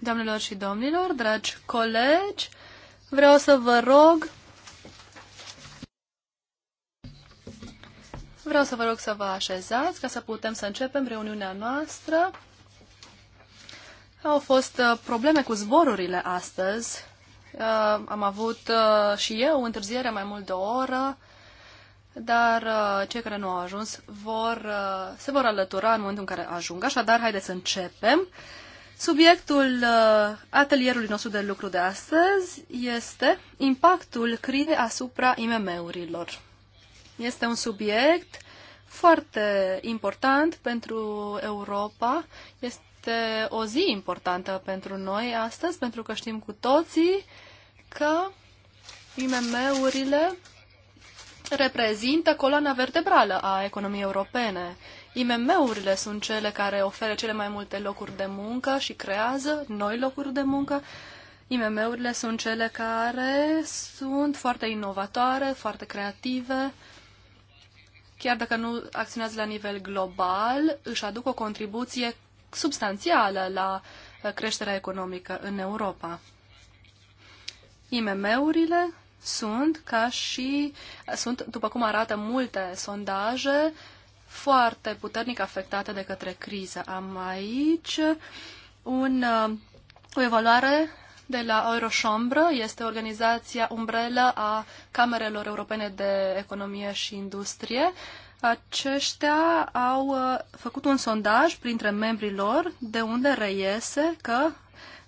Doamnelor și domnilor, dragi colegi, vreau să vă rog Vreau să vă rog să vă așezați ca să putem să începem reuniunea noastră. Au fost uh, probleme cu zborurile astăzi. Uh, am avut uh, și eu întârziere mai mult de o oră dar uh, cei care nu au ajuns vor, uh, se vor alătura în momentul în care ajung. Așadar, haideți să începem. Subiectul uh, atelierului nostru de lucru de astăzi este impactul crizei asupra IMM-urilor. Este un subiect foarte important pentru Europa. Este o zi importantă pentru noi astăzi, pentru că știm cu toții că IMM-urile reprezintă coloana vertebrală a economiei europene. IMM-urile sunt cele care oferă cele mai multe locuri de muncă și creează noi locuri de muncă. IMM-urile sunt cele care sunt foarte inovatoare, foarte creative, chiar dacă nu acționează la nivel global, își aduc o contribuție substanțială la uh, creșterea economică în Europa. IMM-urile sunt ca și, sunt, după cum arată multe sondaje, foarte puternic afectate de către criză. Am aici un, uh, o evaluare de la Euroșombră, este organizația umbrelă a Camerelor Europene de Economie și Industrie. Aceștia au uh, făcut un sondaj printre membrii lor, de unde reiese că,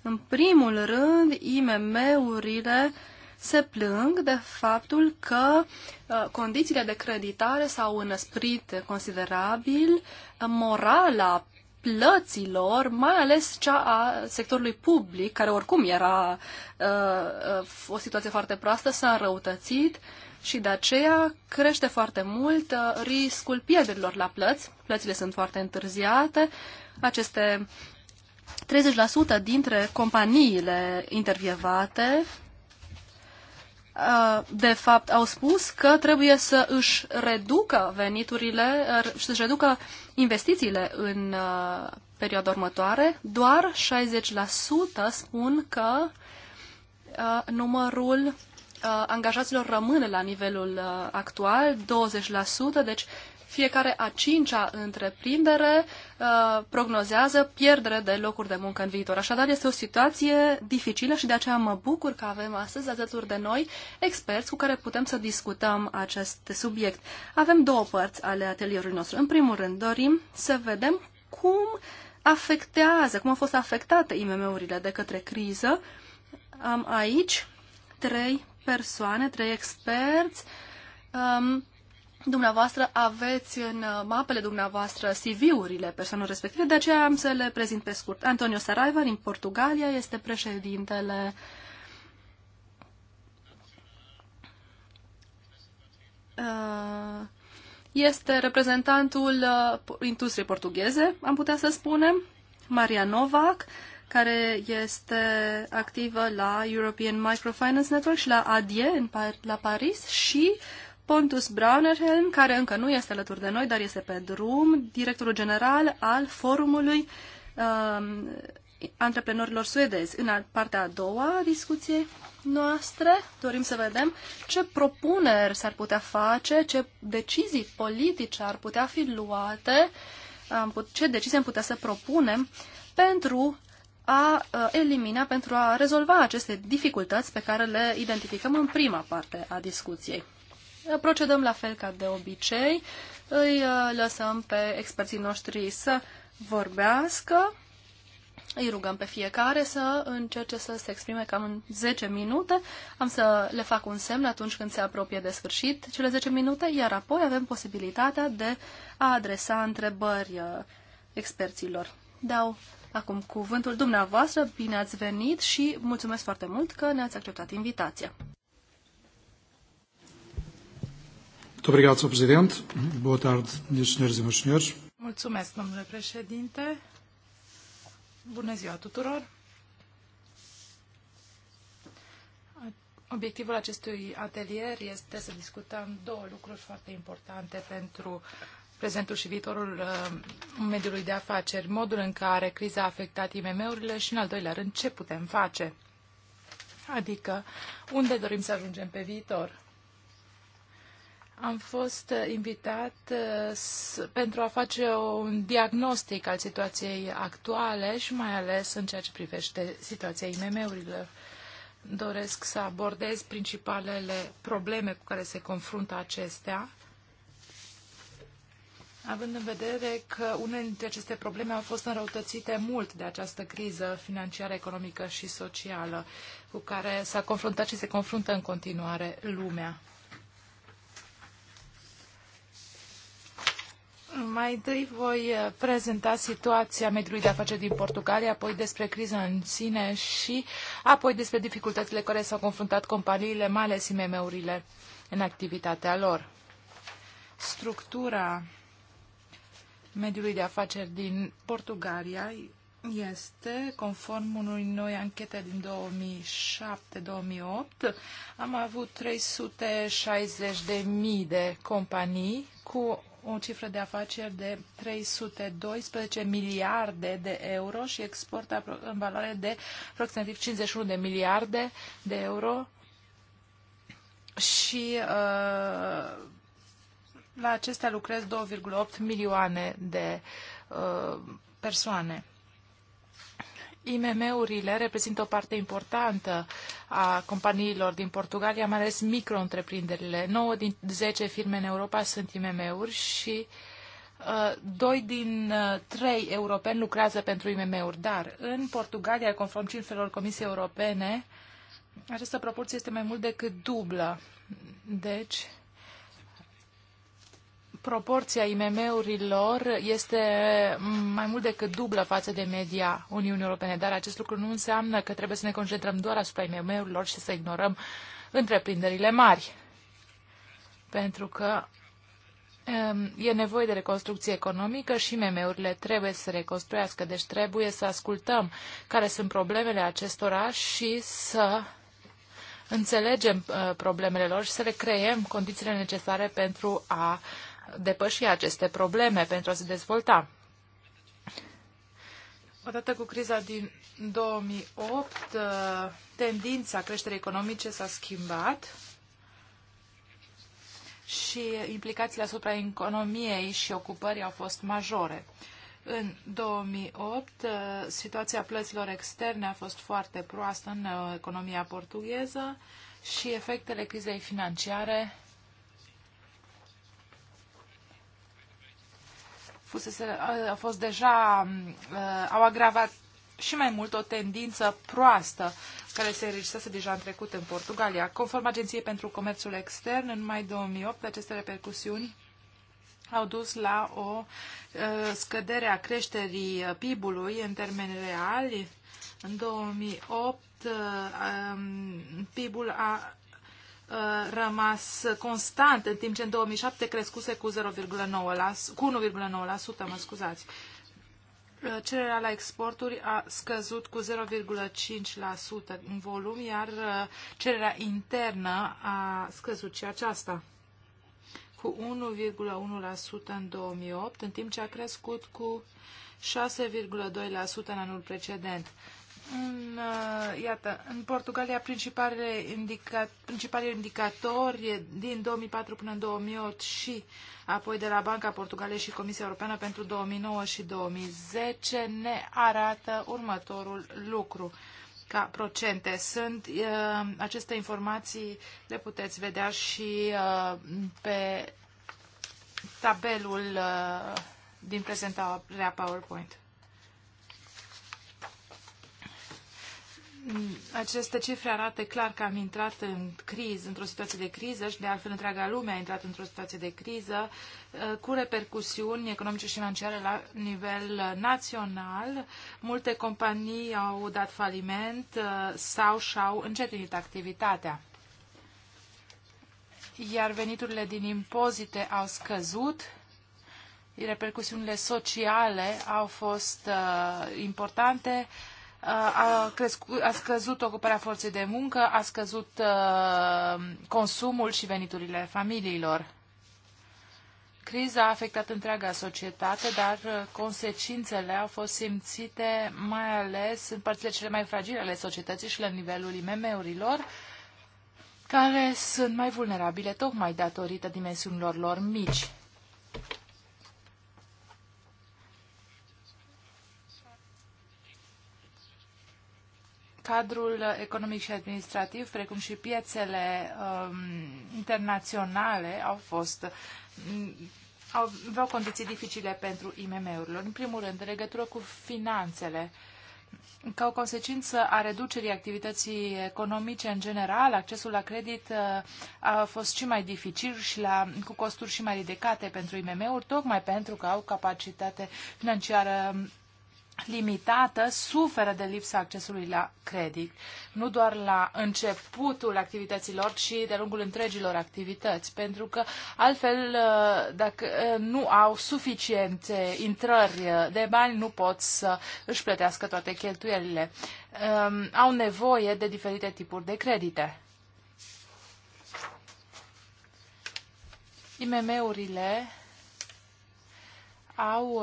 în primul rând, IMM-urile uh, se plâng de faptul că uh, condițiile de creditare s-au înăsprit considerabil, uh, morala plăților, mai ales cea a sectorului public, care oricum era uh, o situație foarte proastă, s-a înrăutățit și de aceea crește foarte mult riscul pierderilor la plăți. Plățile sunt foarte întârziate. Aceste 30% dintre companiile intervievate Uh, de fapt, au spus că trebuie să își reducă veniturile, uh, să-și reducă investițiile în uh, perioada următoare. Doar 60% spun că numărul angajaților rămâne la nivelul actual, 20%, deci fiecare a cincea întreprindere uh, prognozează pierdere de locuri de muncă în viitor. Așadar, este o situație dificilă și de aceea mă bucur că avem astăzi alături de noi experți cu care putem să discutăm acest subiect. Avem două părți ale atelierului nostru. În primul rând, dorim să vedem cum afectează, cum au fost afectate IMM-urile de către criză. Am aici trei persoane, trei experți um, Dumneavoastră aveți în uh, mapele dumneavoastră CV-urile persoanelor respective, de aceea am să le prezint pe scurt. Antonio Saraiva din Portugalia este președintele uh, este reprezentantul uh, industriei portugheze, am putea să spunem, Maria Novak, care este activă la European Microfinance Network și la ADIE în, la Paris și uh, Pontus Braunerhelm, care încă nu este alături de noi, dar este pe drum, directorul general al forumului um, antreprenorilor suedezi. În partea a doua a discuției noastre dorim să vedem ce propuneri s-ar putea face, ce decizii politice ar putea fi luate, ce decizii am putea să propunem pentru a uh, elimina, pentru a rezolva aceste dificultăți pe care le identificăm în prima parte a discuției. Procedăm la fel ca de obicei. Îi uh, lăsăm pe experții noștri să vorbească. Îi rugăm pe fiecare să încerce să se exprime cam în 10 minute. Am să le fac un semn atunci când se apropie de sfârșit cele 10 minute, iar apoi avem posibilitatea de a adresa întrebări uh, experților. Dau acum cuvântul dumneavoastră, bine ați venit și mulțumesc foarte mult că ne-ați acceptat invitația. Muito obrigado, Sr. Presidente. Boa tarde, minhas senhoras e meus senhores. Mulțumesc, domnule președinte. Bună ziua tuturor. Obiectivul acestui atelier este să discutăm două lucruri foarte importante pentru prezentul și viitorul uh, mediului de afaceri, modul în care criza a afectat IMM-urile și, în al doilea rând, ce putem face, adică unde dorim să ajungem pe viitor am fost invitat uh, pentru a face un diagnostic al situației actuale și mai ales în ceea ce privește situația IMM-urilor. Doresc să abordez principalele probleme cu care se confruntă acestea, având în vedere că unele dintre aceste probleme au fost înrăutățite mult de această criză financiară, economică și socială cu care s-a confruntat și se confruntă în continuare lumea. Mai întâi voi uh, prezenta situația mediului de afaceri din Portugalia, apoi despre criza în sine și apoi despre dificultățile care s-au confruntat companiile, mai ales IMM-urile, în activitatea lor. Structura mediului de afaceri din Portugalia este, conform unui noi anchete din 2007-2008, am avut 360.000 de companii cu o cifră de afaceri de 312 miliarde de euro și exportă în valoare de aproximativ 51 de miliarde de euro și uh, la acestea lucrez 2,8 milioane de uh, persoane. IMM-urile reprezintă o parte importantă a companiilor din Portugalia, mai ales micro-întreprinderile. 9 din 10 firme în Europa sunt IMM-uri și uh, doi din uh, trei europeni lucrează pentru IMM-uri. Dar în Portugalia, conform cifrelor Comisiei Europene, această proporție este mai mult decât dublă. Deci, proporția IMM-urilor este mai mult decât dublă față de media Uniunii Europene, dar acest lucru nu înseamnă că trebuie să ne concentrăm doar asupra IMM-urilor și să ignorăm întreprinderile mari. Pentru că um, E nevoie de reconstrucție economică și MM-urile trebuie să se reconstruiască, deci trebuie să ascultăm care sunt problemele acestora și să înțelegem uh, problemele lor și să le creăm condițiile necesare pentru a depăși aceste probleme, pentru a se dezvolta. Odată cu criza din 2008, uh, tendința creșterii economice s-a schimbat și implicațiile asupra economiei și ocupării au fost majore. În 2008, uh, situația plăților externe a fost foarte proastă în uh, economia portugheză și efectele crizei financiare spusese, a fost deja, au agravat și mai mult o tendință proastă care se înregistrase deja în trecut în Portugalia. Conform Agenției pentru Comerțul Extern, în mai 2008, aceste repercusiuni au dus la o scădere a creșterii PIB-ului în termeni reali. În 2008, PIB-ul a Uh, rămas constant, în timp ce în 2007 crescuse cu 0,9%, cu 1,9%, mă scuzați. Uh, cererea la exporturi a scăzut cu 0,5% în volum, iar uh, cererea internă a scăzut și aceasta cu 1,1% în 2008, în timp ce a crescut cu 6,2% în anul precedent. În, uh, iată, în Portugalia, principalele, indica, principalele indicatori din 2004 până în 2008 și apoi de la Banca Portugaliei și Comisia Europeană pentru 2009 și 2010 ne arată următorul lucru ca procente. Sunt uh, aceste informații, le puteți vedea și uh, pe tabelul uh, din prezentarea PowerPoint. Aceste cifre arată clar că am intrat în criză, într-o situație de criză și de altfel întreaga lume a intrat într-o situație de criză uh, cu repercusiuni economice și financiare la nivel uh, național. Multe companii au dat faliment uh, sau și-au încetinit activitatea. Iar veniturile din impozite au scăzut repercusiunile sociale au fost importante, a, crescut, a scăzut ocuparea forței de muncă, a scăzut uh, consumul și veniturile familiilor. Criza a afectat întreaga societate, dar uh, consecințele au fost simțite mai ales în părțile cele mai fragile ale societății și la nivelul IMM-urilor, care sunt mai vulnerabile tocmai datorită dimensiunilor lor mici. cadrul economic și administrativ, precum și piețele um, internaționale, au fost mm, au, aveau condiții dificile pentru IMM-urilor. În primul rând, în legătură cu finanțele, ca o consecință a reducerii activității economice în general, accesul la credit uh, a fost și mai dificil și la, cu costuri și mai ridicate pentru IMM-uri, tocmai pentru că au capacitate financiară limitată suferă de lipsa accesului la credit, nu doar la începutul activităților, ci de lungul întregilor activități, pentru că altfel, uh, dacă uh, nu au suficiente intrări uh, de bani, nu pot să își plătească toate cheltuielile. Um, au nevoie de diferite tipuri de credite. IMM-urile au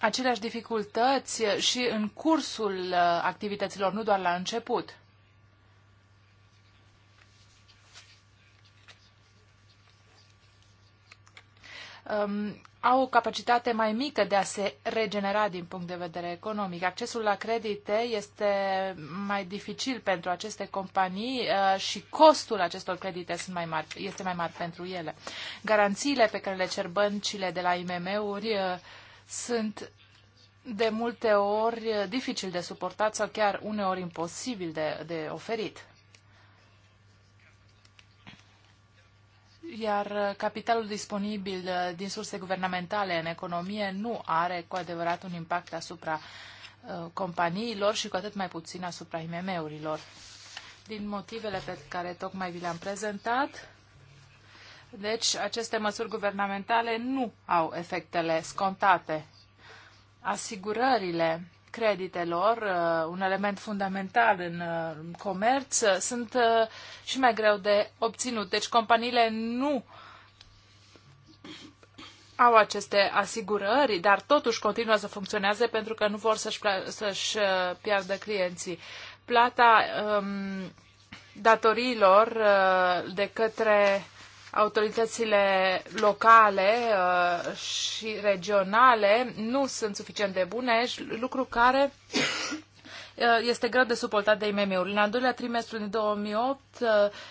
aceleași dificultăți și în cursul uh, activităților, nu doar la început. Um, au o capacitate mai mică de a se regenera din punct de vedere economic. Accesul la credite este mai dificil pentru aceste companii uh, și costul acestor credite sunt mai mari, este mai mare pentru ele. Garanțiile pe care le cer băncile de la IMM-uri uh, sunt de multe ori dificil de suportat sau chiar uneori imposibil de, de oferit. Iar capitalul disponibil din surse guvernamentale în economie nu are cu adevărat un impact asupra uh, companiilor și cu atât mai puțin asupra IMM-urilor. Din motivele pe care tocmai vi le-am prezentat, deci, aceste măsuri guvernamentale nu au efectele scontate. Asigurările creditelor, uh, un element fundamental în uh, comerț, uh, sunt și mai greu de obținut. Deci, companiile nu au aceste asigurări, dar totuși continuă să funcționeze pentru că nu vor să-și, să-și piardă clienții. Plata um, datoriilor uh, de către autoritățile locale uh, și regionale nu sunt suficient de bune, lucru care uh, este greu de suportat de IMM-uri. În al doilea trimestru din 2008, uh,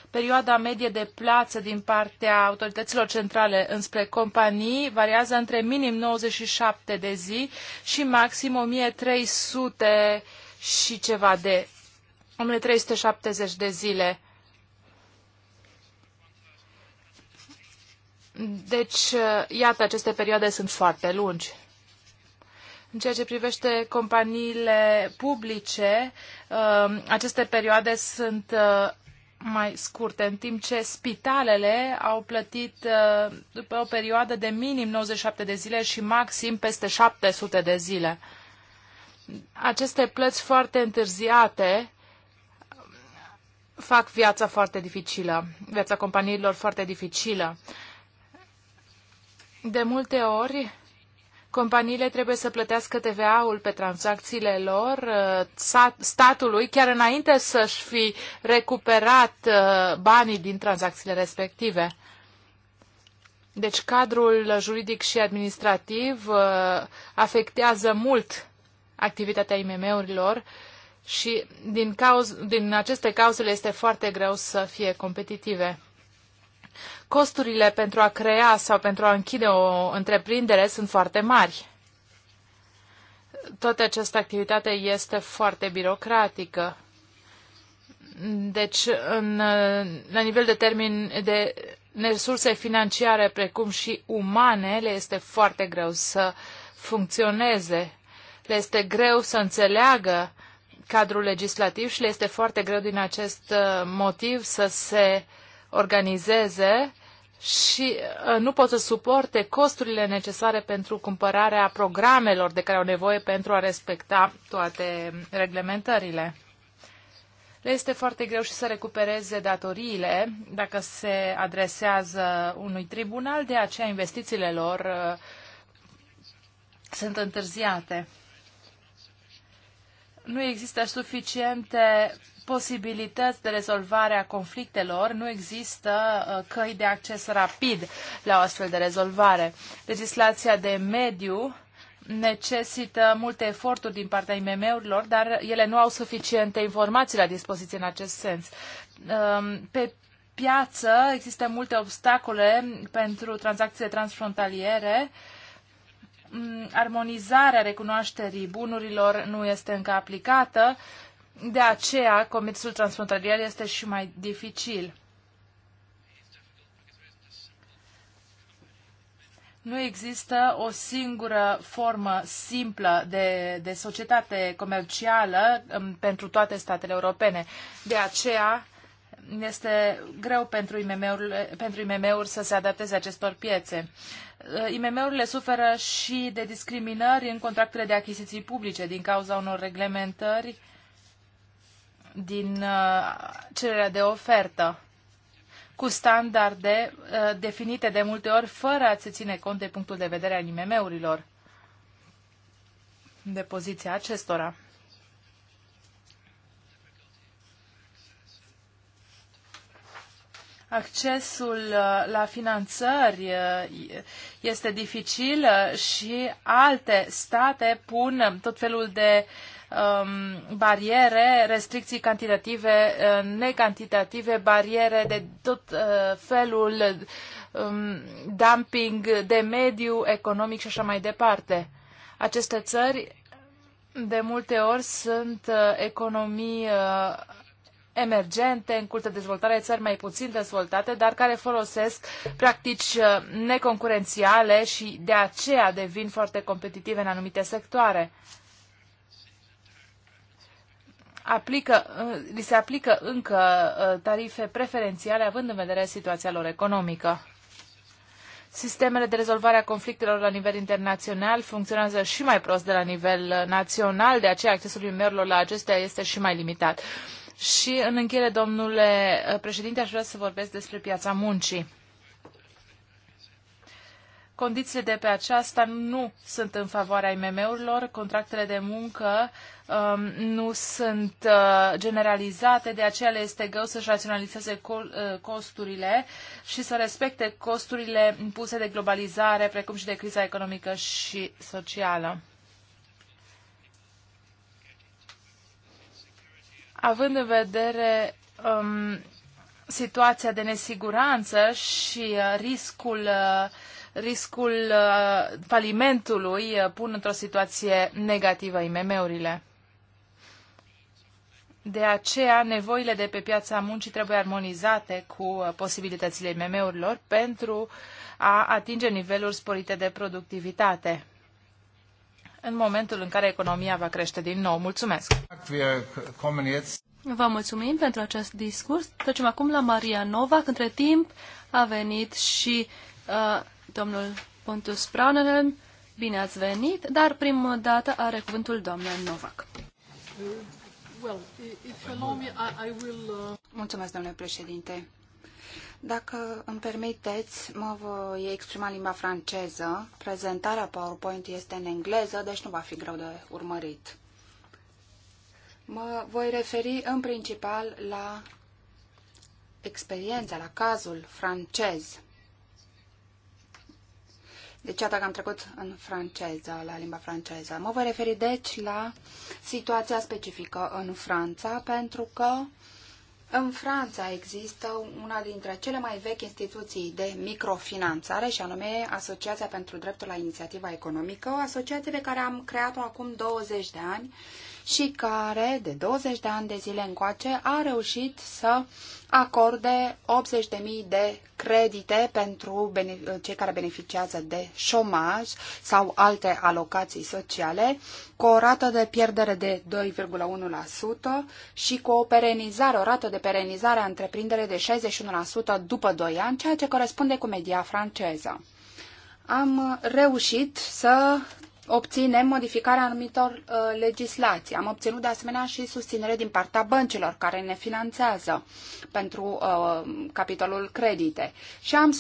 perioada medie de plață din partea autorităților centrale înspre companii variază între minim 97 de zi și maxim 1300 și ceva de 1370 de zile. Deci, iată, aceste perioade sunt foarte lungi. În ceea ce privește companiile publice, um, aceste perioade sunt uh, mai scurte, în timp ce spitalele au plătit uh, după o perioadă de minim 97 de zile și maxim peste 700 de zile. Aceste plăți foarte întârziate fac viața foarte dificilă, viața companiilor foarte dificilă. De multe ori, companiile trebuie să plătească TVA-ul pe tranzacțiile lor uh, statului chiar înainte să-și fi recuperat uh, banii din tranzacțiile respective. Deci cadrul juridic și administrativ uh, afectează mult activitatea IMM-urilor și din, cauz, din aceste cauze este foarte greu să fie competitive costurile pentru a crea sau pentru a închide o întreprindere sunt foarte mari. Toată această activitate este foarte birocratică. Deci, în, la nivel de termen de resurse financiare precum și umane, le este foarte greu să funcționeze. Le este greu să înțeleagă cadrul legislativ și le este foarte greu din acest uh, motiv să se organizeze și uh, nu pot să suporte costurile necesare pentru cumpărarea programelor de care au nevoie pentru a respecta toate reglementările. Le este foarte greu și să recupereze datoriile dacă se adresează unui tribunal, de aceea investițiile lor uh, sunt întârziate nu există suficiente posibilități de rezolvare a conflictelor, nu există uh, căi de acces rapid la o astfel de rezolvare. Legislația de mediu necesită multe eforturi din partea IMM-urilor, dar ele nu au suficiente informații la dispoziție în acest sens. Um, pe piață există multe obstacole pentru tranzacțiile transfrontaliere, armonizarea recunoașterii bunurilor nu este încă aplicată, de aceea comerțul transfrontalier este și mai dificil. Nu există o singură formă simplă de, de societate comercială pentru toate statele europene. De aceea este greu pentru IMM-uri, pentru IMM-uri să se adapteze acestor piețe. Uh, IMM-urile suferă și de discriminări în contractele de achiziții publice din cauza unor reglementări din uh, cererea de ofertă cu standarde uh, definite de multe ori fără a se ține cont de punctul de vedere al IMM-urilor de poziția acestora. accesul uh, la finanțări uh, este dificil uh, și alte state pun tot felul de um, bariere, restricții cantitative, necantitative, bariere de tot felul, um, dumping de mediu economic și așa mai departe. Aceste țări de multe ori sunt economii emergente, în curs de dezvoltare, țări mai puțin dezvoltate, dar care folosesc practici uh, neconcurențiale și de aceea devin foarte competitive în anumite sectoare. Aplică, uh, li se aplică încă uh, tarife preferențiale, având în vedere situația lor economică. Sistemele de rezolvare a conflictelor la nivel internațional funcționează și mai prost de la nivel național, de aceea accesul imm la acestea este și mai limitat. Uh, și în încheiere, domnule uh, președinte, aș vrea să vorbesc despre piața muncii. Condițiile de pe aceasta nu sunt în favoarea IMM-urilor, contractele de muncă um, nu sunt uh, generalizate, de aceea le este greu să-și raționalizeze uh, costurile și să respecte costurile impuse de globalizare, precum și de criza economică și socială. având în vedere um, situația de nesiguranță și uh, riscul, uh, riscul uh, falimentului pun într-o situație negativă IMM-urile. De aceea, nevoile de pe piața muncii trebuie armonizate cu posibilitățile IMM-urilor pentru a atinge niveluri sporite de productivitate în momentul în care economia va crește din nou. Mulțumesc! Vă mulțumim pentru acest discurs. Trecem acum la Maria Novak. Între timp a venit și uh, domnul Pontus Braunelm. Bine ați venit, dar prima dată are cuvântul doamna Novak. Uh, Mulțumesc, domnule președinte. Dacă îmi permiteți, mă voi exprima în limba franceză. Prezentarea PowerPoint este în engleză, deci nu va fi greu de urmărit. Mă voi referi în principal la experiența, la cazul francez. Deci, iată că am trecut în franceză, la limba franceză. Mă voi referi, deci, la situația specifică în Franța, pentru că în Franța există una dintre cele mai vechi instituții de microfinanțare și anume Asociația pentru Dreptul la Inițiativa Economică, o asociație pe care am creat-o acum 20 de ani și care de 20 de ani de zile încoace a reușit să acorde 80.000 de credite pentru cei care beneficiază de șomaj sau alte alocații sociale, cu o rată de pierdere de 2,1% și cu o perenizare, o rată de perenizare a întreprinderii de 61% după 2 ani, ceea ce corespunde cu media franceză. Am reușit să obținem modificarea anumitor uh, legislații. Am obținut de asemenea și susținere din partea băncilor care ne finanțează pentru uh, capitolul credite. Și am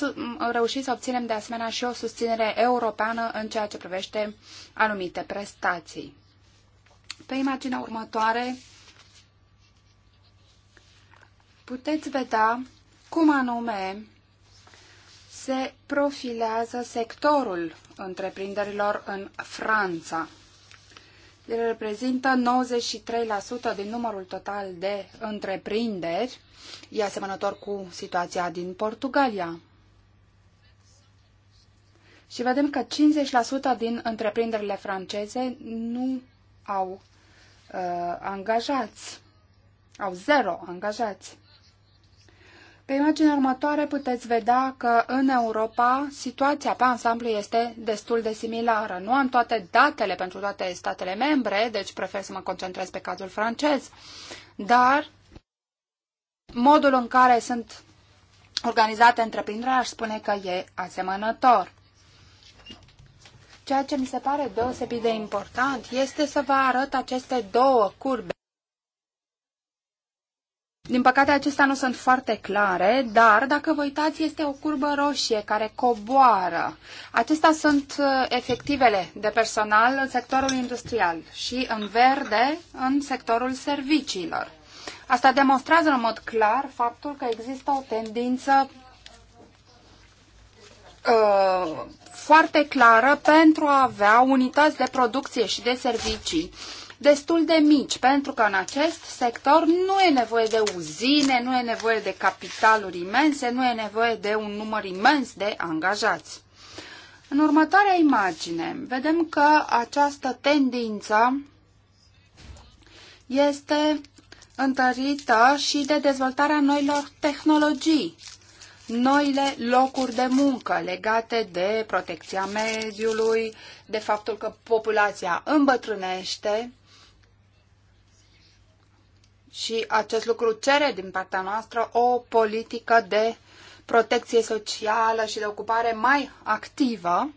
reușit să obținem de asemenea și o susținere europeană în ceea ce privește anumite prestații. Pe imaginea următoare puteți vedea cum anume se profilează sectorul întreprinderilor în Franța. El reprezintă 93% din numărul total de întreprinderi, e asemănător cu situația din Portugalia. Și vedem că 50% din întreprinderile franceze nu au uh, angajați, au zero angajați. Pe imaginea următoare puteți vedea că în Europa situația pe ansamblu este destul de similară. Nu am toate datele pentru toate statele membre, deci prefer să mă concentrez pe cazul francez, dar modul în care sunt organizate întreprinderea aș spune că e asemănător. Ceea ce mi se pare deosebit de important este să vă arăt aceste două curbe din păcate, acestea nu sunt foarte clare, dar dacă vă uitați, este o curbă roșie care coboară. Acestea sunt uh, efectivele de personal în sectorul industrial și în verde în sectorul serviciilor. Asta demonstrează în mod clar faptul că există o tendință uh, foarte clară pentru a avea unități de producție și de servicii uh, destul de mici, pentru că în acest sector nu e nevoie de uzine, nu e nevoie de capitaluri imense, nu e nevoie de un număr imens de angajați. În următoarea imagine, vedem că această tendință este întărită și de dezvoltarea noilor tehnologii, noile locuri de muncă legate de protecția mediului, de faptul că populația îmbătrânește și acest lucru cere din partea noastră o politică de protecție socială și de ocupare mai activă.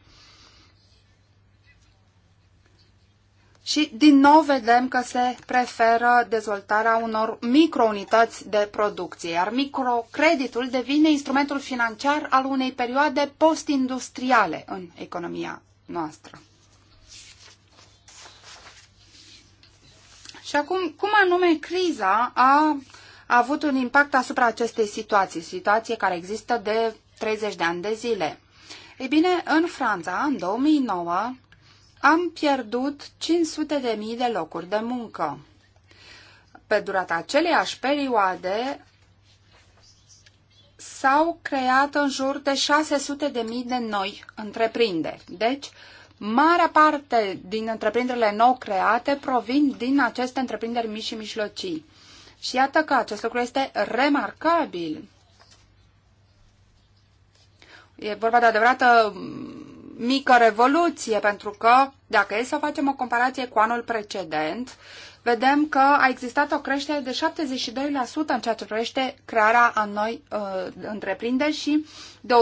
Și din nou vedem că se preferă dezvoltarea unor microunități de producție, iar microcreditul devine instrumentul financiar al unei perioade postindustriale în economia noastră. Și acum, cum anume criza a, a avut un impact asupra acestei situații, situație care există de 30 de ani de zile? Ei bine, în Franța, în 2009, am pierdut 500 de mii de locuri de muncă. Pe durata aceleiași perioade s-au creat în jur de 600 de mii de noi întreprinderi. Deci, Marea parte din întreprinderile nou create provin din aceste întreprinderi mici și mijlocii. Și iată că acest lucru este remarcabil. E vorba de adevărată mm, mică revoluție, pentru că, dacă e să facem o comparație cu anul precedent, vedem că a existat o creștere de 72% în ceea ce privește crearea a noi uh, întreprinderi și de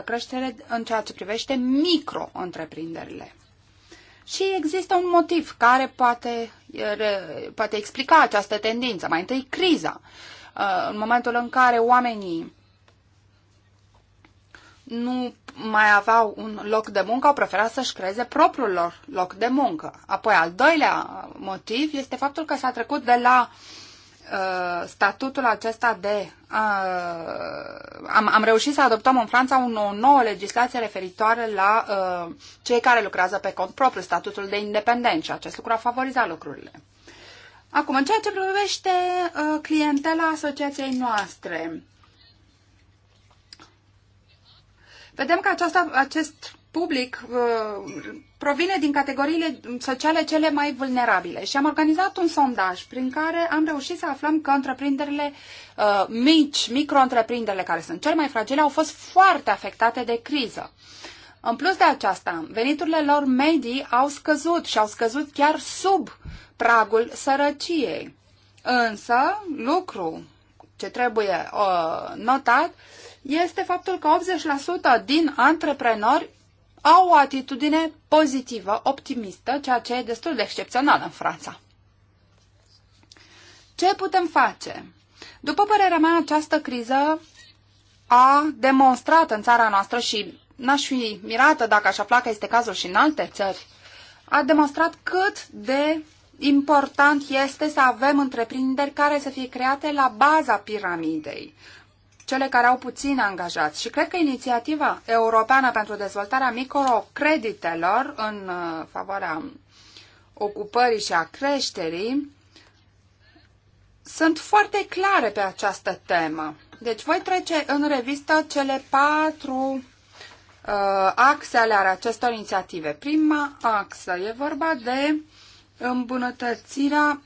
142% creștere în ceea ce privește micro-întreprinderile. Și există un motiv care poate, poate explica această tendință. Mai întâi, criza. Uh, în momentul în care oamenii nu mai aveau un loc de muncă, au preferat să-și creeze propriul lor loc de muncă. Apoi, al doilea motiv este faptul că s-a trecut de la uh, statutul acesta de... Uh, am, am reușit să adoptăm în Franța un, o nouă legislație referitoare la uh, cei care lucrează pe cont propriu, statutul de independent și acest lucru a favorizat lucrurile. Acum, în ceea ce privește uh, clientela asociației noastre, vedem că aceasta, acest public uh, provine din categoriile sociale cele mai vulnerabile și am organizat un sondaj prin care am reușit să aflăm că întreprinderile uh, mici, micro-întreprinderile care sunt cele mai fragile au fost foarte afectate de criză. În plus de aceasta, veniturile lor medii au scăzut și au scăzut chiar sub pragul sărăciei. Însă, lucru ce trebuie uh, notat este faptul că 80% din antreprenori au o atitudine pozitivă, optimistă, ceea ce e destul de excepțional în Franța. Ce putem face? După părerea mea, această criză a demonstrat în țara noastră și n-aș fi mirată dacă aș afla că este cazul și în alte țări, a demonstrat cât de important este să avem întreprinderi care să fie create la baza piramidei cele care au puțin angajați. Și cred că inițiativa europeană pentru dezvoltarea microcreditelor în uh, favoarea ocupării și a creșterii sunt foarte clare pe această temă. Deci voi trece în revistă cele patru uh, axe ale acestor inițiative. Prima axă e vorba de îmbunătățirea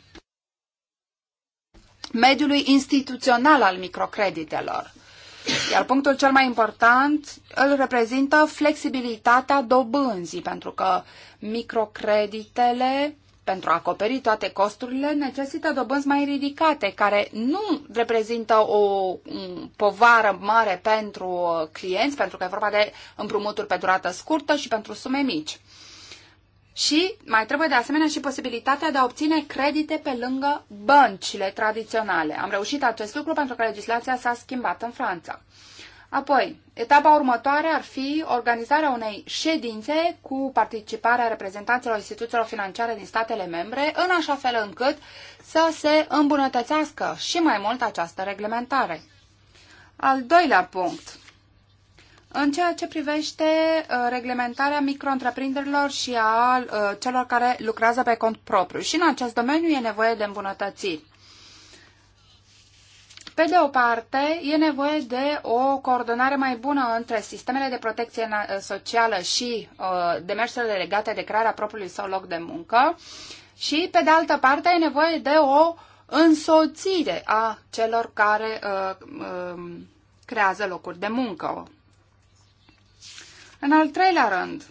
mediului instituțional al microcreditelor. Iar punctul cel mai important îl reprezintă flexibilitatea dobânzii, pentru că microcreditele, pentru a acoperi toate costurile, necesită dobânzi mai ridicate, care nu reprezintă o povară mare pentru clienți, pentru că e vorba de împrumuturi pe durată scurtă și pentru sume mici. Și mai trebuie de asemenea și posibilitatea de a obține credite pe lângă băncile tradiționale. Am reușit acest lucru pentru că legislația s-a schimbat în Franța. Apoi, etapa următoare ar fi organizarea unei ședințe cu participarea reprezentanților instituțiilor financiare din statele membre, în așa fel încât să se îmbunătățească și mai mult această reglementare. Al doilea punct în ceea ce privește uh, reglementarea micro și a uh, celor care lucrează pe cont propriu. Și în acest domeniu e nevoie de îmbunătățiri. Pe de o parte, e nevoie de o coordonare mai bună între sistemele de protecție uh, socială și uh, demersurile legate de crearea propriului său loc de muncă și, pe de altă parte, e nevoie de o însoțire a celor care uh, uh, creează locuri de muncă, în al treilea rând,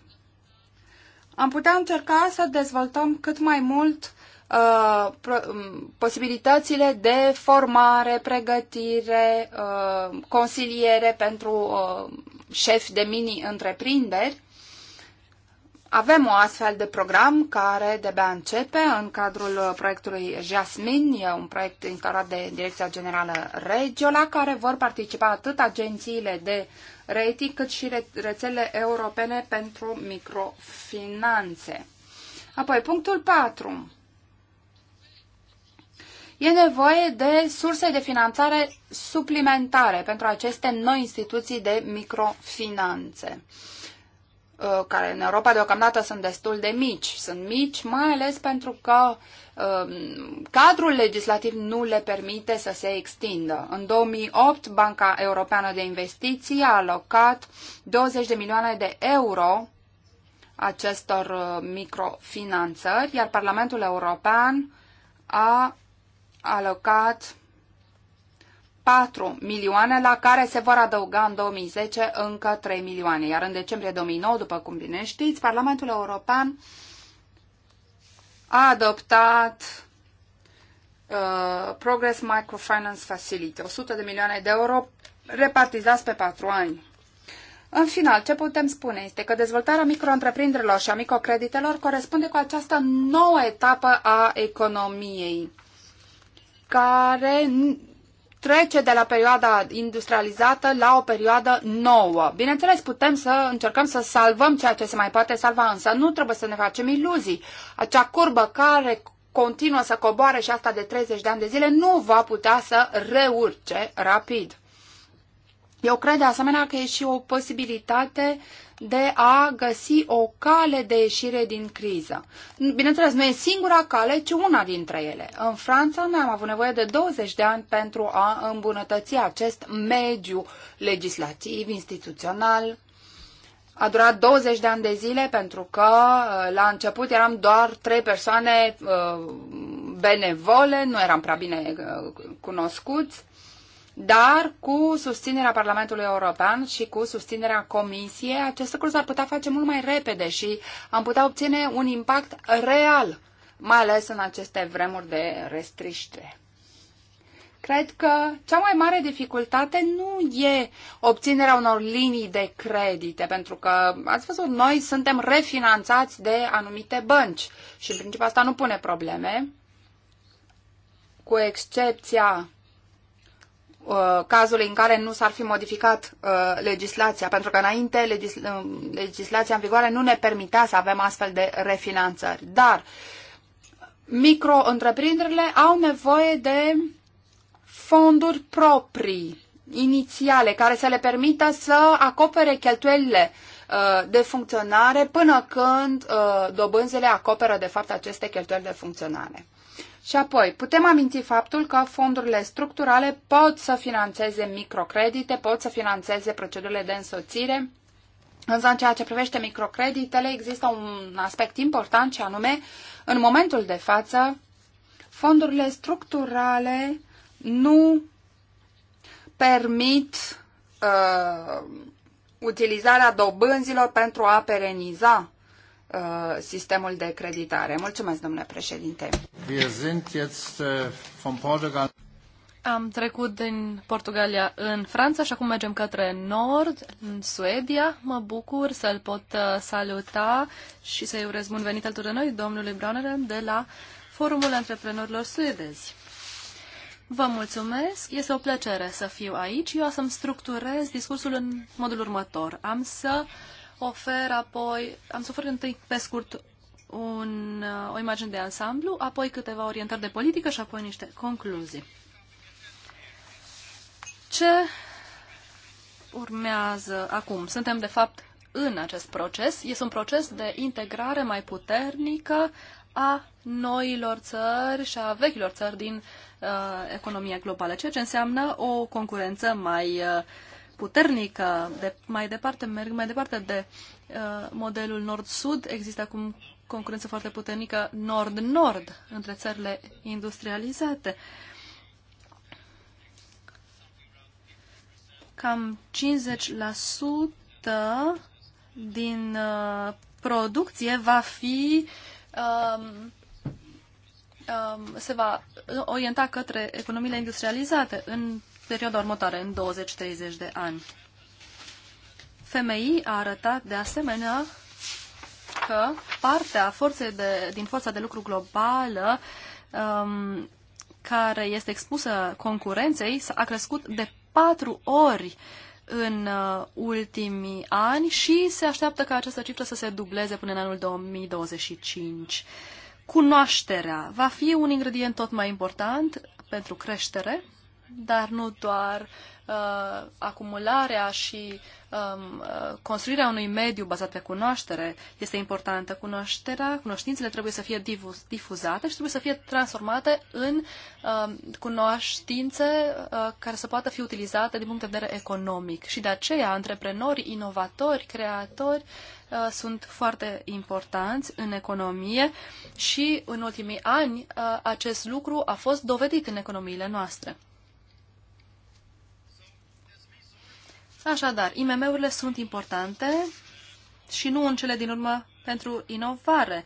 am putea încerca să dezvoltăm cât mai mult uh, um, posibilitățile de formare, pregătire, uh, consiliere pentru uh, șefi de mini-întreprinderi avem o astfel de program care debea începe în cadrul proiectului Jasmin, e un proiect instaurat de Direcția Generală Regio, la care vor participa atât agențiile de rating cât și rețele europene pentru microfinanțe. Apoi, punctul 4. E nevoie de surse de finanțare suplimentare pentru aceste noi instituții de microfinanțe. Uh, care în Europa deocamdată sunt destul de mici. Sunt mici mai ales pentru că um, cadrul legislativ nu le permite să se extindă. În 2008, Banca Europeană de Investiții a alocat 20 de milioane de euro acestor uh, microfinanțări, iar Parlamentul European a alocat 4 milioane, la care se vor adăuga în 2010 încă 3 milioane. Iar în decembrie 2009, după cum bine știți, Parlamentul European a adoptat uh, Progress Microfinance Facility, 100 de milioane de euro repartizați pe 4 ani. În final, ce putem spune este că dezvoltarea micro și a microcreditelor corespunde cu această nouă etapă a economiei, care trece de la perioada industrializată la o perioadă nouă. Bineînțeles, putem să încercăm să salvăm ceea ce se mai poate salva, însă nu trebuie să ne facem iluzii. Acea curbă care continuă să coboare și asta de 30 de ani de zile nu va putea să reurce rapid. Eu cred de asemenea că e și o posibilitate de a găsi o cale de ieșire din criză. Bineînțeles, nu e singura cale, ci una dintre ele. În Franța noi am avut nevoie de 20 de ani pentru a îmbunătăți acest mediu legislativ, instituțional, a durat 20 de ani de zile pentru că uh, la început eram doar trei persoane uh, benevole, nu eram prea bine uh, cunoscuți dar cu susținerea Parlamentului European și cu susținerea Comisiei, acest lucru s-ar putea face mult mai repede și am putea obține un impact real, mai ales în aceste vremuri de restriște. Cred că cea mai mare dificultate nu e obținerea unor linii de credite, pentru că, ați văzut, noi suntem refinanțați de anumite bănci și, în principiu, asta nu pune probleme, cu excepția Uh, cazului în care nu s-ar fi modificat uh, legislația, pentru că înainte legis uh, legislația în vigoare nu ne permitea să avem astfel de refinanțări. Dar micro-întreprinderile au nevoie de fonduri proprii, inițiale, care să le permită să acopere cheltuielile uh, de funcționare până când uh, dobânzile acoperă de fapt aceste cheltuieli de funcționare. Și apoi, putem aminti faptul că fondurile structurale pot să financeze microcredite, pot să financeze procedurile de însoțire, Însă în ceea ce privește microcreditele există un aspect important și anume, în momentul de față, fondurile structurale nu permit uh, utilizarea dobânzilor pentru a pereniza Uh, sistemul de creditare. Mulțumesc, domnule președinte. Uh, am trecut din Portugalia în Franța și acum mergem către nord, în Suedia. Mă bucur să-l pot uh, saluta și să-i urez bun venit alături de noi, domnului Brauner, de la Forumul Antreprenorilor Suedezi. Vă mulțumesc, este o plăcere să fiu aici. Eu o să-mi structurez discursul în modul următor. Am să uh, ofer apoi, am să ofer întâi pe scurt un, uh, o imagine de ansamblu, apoi câteva orientări de politică și apoi niște concluzii. Ce urmează acum? Suntem, de fapt, în acest proces. Este un proces de integrare mai puternică a noilor țări și a vechilor țări din uh, economia globală, ceea ce înseamnă o concurență mai uh, puternică, de, mai departe, merg mai departe de uh, modelul nord-sud. Există acum concurență foarte puternică nord-nord între țările industrializate. Cam 50% din uh, producție va fi um, um, se va orienta către economiile industrializate. În perioada următoare, în 20-30 de ani. FMI a arătat de asemenea că partea forței de, din forța de lucru globală um, care este expusă concurenței a crescut de patru ori în uh, ultimii ani și se așteaptă ca această cifră să se dubleze până în anul 2025. Cunoașterea va fi un ingredient tot mai important pentru creștere dar nu doar uh, acumularea și um, uh, construirea unui mediu bazat pe cunoaștere este importantă. Cunoașterea, cunoștințele trebuie să fie difuzate și trebuie să fie transformate în uh, cunoștințe uh, care să poată fi utilizate din punct de vedere economic. Și de aceea, antreprenori, inovatori, creatori uh, sunt foarte importanți în economie și în ultimii ani uh, acest lucru a fost dovedit în economiile noastre. Așadar, IMM-urile sunt importante și nu în cele din urmă pentru inovare.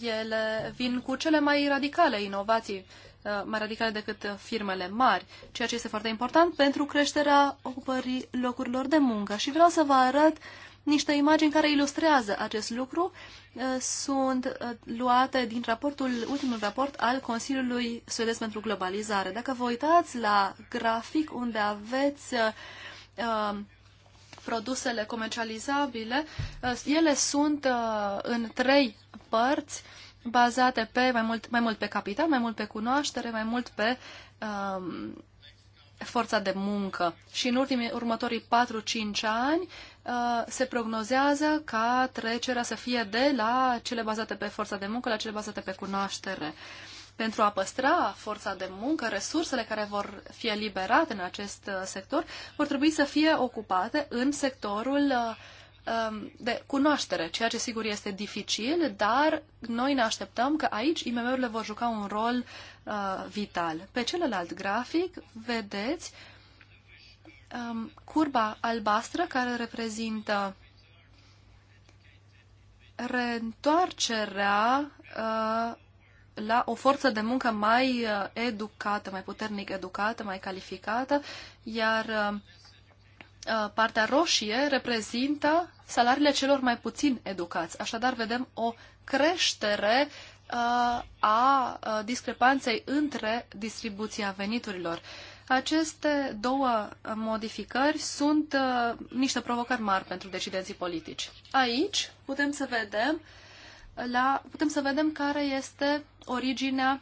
Ele vin cu cele mai radicale inovații, uh, mai radicale decât firmele mari, ceea ce este foarte important pentru creșterea ocupării locurilor de muncă. Și vreau să vă arăt niște imagini care ilustrează acest lucru. Uh, sunt uh, luate din raportul, ultimul raport al Consiliului Suedez pentru Globalizare. Dacă vă uitați la grafic unde aveți uh, Uh, produsele comercializabile, uh, ele sunt uh, în trei părți bazate pe mai mult, mai mult pe capital, mai mult pe cunoaștere, mai mult pe um, forța de muncă. Și în ultimii, următorii 4-5 ani uh, se prognozează ca trecerea să fie de la cele bazate pe forța de muncă la cele bazate pe cunoaștere. Uh, pentru a păstra forța de muncă, resursele care vor fi eliberate în acest uh, sector vor trebui să fie ocupate în sectorul uh, um, de cunoaștere, ceea ce sigur este dificil, dar noi ne așteptăm că aici IMM-urile vor juca un rol uh, vital. Pe celălalt grafic vedeți um, curba albastră care reprezintă reîntoarcerea uh, la o forță de muncă mai uh, educată, mai puternic educată, mai calificată, iar uh, uh, partea roșie reprezintă salariile celor mai puțin educați. Așadar, vedem o creștere a discrepanței între distribuția veniturilor. Aceste două modificări sunt niște provocări mari pentru decidenții politici. Aici putem să vedem uh, la, putem să vedem care este originea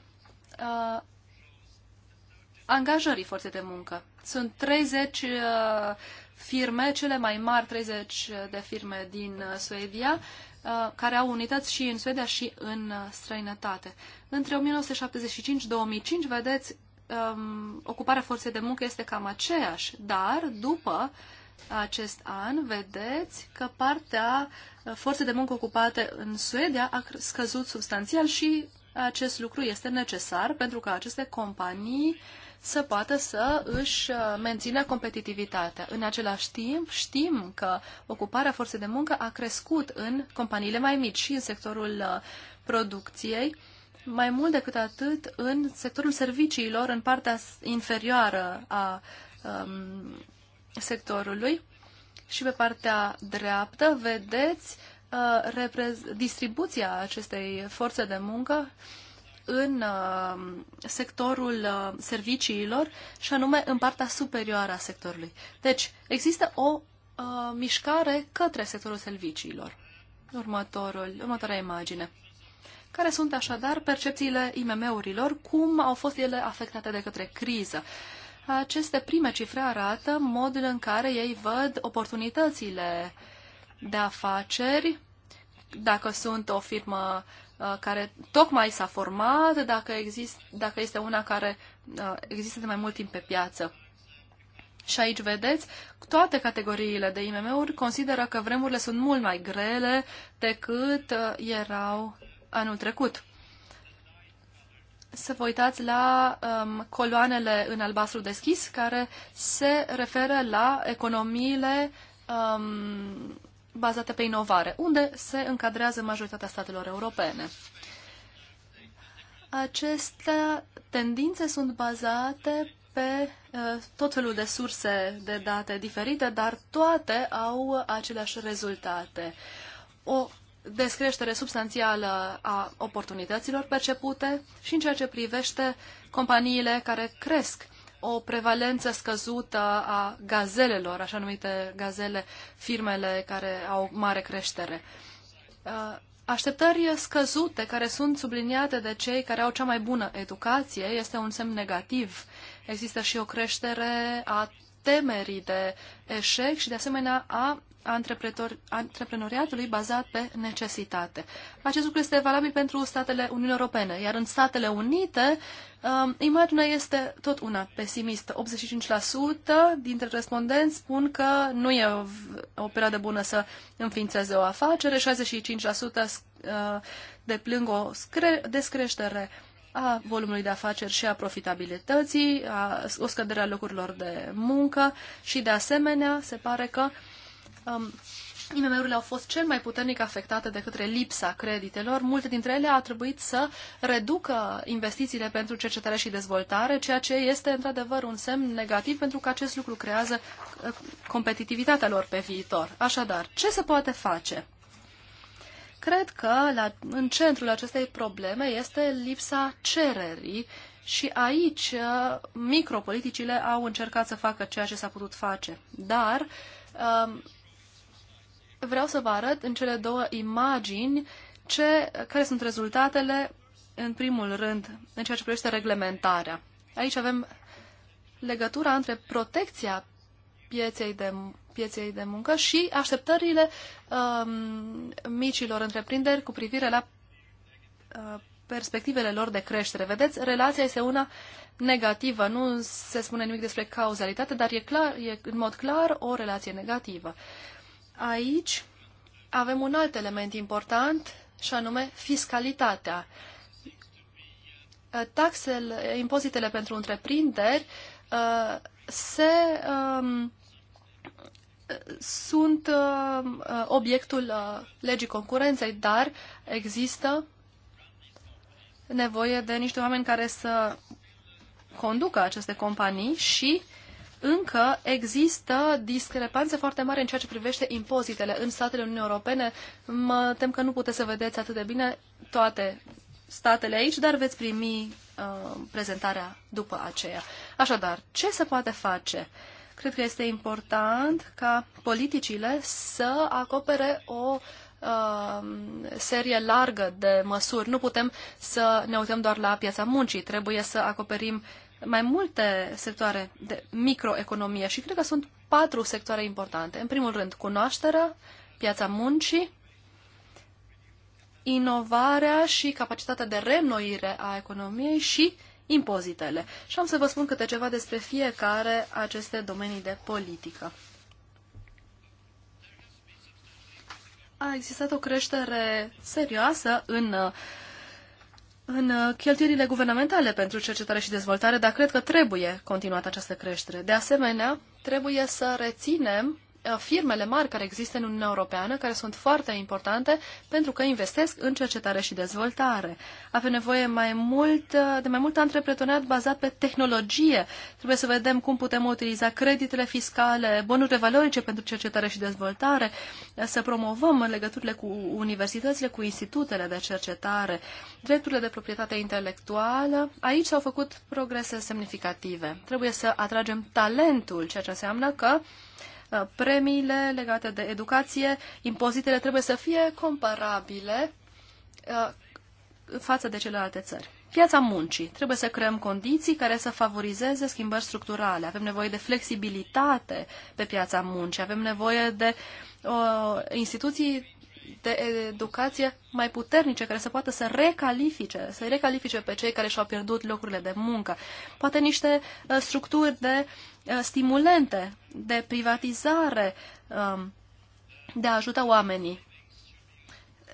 uh, angajării forței de muncă. Sunt 30 uh, firme, cele mai mari 30 de firme din uh, Suedia, uh, care au unități și în Suedia și în uh, străinătate. Între 1975-2005, vedeți, um, ocuparea forței de muncă este cam aceeași, dar după uh, acest an, vedeți că partea uh, forței de muncă ocupate în Suedia a scăzut substanțial și acest lucru este necesar pentru că aceste companii să poată să își uh, mențină competitivitatea. În același timp, știm că ocuparea forței de muncă a crescut în companiile mai mici și în sectorul uh, producției, mai mult decât atât în sectorul serviciilor, în partea inferioară a um, sectorului și pe partea dreaptă vedeți uh, distribuția acestei forțe de muncă în uh, sectorul uh, serviciilor și anume în partea superioară a sectorului. Deci există o uh, mișcare către sectorul serviciilor. Următorul, următoarea imagine. Care sunt așadar percepțiile IMM-urilor, cum au fost ele afectate de către criză? Uh, aceste prime cifre arată modul în care ei văd oportunitățile de afaceri, dacă sunt o firmă uh, care tocmai s-a format, dacă, exist, dacă este una care uh, există de mai mult timp pe piață. Și aici vedeți, toate categoriile de IMM-uri consideră că vremurile sunt mult mai grele decât uh, erau anul trecut să vă uitați la um, coloanele în albastru deschis, care se referă la economiile um, bazate pe inovare, unde se încadrează majoritatea statelor europene. Aceste tendințe sunt bazate pe uh, tot felul de surse de date diferite, dar toate au aceleași rezultate. O descreștere substanțială a oportunităților percepute și în ceea ce privește companiile care cresc o prevalență scăzută a gazelelor, așa numite gazele, firmele care au mare creștere. Uh, așteptări scăzute care sunt subliniate de cei care au cea mai bună educație este un semn negativ. Există și o creștere a temerii de eșec și de asemenea a antreprenoriatului bazat pe necesitate. Acest lucru este valabil pentru statele Uniunii Europene, iar în Statele Unite um, imaginea este tot una pesimistă. 85% dintre respondenți spun că nu e o perioadă bună să înființeze o afacere, 65% uh, deplâng o descreștere a volumului de afaceri și a profitabilității, a, o scădere a locurilor de muncă și, de asemenea, se pare că uh, um, IMM-urile au fost cel mai puternic afectate de către lipsa creditelor. Multe dintre ele au trebuit să reducă investițiile pentru cercetare și dezvoltare, ceea ce este într-adevăr un semn negativ pentru că acest lucru creează uh, competitivitatea lor pe viitor. Așadar, ce se poate face? Cred că la, în centrul acestei probleme este lipsa cererii și aici uh, micropoliticile au încercat să facă ceea ce s-a putut face. Dar um, vreau să vă arăt în cele două imagini ce, care sunt rezultatele, în primul rând, în ceea ce privește reglementarea. Aici avem legătura între protecția pieței de, pieței de muncă și așteptările um, micilor întreprinderi cu privire la uh, perspectivele lor de creștere. Vedeți, relația este una negativă, nu se spune nimic despre cauzalitate, dar e, clar, e în mod clar o relație negativă. Uh, aici avem un alt element important și anume fiscalitatea. Taxele, impozitele pentru întreprinderi uh, se um, sunt uh, obiectul uh, legii concurenței, dar există nevoie de niște oameni care să conducă aceste companii și încă există discrepanțe foarte mari în ceea ce privește impozitele în statele Uniunii Europene. Mă tem că nu puteți să vedeți atât de bine toate statele aici, dar veți primi uh, prezentarea după aceea. Așadar, ce se poate face? Cred că este important ca politicile să acopere o uh, serie largă de măsuri. Nu putem să ne uităm doar la piața muncii. Trebuie să acoperim uh, mai multe sectoare de microeconomie și cred că sunt patru sectoare importante. În primul rând, cunoașterea, piața muncii, inovarea și capacitatea de renoire a economiei și impozitele. Și am să vă spun câte ceva despre fiecare aceste domenii de politică. A existat o creștere serioasă în uh, în uh, cheltuielile guvernamentale pentru cercetare și dezvoltare, dar cred că trebuie continuată această creștere. De asemenea, trebuie să reținem Uh, firmele mari care există în Uniunea Europeană, care sunt foarte importante pentru că investesc în cercetare și dezvoltare. Avem nevoie mai mult, uh, de mai mult antreprenoriat bazat pe tehnologie. Trebuie să vedem cum putem utiliza creditele fiscale, bonurile valorice pentru cercetare și dezvoltare, uh, să promovăm în legăturile cu universitățile, cu institutele de cercetare, drepturile de proprietate intelectuală. Aici s-au făcut progrese semnificative. Trebuie să atragem talentul, ceea ce înseamnă că Uh, premiile legate de educație, impozitele trebuie să fie comparabile uh, față de celelalte țări. Piața muncii. Trebuie să creăm condiții care să favorizeze schimbări structurale. Avem nevoie de flexibilitate pe piața muncii. Avem nevoie de uh, instituții de educație mai puternice care să poată să recalifice, să recalifice pe cei care și-au pierdut locurile de muncă. Poate niște uh, structuri de uh, Uh, stimulente de privatizare, um, de a ajuta oamenii.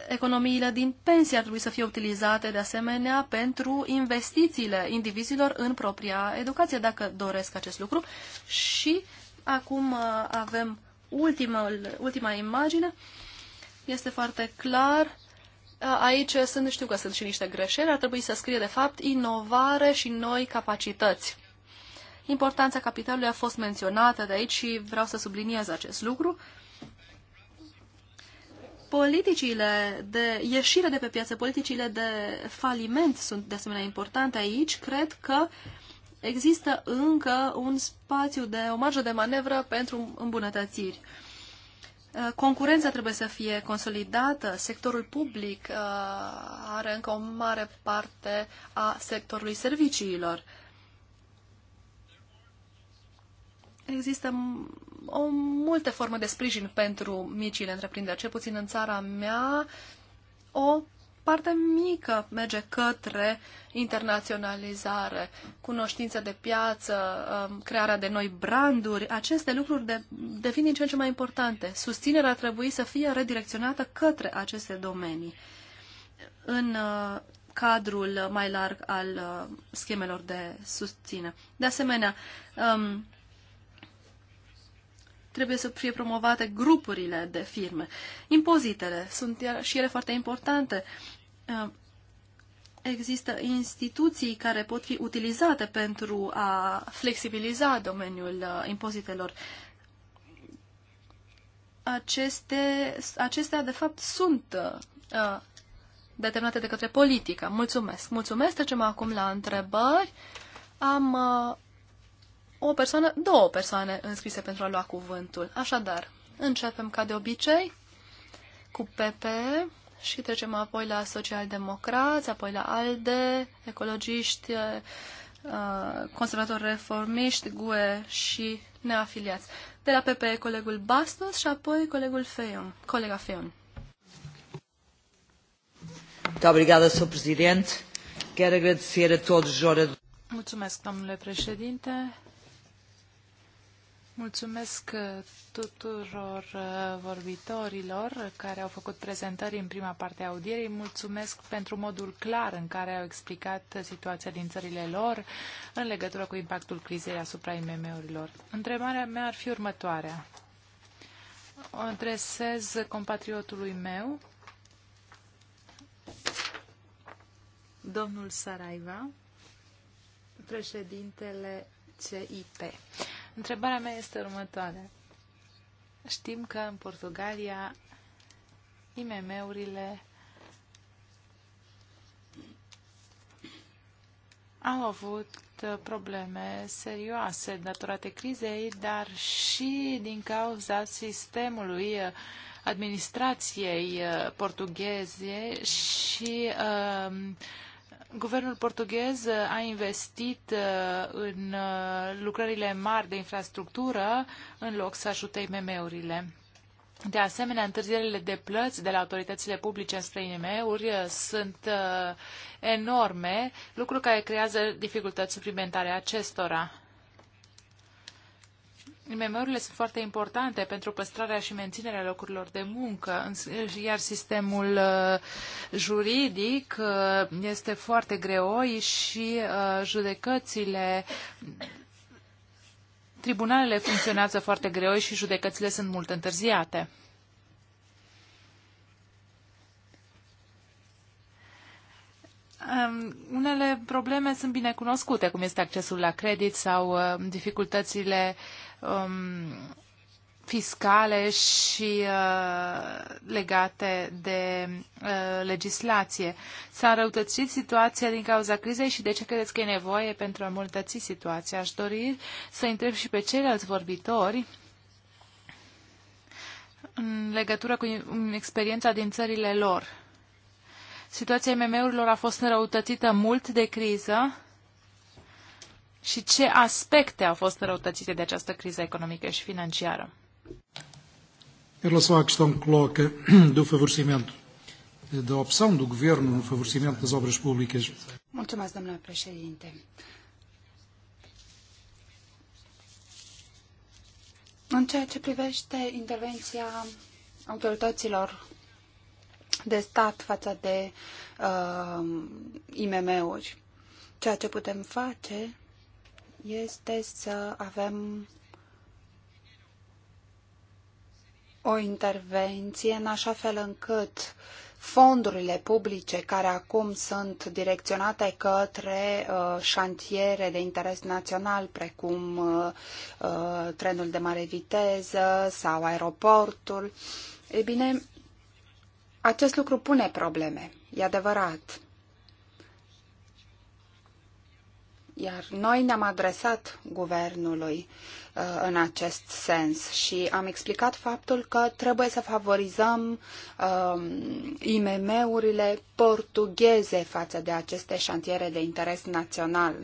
Economiile din pensie ar trebui să fie utilizate de asemenea pentru investițiile indivizilor în propria educație, dacă doresc acest lucru. Și acum uh, avem ultima ultima imagine. Este foarte clar. Uh, aici sunt, știu că sunt și niște greșeli, ar trebui să scrie de fapt inovare și noi capacități. Importanța capitalului a fost menționată de aici și vreau să subliniez acest lucru. Politicile de ieșire de pe piață, politicile de faliment sunt de asemenea importante aici. Cred că există încă un spațiu de o marjă de manevră pentru îmbunătățiri. Concurența trebuie să fie consolidată, sectorul public uh, are încă o mare parte a sectorului serviciilor. există o multe forme de sprijin pentru micile întreprinderi. Cel puțin în țara mea, o parte mică merge către internaționalizare, cunoștință de piață, um, crearea de noi branduri. Aceste lucruri de, devin din ce în ce mai importante. Susținerea trebuie să fie redirecționată către aceste domenii. În uh, cadrul mai larg al uh, schemelor de susținere. De asemenea, um, trebuie să fie promovate grupurile de firme. Impozitele sunt și ele foarte importante. Uh, Există instituții care pot fi utilizate pentru a flexibiliza domeniul uh, impozitelor. Aceste, acestea, de fapt, sunt uh, determinate de către politică. Mulțumesc. Mulțumesc. Trecem acum la întrebări. Am uh, o persoană, două persoane înscrise pentru a lua cuvântul. Așadar, începem ca de obicei cu PP și trecem apoi la socialdemocrați, apoi la ALDE, ecologiști, uh, conservatori reformiști, GUE și neafiliați. De la PP colegul Bastos și apoi colegul Feion, colega Feion. obrigada, Mulțumesc, domnule președinte. Mulțumesc uh, tuturor uh, vorbitorilor care au făcut prezentări în prima parte a audierii. Mulțumesc pentru modul clar în care au explicat situația din țările lor în legătură cu impactul crizei asupra IMM-urilor. Întrebarea mea ar fi următoarea. O adresez compatriotului meu, domnul Saraiva, președintele CIP. Întrebarea mea este următoarea. Știm că în Portugalia IMM-urile au avut probleme serioase datorate crizei, dar și din cauza sistemului uh, administrației uh, portugheze și uh, Guvernul portughez a investit uh, în uh, lucrările mari de infrastructură în loc să ajute IMM-urile. De asemenea, întârzierile de plăți de la autoritățile publice spre IMM-uri uh, sunt enorme, lucru care creează dificultăți suplimentare acestora. IMM-urile sunt foarte importante pentru păstrarea și menținerea locurilor de muncă, iar sistemul uh, juridic uh, este foarte greoi și uh, judecățile Tribunalele funcționează foarte greoi și judecățile sunt mult întârziate. Um, unele probleme sunt bine cunoscute, cum este accesul la credit sau dificultățile uh, um, fiscale și uh, legate de uh, legislație. S-a înrăutățit situația din cauza crizei și de ce credeți că e nevoie pentru a îmbunătăți situația? Aș dori să întreb și pe ceilalți vorbitori în legătură cu experiența din țările lor. Situația MM-urilor a fost înrăutățită mult de criză și ce aspecte au fost răutățite de această criză economică și financiară. În relação à questão que coloca do favorecimento da opção do Governo no favorecimento das obras públicas. Mulțumesc, domnule președinte. În ceea ce privește intervenția autorităților de stat față de uh, IMM-uri, ceea ce putem face este să avem o intervenție în așa fel încât fondurile publice care acum sunt direcționate către uh, șantiere de interes național, precum uh, uh trenul de mare viteză sau aeroportul, e bine, acest lucru pune probleme, e adevărat. Iar noi ne-am adresat guvernului Uh, în acest sens și am explicat faptul că trebuie să favorizăm uh, IMM-urile portugheze față de aceste șantiere de interes național,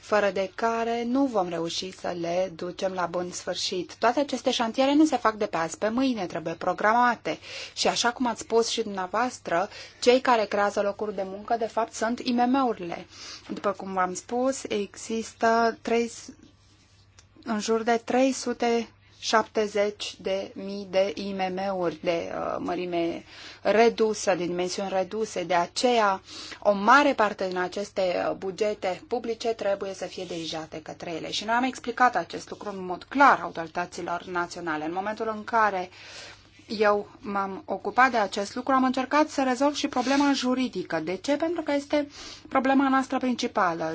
fără de care nu vom reuși să le ducem la bun sfârșit. Toate aceste șantiere nu se fac de pe azi pe mâine, trebuie programate și așa cum ați spus și dumneavoastră, cei care creează locuri de muncă de fapt sunt IMM-urile. După cum v-am spus, există 3, în jur de 370 de mii de IMM-uri de uh, mărime redusă, de dimensiuni reduse. De aceea, o mare parte din aceste uh, bugete publice trebuie să fie dirijate către ele. Și noi am explicat acest lucru în mod clar autorităților naționale. În momentul în care uh, eu m-am ocupat de acest lucru, am încercat să rezolv și problema juridică. De ce? Pentru că este problema noastră principală.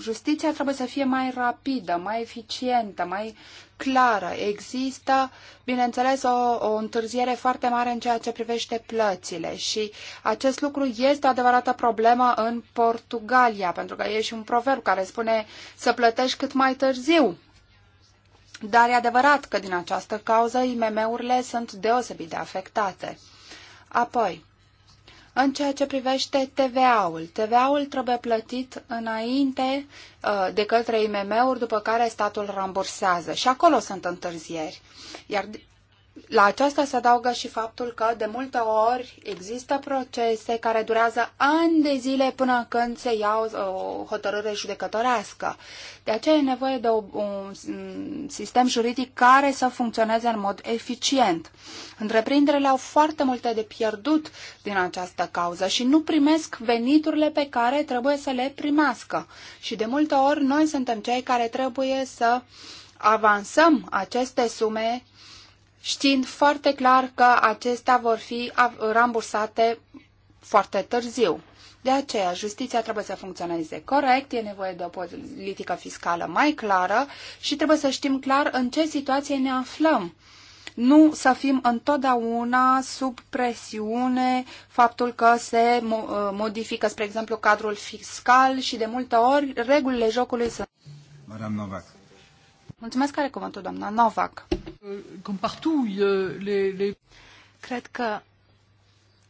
Justiția trebuie să fie mai rapidă, mai eficientă, mai clară. Există, bineînțeles, o, o întârziere foarte mare în ceea ce privește plățile și acest lucru este o adevărată problemă în Portugalia, pentru că e și un proverb care spune să plătești cât mai târziu dar e adevărat că din această cauză IMM-urile sunt deosebit de afectate. Apoi, în ceea ce privește TVA-ul. TVA-ul trebuie plătit înainte uh, de către IMM-uri, după care statul rambursează. Și acolo sunt întârzieri. Iar la aceasta se adaugă și faptul că de multe ori există procese care durează ani de zile până când se ia o hotărâre judecătorească. De aceea e nevoie de un sistem juridic care să funcționeze în mod eficient. Întreprinderile au foarte multe de pierdut din această cauză și nu primesc veniturile pe care trebuie să le primească. Și de multe ori noi suntem cei care trebuie să avansăm aceste sume știind foarte clar că acestea vor fi rambursate foarte târziu. De aceea, justiția trebuie să funcționeze corect, e nevoie de o politică fiscală mai clară și trebuie să știm clar în ce situație ne aflăm. Nu să fim întotdeauna sub presiune faptul că se uh, modifică, spre exemplu, cadrul fiscal și de multe ori regulile jocului sunt. Madame Novak. Mulțumesc, care cuvântul, doamna Novak. Cred că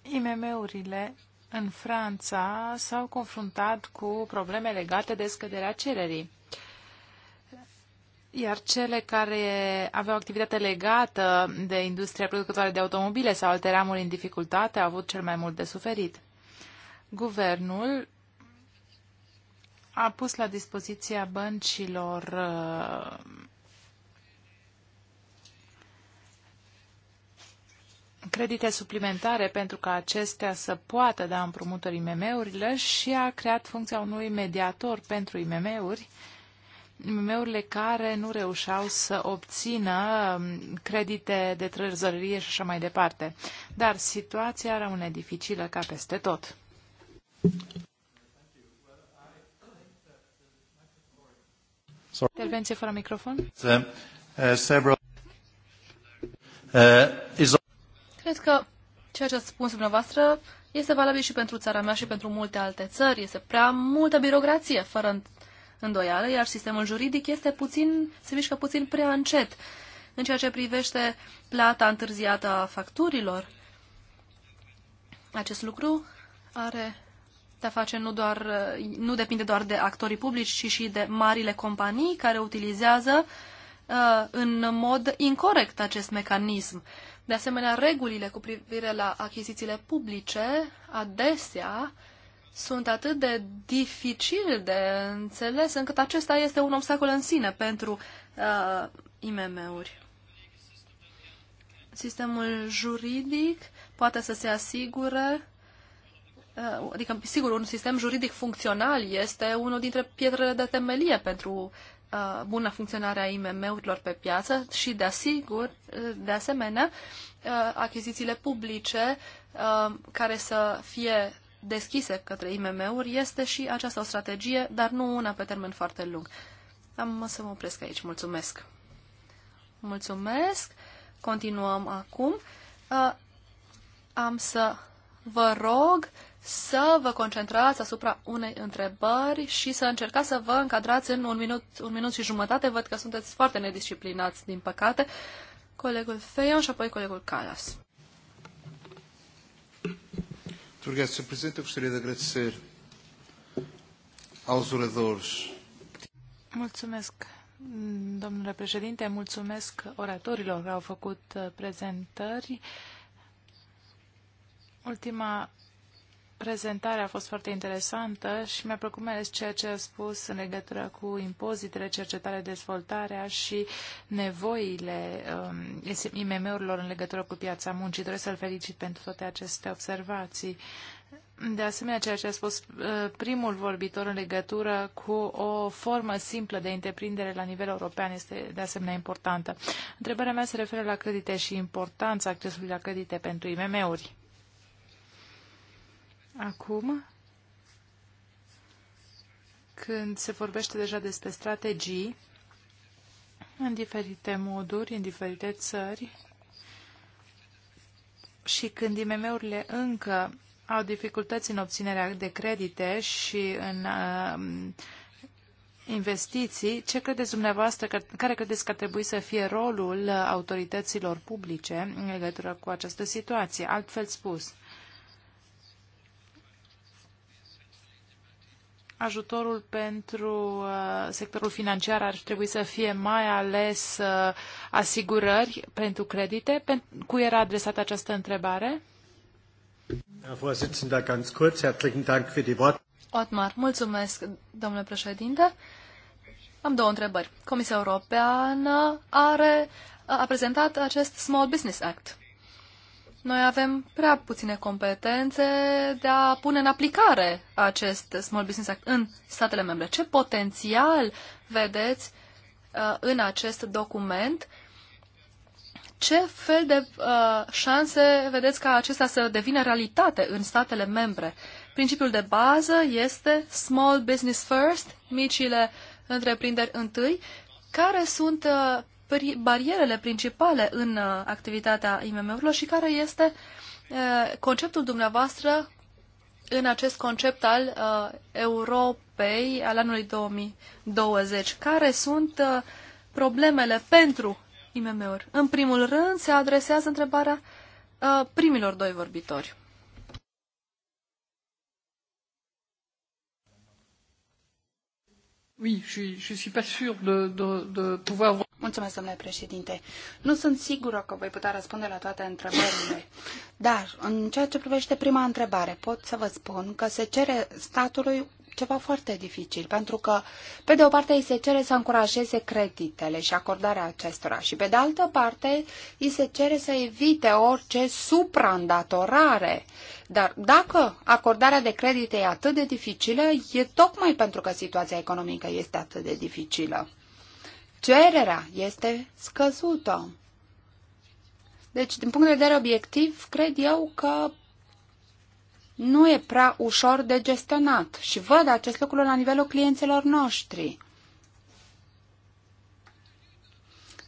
IMM-urile în Franța s-au confruntat cu probleme legate de scăderea cererii. Iar cele care aveau activitate legată de industria producătoare de automobile sau alte ramuri în dificultate au avut cel mai mult de suferit. Guvernul a pus la dispoziția băncilor uh, credite suplimentare pentru ca acestea să poată da împrumuturi IMM-urile și a creat funcția unui mediator pentru IMM-uri, IMM-urile care nu reușeau să obțină um, credite de trezărie și așa mai departe. Dar situația rămâne dificilă ca peste tot. Intervenție fără microfon. Uh, uh, Cred că ceea ce ați spus dumneavoastră este valabil și pentru țara mea și pentru multe alte țări. Este prea multă birocrație, fără îndoială, iar sistemul juridic este puțin, se mișcă puțin prea încet în ceea ce privește plata întârziată a facturilor. Acest lucru are asta face nu, doar, uh, nu depinde doar de actorii publici, ci și de marile companii care utilizează uh, în mod incorrect acest mecanism. De asemenea, regulile cu privire la achizițiile publice adesea sunt atât de dificil de înțeles încât acesta este un obstacol în sine pentru uh, IMM-uri. Sistemul juridic poate să se asigure Uh, adică, sigur, un sistem juridic funcțional este unul dintre pietrele de temelie pentru bună uh, buna funcționare a IMM-urilor pe piață și, de, asigur, uh, de asemenea, achizițiile publice care să fie deschise către IMM-uri este și aceasta o strategie, dar nu una pe termen foarte lung. Am să mă opresc aici. Mulțumesc! Mulțumesc! Continuăm acum. Am să vă rog să vă concentrați asupra unei întrebări și să încercați să vă încadrați în un minut, un minut și jumătate. Văd că sunteți foarte nedisciplinați, din păcate. Colegul Feion și apoi colegul Calas. Obrigado, Sr. Presidente. Eu de agradecer aos oradores. Mulțumesc, domnule președinte, mulțumesc oratorilor care au făcut uh, prezentări. Ultima prezentare a fost foarte interesantă și mi-a plăcut mai ales ceea ce a spus în legătură cu impozitele, cercetarea, dezvoltarea și nevoile um, IMM-urilor în legătură cu piața muncii. Doresc să-l felicit pentru toate aceste observații. De asemenea, ceea ce a spus uh, primul vorbitor în legătură cu o formă simplă de întreprindere la nivel european este de asemenea importantă. Întrebarea mea se referă la credite și importanța accesului la credite pentru IMM-uri. Acum, când se vorbește deja despre strategii, în diferite moduri, în diferite țări, și când IMM-urile încă au dificultăți în obținerea de credite și în uh, investiții, ce credeți dumneavoastră, că, care credeți că ar trebui să fie rolul autorităților publice în legătură cu această situație? Altfel spus, ajutorul pentru uh, sectorul financiar ar trebui să fie mai ales uh, asigurări pentru credite. Cui era adresată această întrebare? Otmar, mulțumesc, domnule președinte. Am două întrebări. Comisia Europeană are, a prezentat acest Small Business Act noi avem prea puține competențe de a pune în aplicare acest Small Business Act în statele membre. Ce potențial vedeți uh, în acest document? Ce fel de uh, șanse vedeți ca acesta să devină realitate în statele membre? Principiul de bază este Small Business First, micile întreprinderi întâi. Care sunt uh, barierele principale în uh, activitatea IMM-urilor și care este uh, conceptul dumneavoastră în acest concept al uh, Europei al anului 2020. Care sunt problemele pentru IMM-uri? În primul rând se adresează întrebarea primilor doi vorbitori. Oui, je, je suis pas sûr de, de, de pouvoir... Mulțumesc, domnule președinte. Nu sunt sigură că voi putea răspunde la toate întrebările, dar în ceea ce privește prima întrebare, pot să vă spun că se cere statului ceva foarte dificil, pentru că, pe de o parte, îi se cere să încurajeze creditele și acordarea acestora și, pe de altă parte, îi se cere să evite orice supraîndatorare. Dar dacă acordarea de credite e atât de dificilă, e tocmai pentru că situația economică este atât de dificilă. Cererea este scăzută. Deci, din punct de vedere obiectiv, cred eu că nu e prea ușor de gestionat și văd acest lucru la nivelul clienților noștri.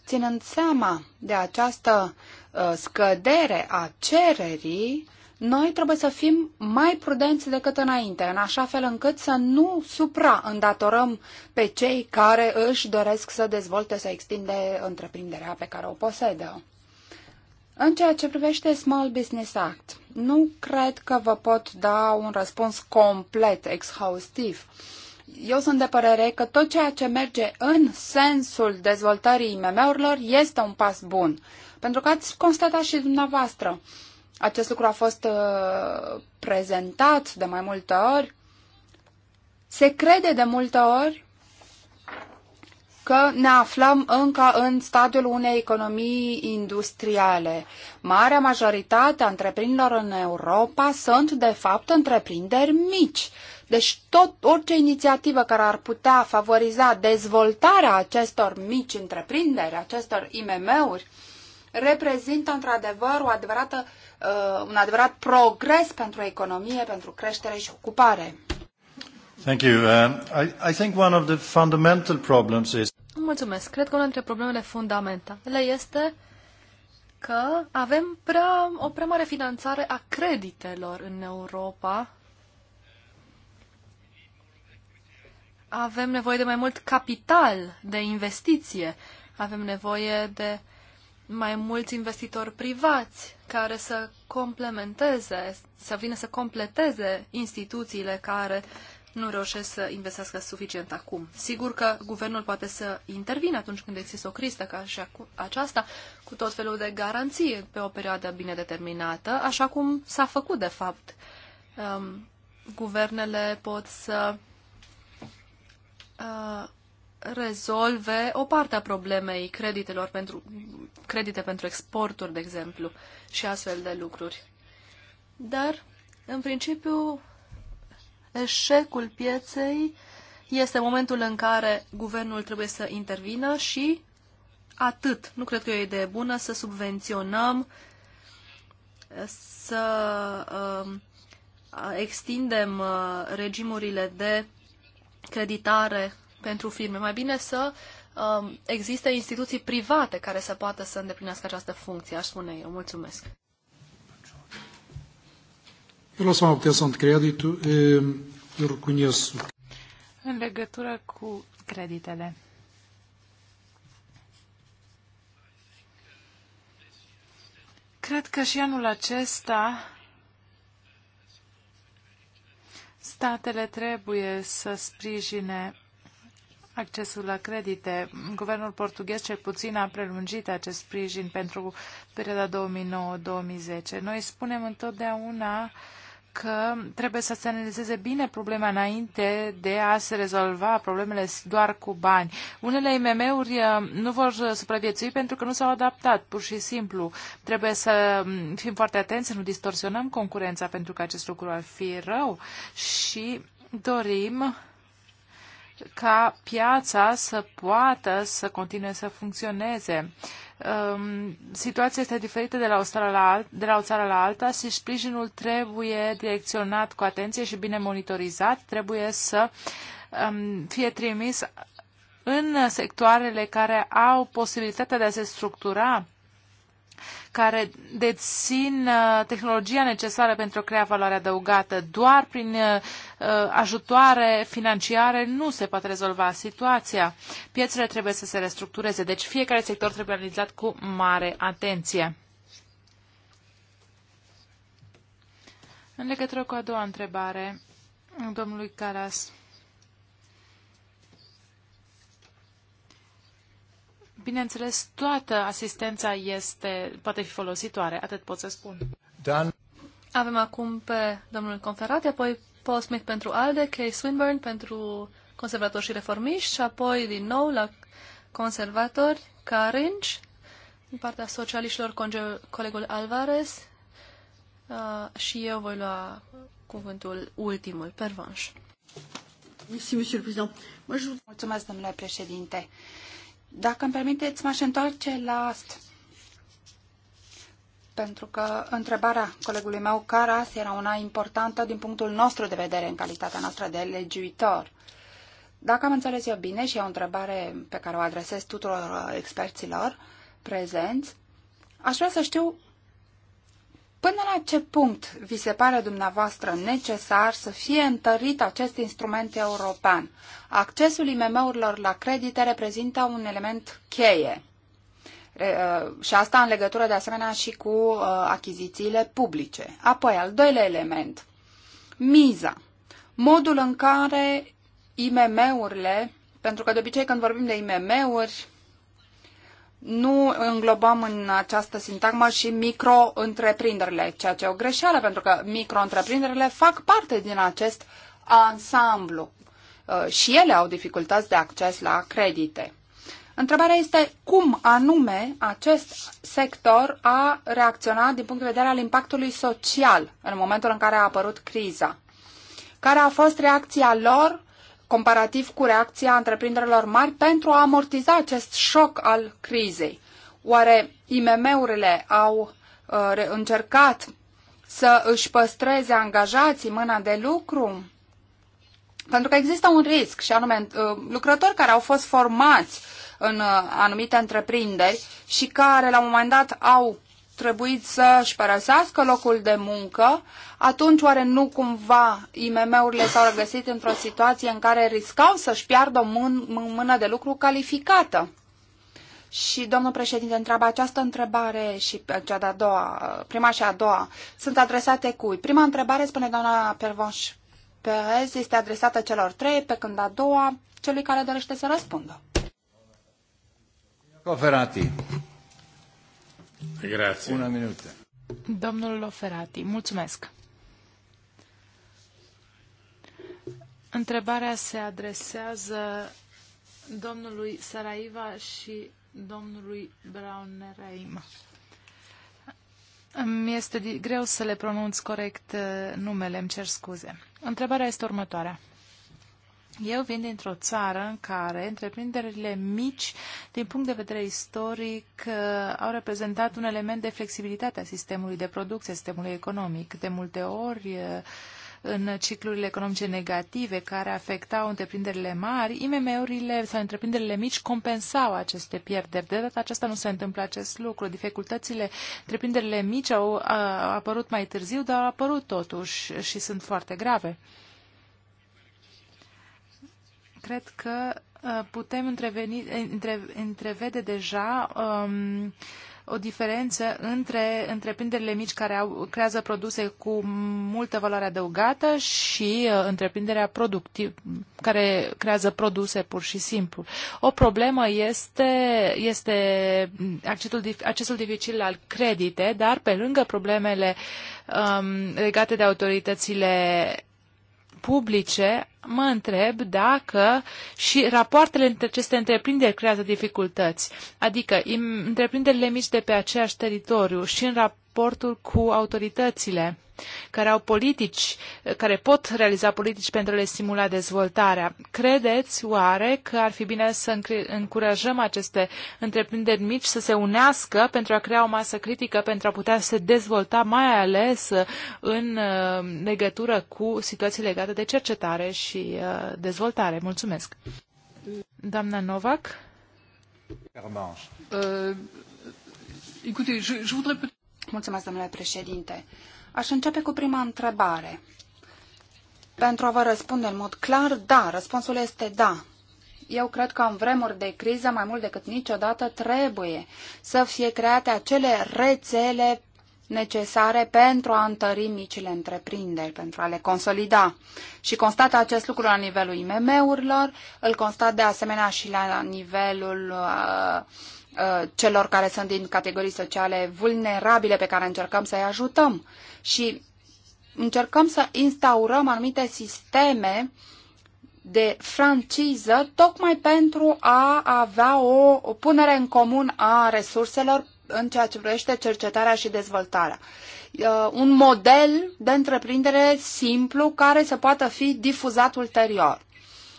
Ținând seama de această uh, scădere a cererii, noi trebuie să fim mai prudenți decât înainte, în așa fel încât să nu supra-îndatorăm pe cei care își doresc să dezvolte, să extinde întreprinderea pe care o posedă. În ceea ce privește Small Business Act, nu cred că vă pot da un răspuns complet, exhaustiv. Eu sunt de părere că tot ceea ce merge în sensul dezvoltării IMM-urilor este un pas bun. Pentru că ați constatat și dumneavoastră, acest lucru a fost uh, prezentat de mai multe ori, se crede de multe ori că ne aflăm încă în stadiul unei economii industriale. Marea majoritate a întreprinderilor în Europa sunt, de fapt, întreprinderi mici. Deci tot orice inițiativă care ar putea favoriza dezvoltarea acestor mici întreprinderi, acestor IMM-uri, reprezintă într-adevăr o adevărată, uh, un adevărat progres pentru economie, pentru creștere și ocupare. Thank you. Uh, I, I think one of the fundamental problems is Mulțumesc. Cred că una dintre problemele fundamentale este că avem prea, o prea mare finanțare a creditelor în Europa. Avem nevoie de mai mult capital de investiție. Avem nevoie de mai mulți investitori privați care să complementeze, să vină să completeze instituțiile care nu reușesc să investească suficient acum. Sigur că guvernul poate să intervină atunci când există o criză ca și aceasta, cu tot felul de garanții pe o perioadă bine determinată, așa cum s-a făcut de fapt. Um, guvernele pot să uh, rezolve o parte a problemei creditelor pentru, credite pentru exporturi, de exemplu, și astfel de lucruri. Dar, în principiu, eșecul pieței este momentul în care guvernul trebuie să intervină și atât. Nu cred că e o idee bună să subvenționăm, să uh, extindem uh, regimurile de creditare pentru firme. Mai bine să uh, existe instituții private care să poată să îndeplinească această funcție, aș spune eu. Mulțumesc! Em relação obtenção de crédito, eu reconheço. În legătură cu creditele. Cred că și anul acesta statele trebuie să sprijine accesul la credite. Guvernul portughez cel puțin a prelungit acest sprijin pentru perioada 2009-2010. Noi spunem întotdeauna uh, că trebuie să se analizeze bine problema înainte de a se rezolva problemele doar cu bani. Unele IMM-uri uh, nu vor supraviețui pentru că nu s-au adaptat, pur și simplu. Trebuie să mm, fim foarte atenți, să nu distorsionăm concurența pentru că acest lucru ar fi rău și dorim ca piața să poată să continue să funcționeze. Um, situația este diferită de la, o la, alt, de la o țară la alta și sprijinul trebuie direcționat cu atenție și bine monitorizat. Trebuie să um, fie trimis în sectoarele care au posibilitatea de a se structura care dețin uh, tehnologia necesară pentru a crea valoare adăugată. Doar prin uh, uh, ajutoare financiare nu se poate rezolva situația. Piețele trebuie să se restructureze, deci fiecare sector trebuie analizat cu mare atenție. În legătură cu a doua întrebare, domnului Caras, bineînțeles, toată asistența este, poate fi folositoare, atât pot să spun. Dan. Avem acum pe domnul Conferat, apoi Paul Smith pentru ALDE, Kay Swinburne pentru conservatori și reformiști și apoi din nou la conservatori, Carinci, din partea socialiștilor colegul Alvarez uh, și eu voi lua cuvântul ultimul, pervanș. Mulțumesc, domnule președinte. Dacă îmi permiteți, m-aș întoarce la pentru că întrebarea colegului meu, Caras, era una importantă din punctul nostru de vedere în calitatea noastră de legiuitor. Dacă am înțeles eu bine și e o întrebare pe care o adresez tuturor uh, experților prezenți, aș vrea să știu Până la ce punct vi se pare dumneavoastră necesar să fie întărit acest instrument european? Accesul IMM-urilor la credite reprezintă un element cheie uh, și asta în legătură de asemenea și cu uh, achizițiile publice. Apoi, al doilea element, miza. Modul în care IMM-urile, pentru că de obicei când vorbim de IMM-uri, nu înglobăm în această sintagmă și micro-întreprinderile, ceea ce e o greșeală, pentru că micro-întreprinderile fac parte din acest ansamblu uh, și ele au dificultăți de acces la credite. Întrebarea este cum anume acest sector a reacționat din punct de vedere al impactului social în momentul în care a apărut criza. Care a fost reacția lor comparativ cu reacția întreprinderilor mari pentru a amortiza acest șoc al crizei. Oare IMM-urile au uh, încercat să își păstreze angajații mâna de lucru? Pentru că există un risc, și anume uh, lucrători care au fost formați în uh, anumite întreprinderi și care la un moment dat au trebuit să-și părăsească locul de muncă, atunci oare nu cumva IMM-urile s-au regăsit într-o situație în care riscau să-și piardă o mân- mână de lucru calificată? Și domnul președinte întreabă această întrebare și cea de-a doua, prima și a doua, sunt adresate cui? Prima întrebare, spune doamna Pervonș Perez, este adresată celor trei, pe când a doua, celui care dorește să răspundă. Coferati. Grazie. Una minută. Domnul Loferati, mulțumesc. Întrebarea se adresează domnului Saraiva și domnului Reima. Îmi este greu să le pronunț corect uh, numele, îmi cer scuze. Întrebarea este următoarea. Eu vin dintr-o țară în care întreprinderile mici, din punct de vedere istoric, uh, au reprezentat un element de flexibilitate a sistemului de producție, sistemului economic. De multe ori, uh, în ciclurile economice negative care afectau întreprinderile mari, IMM-urile sau întreprinderile mici compensau aceste pierderi. De data aceasta nu se întâmplă acest lucru. Dificultățile întreprinderile mici au, au apărut mai târziu, dar au apărut totuși și sunt foarte grave cred că uh, putem întreveni, între, întrevede deja um, o diferență între întreprinderile mici care au, creează produse cu multă valoare adăugată și uh, întreprinderea productiv, care creează produse pur și simplu. O problemă este, este accesul, accesul dificil al credite, dar pe lângă problemele um, legate de autoritățile publice, mă întreb dacă și rapoartele între aceste întreprinderi creează dificultăți, adică întreprinderile mici de pe aceeași teritoriu și în raportul cu autoritățile care au politici, care pot realiza politici pentru a le stimula dezvoltarea. Credeți oare că ar fi bine să încurajăm aceste întreprinderi mici să se unească pentru a crea o masă critică, pentru a putea se dezvolta mai ales în uh, legătură cu situații legate de cercetare și și uh, dezvoltare. Mulțumesc. Doamna Novak. Uh, Mulțumesc, domnule președinte. Aș începe cu prima întrebare. Pentru a vă răspunde în mod clar, da, răspunsul este da. Eu cred că în vremuri de criză, mai mult decât niciodată, trebuie să fie create acele rețele necesare pentru a întări micile întreprinderi, pentru a le consolida. Și constată acest lucru la nivelul IMM-urilor, îl constat de asemenea și la nivelul uh, uh, celor care sunt din categorii sociale vulnerabile pe care încercăm să-i ajutăm. Și încercăm să instaurăm anumite sisteme de franciză tocmai pentru a avea o, o punere în comun a resurselor în ceea ce privește cercetarea și dezvoltarea. Un model de întreprindere simplu care să poată fi difuzat ulterior,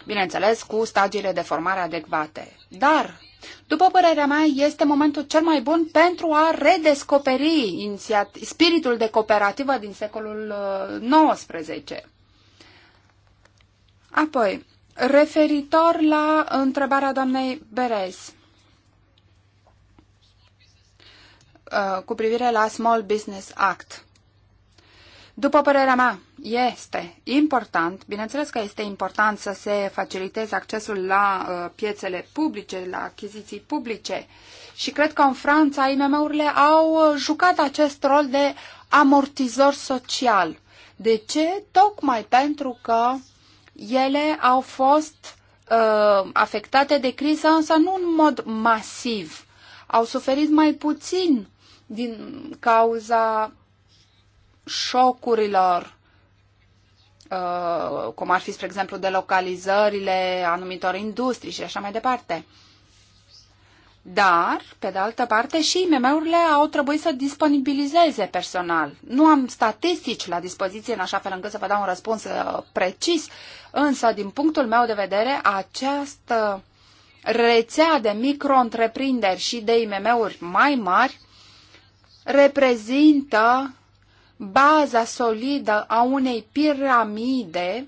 bineînțeles cu stagiile de formare adecvate. Dar, după părerea mea, este momentul cel mai bun pentru a redescoperi spiritul de cooperativă din secolul XIX. Uh, Apoi, referitor la întrebarea doamnei Beres, Uh, cu privire la Small Business Act. După părerea mea, este important, bineînțeles că este important să se faciliteze accesul la uh, piețele publice, la achiziții publice și cred că în Franța IMM-urile au uh, jucat acest rol de amortizor social. De ce? Tocmai pentru că ele au fost uh, afectate de criză, însă nu în mod masiv. Au suferit mai puțin din cauza șocurilor, uh, cum ar fi, spre exemplu, delocalizările anumitor industrii și așa mai departe. Dar, pe de altă parte, și IMM-urile au trebuit să disponibilizeze personal. Nu am statistici la dispoziție în așa fel încât să vă dau un răspuns uh, precis, însă, din punctul meu de vedere, această rețea de micro-întreprinderi și de IMM-uri mai mari reprezintă baza solidă a unei piramide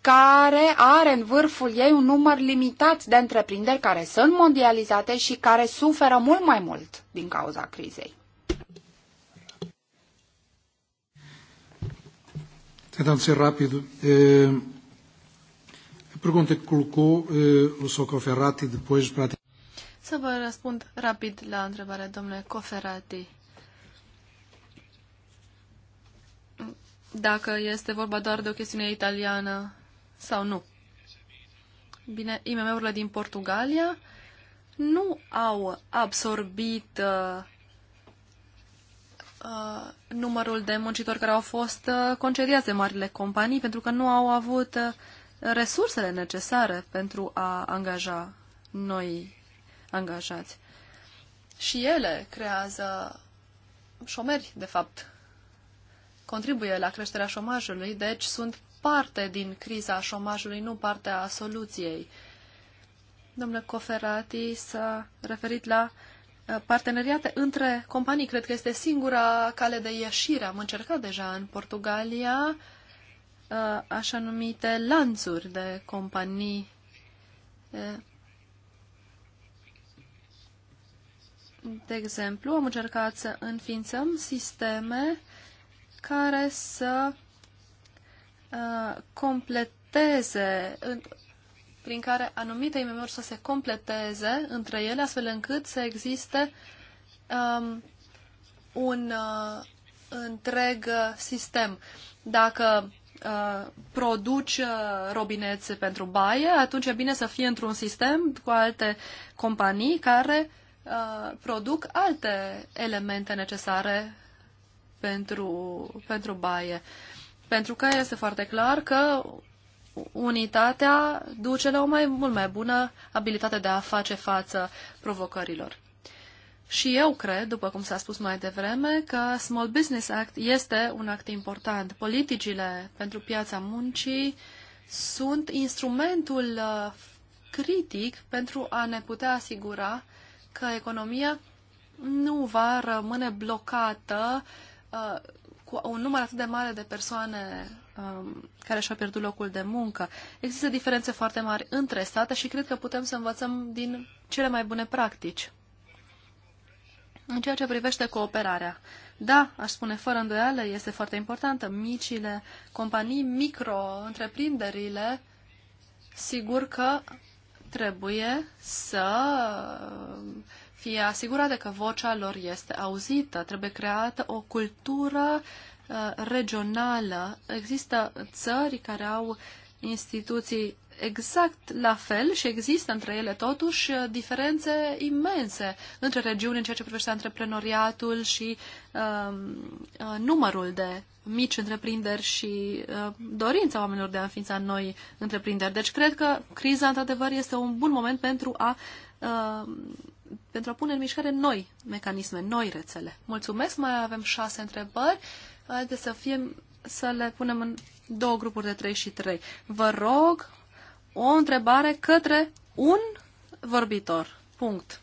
care are în vârful ei un număr limitat de întreprinderi care sunt mondializate și care suferă mult mai mult din cauza crizei. Tentando ser rápido, eh, a pergunta que colocou eh, o Sr. Coferrati depois... Să vă răspund rapid la întrebarea domnule Coferrati. dacă este vorba doar de o chestiune italiană sau nu. Bine, IMM-urile din Portugalia nu au absorbit uh, uh, numărul de muncitori care au fost uh, concediați de marile companii pentru că nu au avut uh, resursele necesare pentru a angaja noi angajați. Și ele creează șomeri, de fapt, contribuie la creșterea șomajului, deci sunt parte din criza șomajului, nu parte a soluției. Domnule Coferati s-a referit la uh, parteneriate între companii. Cred că este singura cale de ieșire. Am încercat deja în Portugalia uh, așa numite lanțuri de companii. Uh, de exemplu, am încercat să înființăm sisteme care să uh, completeze, în, prin care anumite imm să se completeze între ele, astfel încât să existe um, un uh, întreg uh, sistem. Dacă Uh, produci uh, robinețe pentru baie, atunci e bine să fie într-un sistem cu alte companii care uh, produc alte elemente necesare pentru, pentru baie. Pentru că este foarte clar că unitatea duce la o mai mult mai bună abilitate de a face față provocărilor. Și eu cred, după cum s-a spus mai devreme, că Small Business Act este un act important. Politicile pentru piața muncii sunt instrumentul uh, critic pentru a ne putea asigura că economia nu va rămâne blocată Uh, cu un număr atât de mare de persoane um, care și-au pierdut locul de muncă. Există diferențe foarte mari între state și cred că putem să învățăm din cele mai bune practici. În ceea ce privește cooperarea, da, aș spune fără îndoială, este foarte importantă. Micile companii, micro-întreprinderile, sigur că trebuie să fie asigurate că vocea lor este auzită. Trebuie creată o cultură uh, regională. Există țări care au instituții exact la fel și există între ele totuși diferențe imense între regiuni în ceea ce privește antreprenoriatul și um, uh, numărul de mici întreprinderi și uh, dorința oamenilor de a înființa noi întreprinderi. Deci cred că criza, într-adevăr, este un bun moment pentru a, uh, pentru a pune în mișcare noi mecanisme, noi rețele. Mulțumesc, mai avem șase întrebări. Haideți să fie să le punem în două grupuri de trei și trei. Vă rog, o întrebare către un vorbitor. Punct.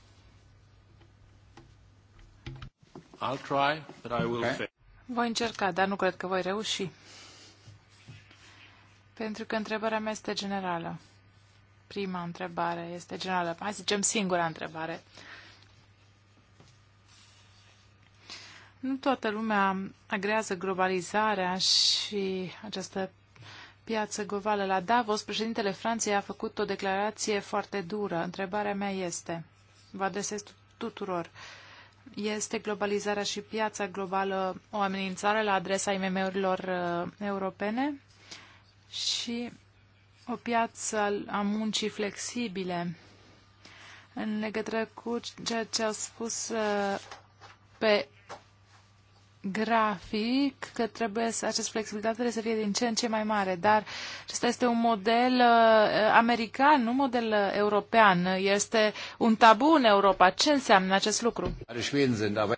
I'll try, but I will fail. Voi încerca, dar nu cred că voi reuși. Pentru că întrebarea mea este generală. Prima întrebare este generală. Hai să zicem singura întrebare. Nu toată lumea agrează globalizarea și această piață globală la Davos, președintele Franței a făcut o declarație foarte dură. Întrebarea mea este, vă adresez tuturor, este globalizarea și piața globală o amenințare la adresa IMM-urilor uh, europene? Și o piață a muncii flexibile în legătură cu ceea ce au spus uh, pe grafic că trebuie să această flexibilitate să fie din ce în ce mai mare, dar acesta este un model uh, american, nu model uh, european. Este un tabu în Europa. Ce înseamnă acest lucru?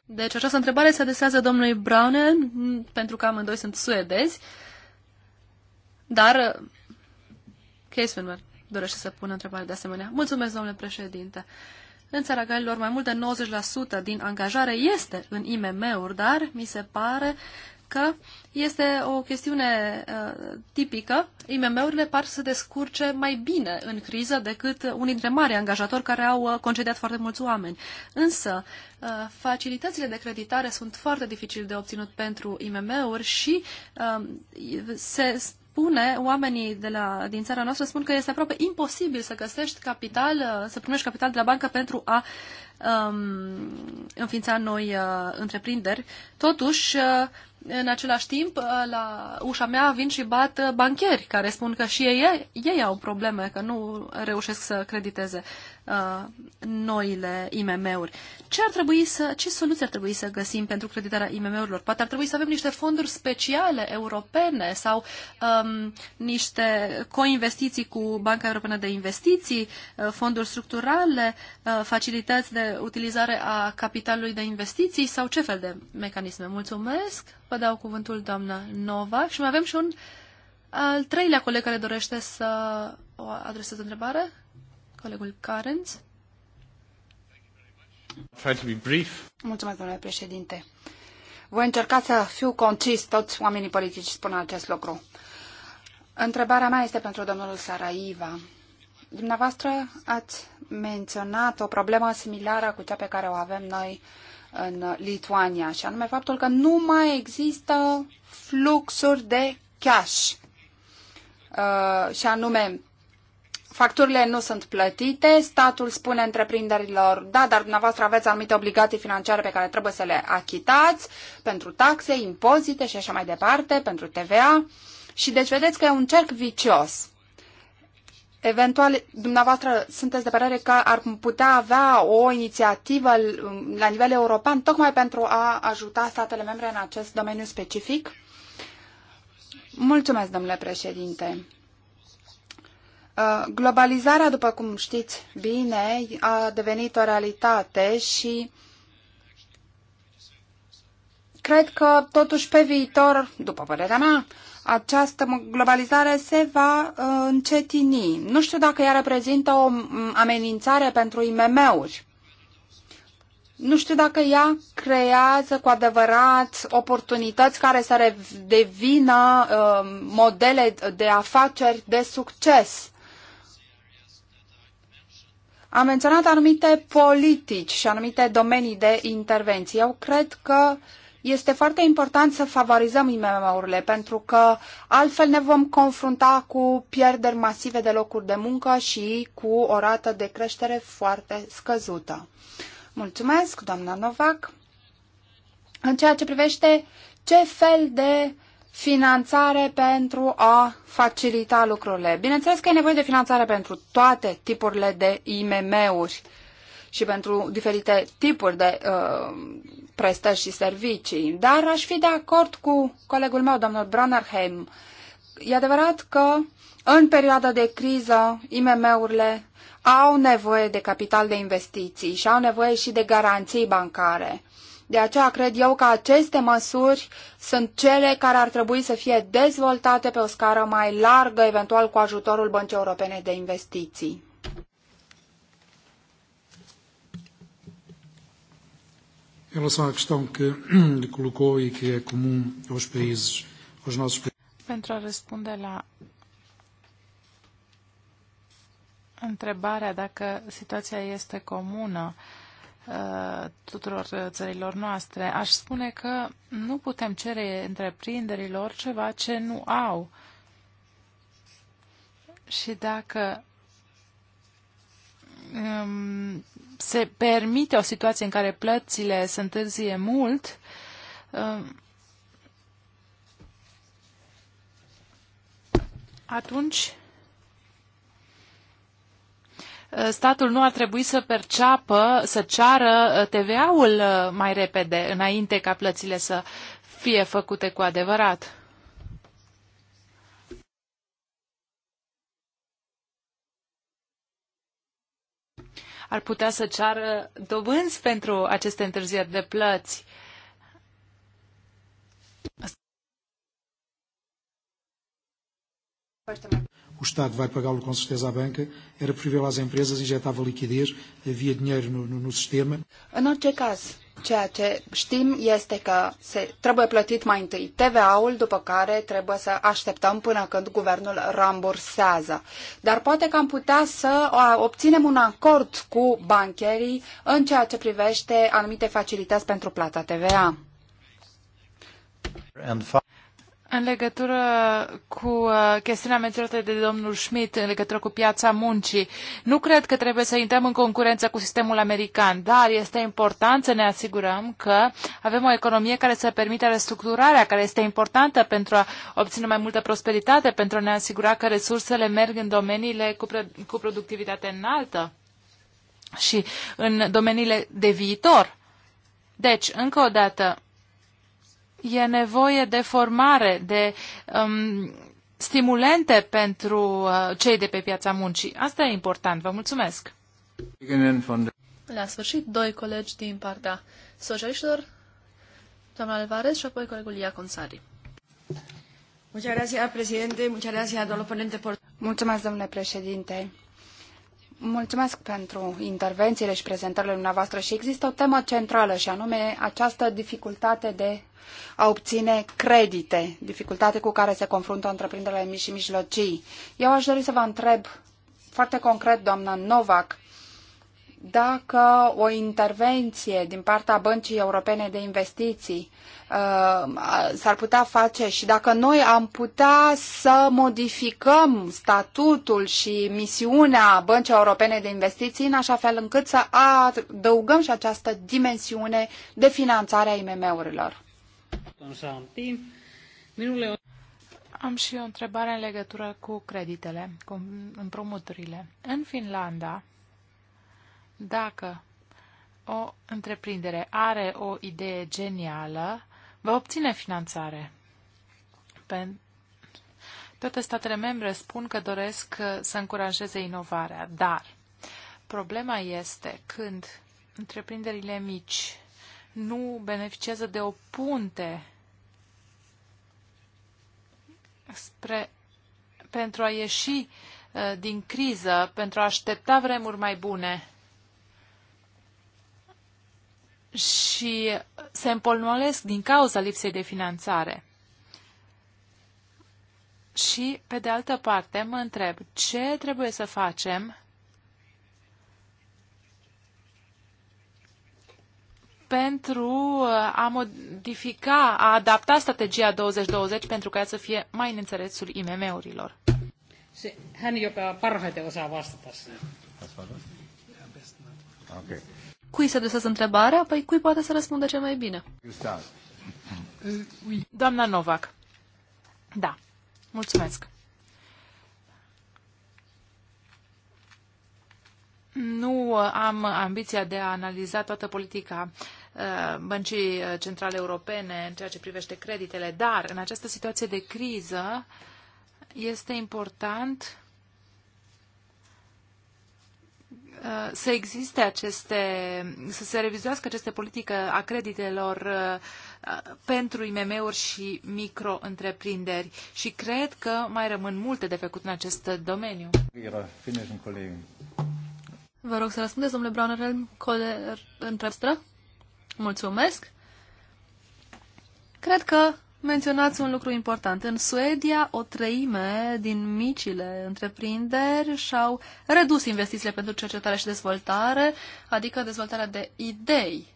Deci această întrebare se adresează domnului Browne, mm, pentru că amândoi sunt suedezi, dar uh, Case dorește să pună întrebare de asemenea. Mulțumesc, domnule președinte. Uh, în țara Galilor, mai mult de 90% din angajare este în IMM-uri, dar mi se pare că este o chestiune uh, tipică. IMM-urile par să se descurce mai bine în criză decât unii dintre mari angajatori care au uh, concediat foarte mulți oameni. Însă, uh, facilitățile de creditare sunt foarte dificil de obținut pentru IMM-uri și uh, se spune, oamenii de la, din țara noastră spun că este aproape imposibil să găsești capital, să primești capital de la bancă pentru a um, înființa noi uh, întreprinderi. Totuși, uh, în același timp, uh, la ușa mea vin și bat uh, bancheri care spun că și ei, ei au probleme, că nu reușesc să crediteze uh, noile IMM-uri. Ce ar trebui să, ce soluții ar trebui să găsim pentru creditarea IMM-urilor? Poate ar trebui să avem niște fonduri speciale europene sau um, niște coinvestiții cu Banca Europeană de Investiții, uh, fonduri structurale, uh, facilități de utilizare a capitalului de investiții sau ce fel de mecanisme? Mulțumesc, vă dau cuvântul doamna Nova și mai avem și un al treilea coleg care dorește să o adreseze întrebare, colegul Carenț. Mulțumesc, domnule președinte. Voi încerca să fiu concis, toți oamenii politici spun acest lucru. Întrebarea mea este pentru domnul Saraiva. Dumneavoastră ați menționat o problemă similară cu cea pe care o avem noi în Lituania, și anume faptul că nu mai există fluxuri de cash. Uh, și anume, facturile nu sunt plătite, statul spune întreprinderilor, da, dar dumneavoastră aveți anumite obligații financiare pe care trebuie să le achitați pentru taxe, impozite și așa mai departe, pentru TVA. Și deci vedeți că e un cerc vicios. Eventual, dumneavoastră sunteți de părere că ar putea avea o inițiativă la nivel european tocmai pentru a ajuta statele membre în acest domeniu specific? Mulțumesc, domnule președinte. Uh, globalizarea, după cum știți bine, a devenit o realitate și cred că, totuși, pe viitor, după părerea mea, această globalizare se va uh, încetini. Nu știu dacă ea reprezintă o amenințare pentru IMM-uri. Nu știu dacă ea creează cu adevărat oportunități care să devină uh, modele de afaceri de succes. Am menționat anumite politici și anumite domenii de intervenție. Eu cred că uh, este foarte important să favorizăm IMM-urile, pentru că altfel ne vom confrunta cu pierderi masive de locuri de muncă și cu o rată de creștere foarte scăzută. Mulțumesc, doamna Novak. În ceea ce privește ce fel de finanțare pentru a facilita lucrurile. Bineînțeles că e nevoie de finanțare pentru toate tipurile de IMM-uri și pentru diferite tipuri de uh, prestări și servicii. Dar aș fi de acord cu colegul meu, domnul Brannerheim. E adevărat că în perioada de criză, IMM-urile au nevoie de capital de investiții și au nevoie și de garanții bancare. De aceea cred eu că aceste măsuri sunt cele care ar trebui să fie dezvoltate pe o scară mai largă, eventual cu ajutorul Băncii Europene de Investiții. Em relação à questão que colocou e que é comum aos países, aos nossos países. Pentru a răspunde la întrebarea dacă situația este comună uh, tuturor țărilor noastre, aș spune că nu putem cere întreprinderilor ceva ce nu au. Și dacă um, se permite o situație în care plățile se întârzie mult, uh, atunci uh, statul nu ar trebui să perceapă, să ceară uh, TVA-ul mai repede, înainte ca plățile să fie făcute cu adevărat. ar putea să ceară dobânzi pentru aceste întârzieri de plăți o Estado vai pagá-lo com certeza à banca, era preferível às empresas, injetava liquidez, havia dinheiro no, no, no sistema. În orice caso, ceea ce știm este că se, trebuie plătit mai întâi TVA-ul, după care trebuie să așteptăm până când guvernul rambursează. Dar poate că am putea să obținem un acord cu bancherii în ceea ce privește anumite facilități pentru plata TVA. În legătură cu uh, chestiunea menționată de domnul Schmidt, în legătură cu piața muncii, nu cred că trebuie să intrăm în concurență cu sistemul american, dar este important să ne asigurăm că avem o economie care să permite restructurarea, care este importantă pentru a obține mai multă prosperitate, pentru a ne asigura că resursele merg în domeniile cu, cu productivitate înaltă și în domeniile de viitor. Deci, încă o dată, e nevoie de formare, de um, stimulente pentru uh, cei de pe piața muncii. Asta e important. Vă mulțumesc! La sfârșit, doi colegi din partea socialiștilor, doamna Alvarez și apoi colegul Ia Consari. Mulțumesc, domnule președinte. Mulțumesc pentru intervențiile și prezentările dumneavoastră și există o temă centrală și anume această dificultate de a obține credite, dificultate cu care se confruntă întreprinderile mici și mijlocii. Eu aș dori să vă întreb foarte concret, doamna Novak, dacă o intervenție din partea Băncii Europene de Investiții uh, s-ar putea face și dacă noi am putea să modificăm statutul și misiunea Băncii Europene de Investiții în așa fel încât să adăugăm și această dimensiune de finanțare a IMM-urilor. Am și o întrebare în legătură cu creditele, cu împrumuturile. În Finlanda, dacă o întreprindere are o idee genială, va obține finanțare. Pen- toate statele membre spun că doresc uh, să încurajeze inovarea, dar problema este când întreprinderile mici nu beneficiază de o punte spre, pentru a ieși uh, din criză, pentru a aștepta vremuri mai bune și se împolnolesc din cauza lipsei de finanțare. Și, pe de altă parte, mă întreb ce trebuie să facem pentru uh, a modifica, a adapta strategia 2020 pentru ca ea să fie mai în înțelesul IMM-urilor. Se, hän, joka parhaiten osaa vastata. Okay. Cui se adresează întrebarea? Păi cui poate să răspundă cel mai bine? Doamna Novak. Da. Mulțumesc. Nu am ambiția de a analiza toată politica uh, Băncii uh, Centrale Europene în ceea ce privește creditele, dar în această situație de criză este important Uh, să existe aceste, să se revizuiască aceste politică a creditelor uh, uh, pentru IMM-uri și micro-întreprinderi și cred că mai rămân multe de făcut în acest domeniu. Vă rog să răspundeți, domnule Brauner, întrebstră. Mulțumesc. Cred că menționați un lucru important. În Suedia, o treime din micile întreprinderi și-au redus investițiile pentru cercetare și dezvoltare, adică dezvoltarea de idei.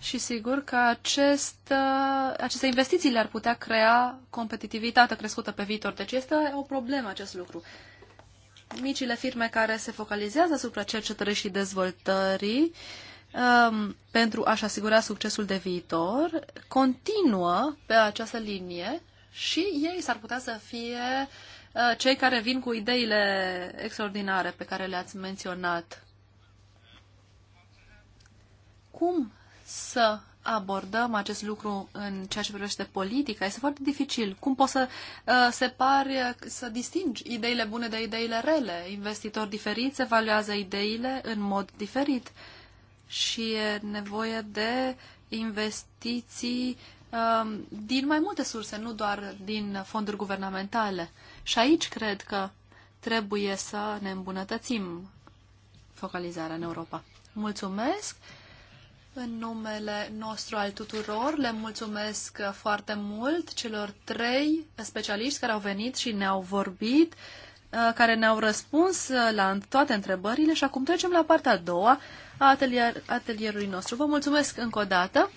Și sigur că acest, uh, aceste investiții le-ar putea crea competitivitate crescută pe viitor. Deci este o problemă acest lucru. Micile firme care se focalizează asupra cercetării și dezvoltării uh, Um, pentru a-și asigura succesul de viitor, continuă pe această linie și ei s-ar putea să fie uh, cei care vin cu ideile extraordinare pe care le-ați menționat. Cum să abordăm acest lucru în ceea ce privește politica? Este foarte dificil. Cum poți să uh, separi, să distingi ideile bune de ideile rele? Investitori diferiți evaluează ideile în mod diferit. Uh, și e nevoie de investiții um, din mai multe surse, nu doar din fonduri guvernamentale. Și aici cred că trebuie să ne îmbunătățim focalizarea în Europa. Mulțumesc! În numele nostru al tuturor, le mulțumesc foarte mult celor trei specialiști care au venit și ne-au vorbit, uh, care ne-au răspuns la toate întrebările și acum trecem la partea a doua, a atelier, atelierului nostru. Vă mulțumesc încă o dată!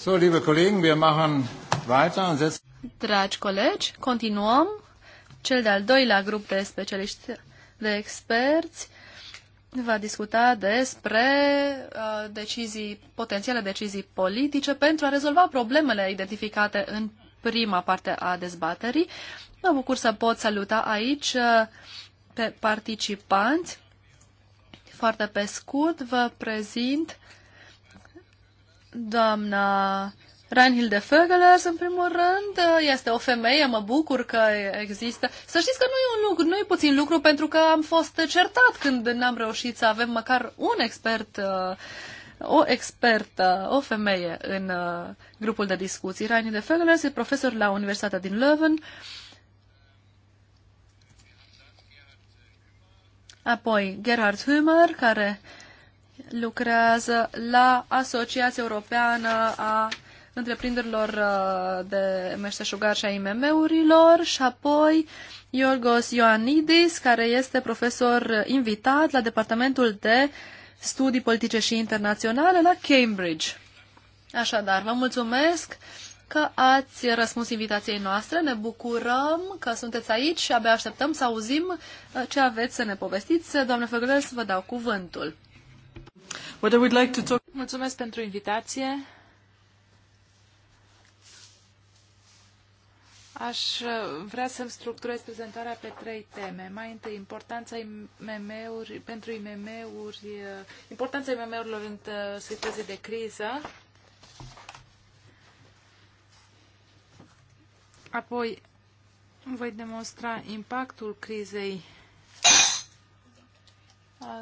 So, liebe Kollegen, wir machen weiter und setzen... Dragi colegi, continuăm. Cel de-al doilea grup de specialiști de experți va discuta despre uh, decizii, potențiale decizii politice pentru a rezolva problemele identificate în prima parte a dezbaterii. Mă bucur să pot saluta aici uh, pe participanți. Foarte pe scurt vă prezint uh, doamna Reinhilde Fögelers, în primul rând, este o femeie, mă bucur că există. Să știți că nu e un lucru, nu e puțin lucru, pentru că am fost certat când n-am reușit să avem măcar un expert, uh, o expertă, o femeie în uh, grupul de discuții. Reinhilde Fögelers este profesor la Universitatea din Leuven. Apoi Gerhard Hümer, care lucrează la Asociația Europeană a întreprinderilor uh, de meșteșugar și a IMM-urilor și apoi Iorgos Ioannidis, care este profesor invitat la Departamentul de Studii Politice și Internaționale la Cambridge. Așadar, vă mulțumesc că ați răspuns invitației noastre. Ne bucurăm că sunteți aici și abia așteptăm să auzim uh, ce aveți să ne povestiți. Doamne Făgălăs, vă dau cuvântul. What I would like to talk... Mulțumesc pentru invitație. Aș uh, vrea să-mi structurez prezentarea pe trei teme. Mai întâi, importanța IMM-uri, pentru IMM-uri, uh, importanța IMM-urilor în uh, situații de criză. Apoi, voi demonstra impactul crizei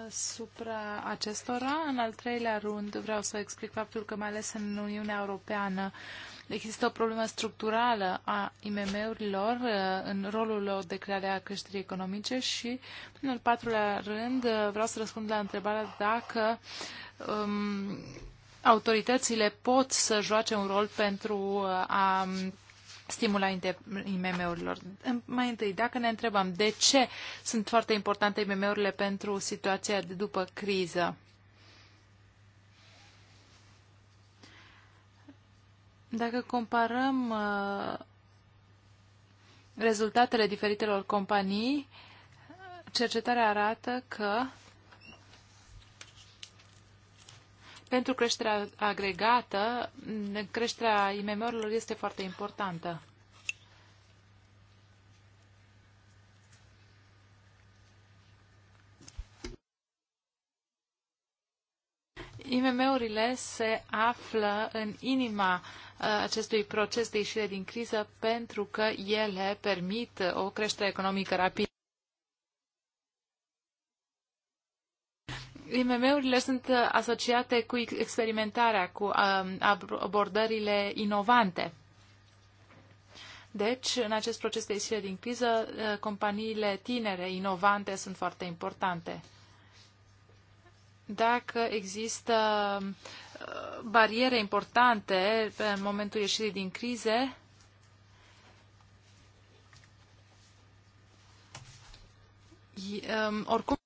asupra acestora. În al treilea rând, vreau să explic faptul că, mai ales în Uniunea Europeană, există o problemă structurală a IMM-urilor uh, în rolul lor de creare a creșterii economice și, în al patrulea rând, uh, vreau să răspund la întrebarea dacă um, autoritățile pot să joace un rol pentru uh, a stimula IMM-urilor. Mai întâi, dacă ne întrebăm de ce sunt foarte importante IMM-urile pentru situația de după criză, dacă comparăm uh, rezultatele diferitelor companii, cercetarea arată că Pentru creșterea agregată, creșterea IMM-urilor este foarte importantă. IMM-urile se află în inima uh, acestui proces de ieșire din criză pentru că ele permit o creștere economică rapidă. IMM-urile sunt uh, asociate cu experimentarea, cu um, abordările inovante. Deci, în acest proces de ieșire din criză, uh, companiile tinere, inovante, sunt foarte importante. Dacă există uh, bariere importante în momentul ieșirii din crize, um, oricum,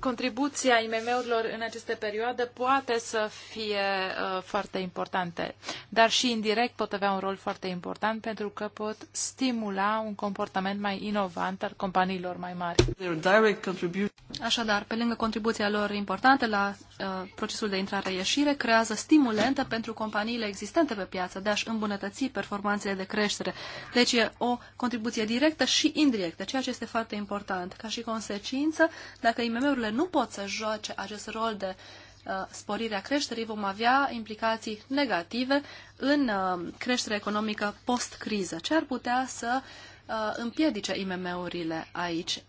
contribuția IMM-urilor în aceste perioade poate să fie uh, foarte importante, dar și indirect pot avea un rol foarte important pentru că pot stimula un comportament mai inovant al companiilor mai mari. Așadar, pe lângă contribuția lor importantă la uh, procesul de intrare-ieșire, creează stimulente pentru companiile existente pe piață de a-și îmbunătăți performanțele de creștere. Deci e o contribuție directă și indirectă, ceea ce este foarte important. Ca și consecință, dacă IMM-urile care nu pot să joace acest rol de sporirea uh, sporire a creșterii, vom avea implicații negative în uh, creșterea economică post-criză, ce ar putea să uh, împiedice IMM-urile aici.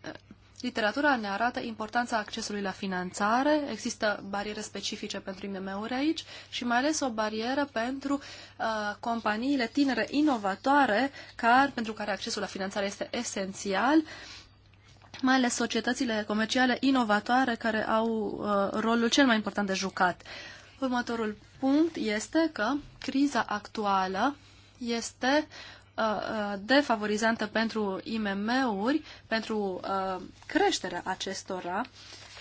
Literatura ne arată importanța accesului la finanțare, există bariere specifice pentru IMM-uri aici și mai ales o barieră pentru companiile tinere inovatoare, care, pentru care accesul la finanțare este esențial mai ales societățile comerciale inovatoare care au uh, rolul cel mai important de jucat. Următorul punct este că criza actuală este uh, uh, defavorizantă pentru IMM-uri, pentru uh, creșterea acestora,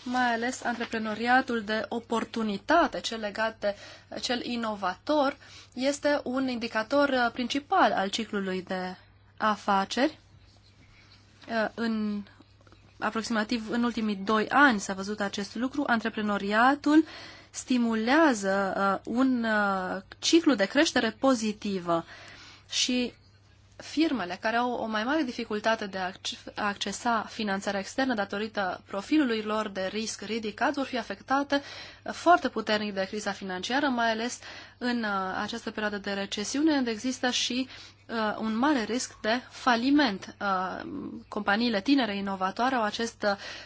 mai ales antreprenoriatul de oportunitate, cel legat de cel inovator, este un indicator principal al ciclului de afaceri în aproximativ în ultimii doi ani s-a văzut acest lucru, antreprenoriatul stimulează uh, un uh, ciclu de creștere pozitivă și firmele care au o mai mare dificultate de a accesa finanțarea externă datorită profilului lor de risc ridicat vor fi afectate foarte puternic de criza financiară, mai ales în uh, această perioadă de recesiune, unde există și uh, un mare risc de faliment. Uh, companiile tinere inovatoare au acest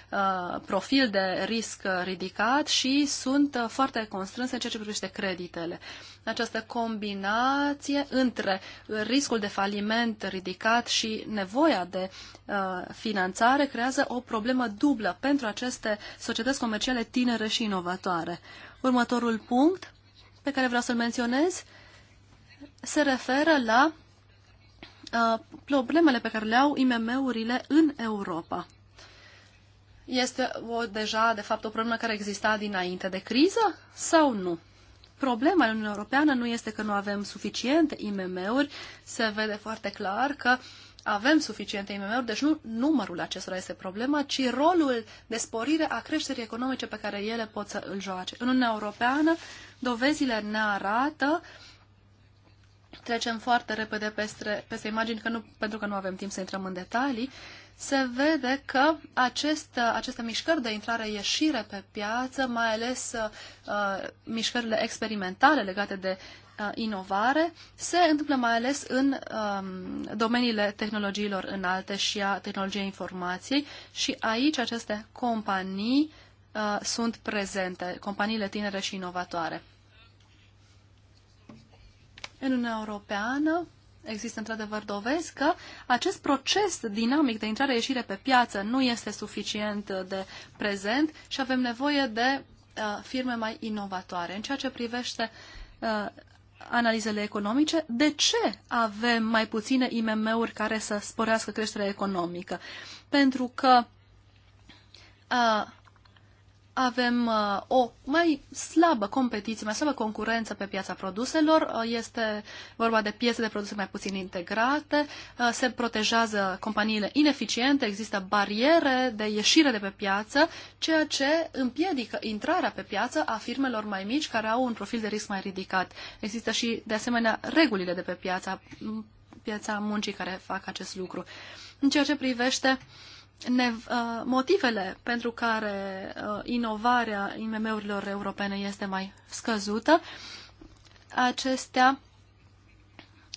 uh, profil de risc ridicat și sunt uh, foarte constrânse în ceea ce privește creditele. Această combinație între riscul de faliment ridicat și nevoia de uh, finanțare creează o problemă dublă pentru aceste societăți comerciale tinere și inovatoare. Următorul punct pe care vreau să-l menționez se referă la Uh, problemele pe care le au IMM-urile în Europa. Este o, deja, de fapt, o problemă care exista dinainte de criză sau nu? Problema în Uniunea Europeană nu este că nu avem suficiente IMM-uri, se vede foarte clar că avem suficiente IMM-uri, deci nu numărul acestora este problema, ci rolul de sporire a creșterii economice pe care ele pot să îl joace. În Uniunea Europeană, dovezile ne arată uh, trecem foarte repede peste, peste imagini, că nu, pentru că nu avem timp să intrăm în detalii, se vede că acest, aceste mișcări de intrare-ieșire pe piață, mai ales uh, mișcările experimentale legate de uh, inovare, se întâmplă mai ales în um, domeniile tehnologiilor înalte și a tehnologiei informației și aici aceste companii uh, sunt prezente, companiile tinere și inovatoare în Uniunea Europeană există într-adevăr dovezi că acest proces dinamic de intrare-ieșire pe piață nu este suficient de prezent și avem nevoie de uh, firme mai inovatoare. În ceea ce privește uh, analizele economice, de ce avem mai puține IMM-uri care să sporească creșterea economică? Pentru că uh, avem uh, o mai slabă competiție, mai slabă concurență pe piața produselor. Uh, este vorba de piețe de produse mai puțin integrate, uh, se protejează companiile ineficiente, există bariere de ieșire de pe piață, ceea ce împiedică intrarea pe piață a firmelor mai mici care au un profil de risc mai ridicat. Există și, de asemenea, regulile de pe piața, piața muncii care fac acest lucru. În ceea ce privește uh, ne, uh, motivele pentru care uh, inovarea IMM-urilor europene este mai scăzută, acestea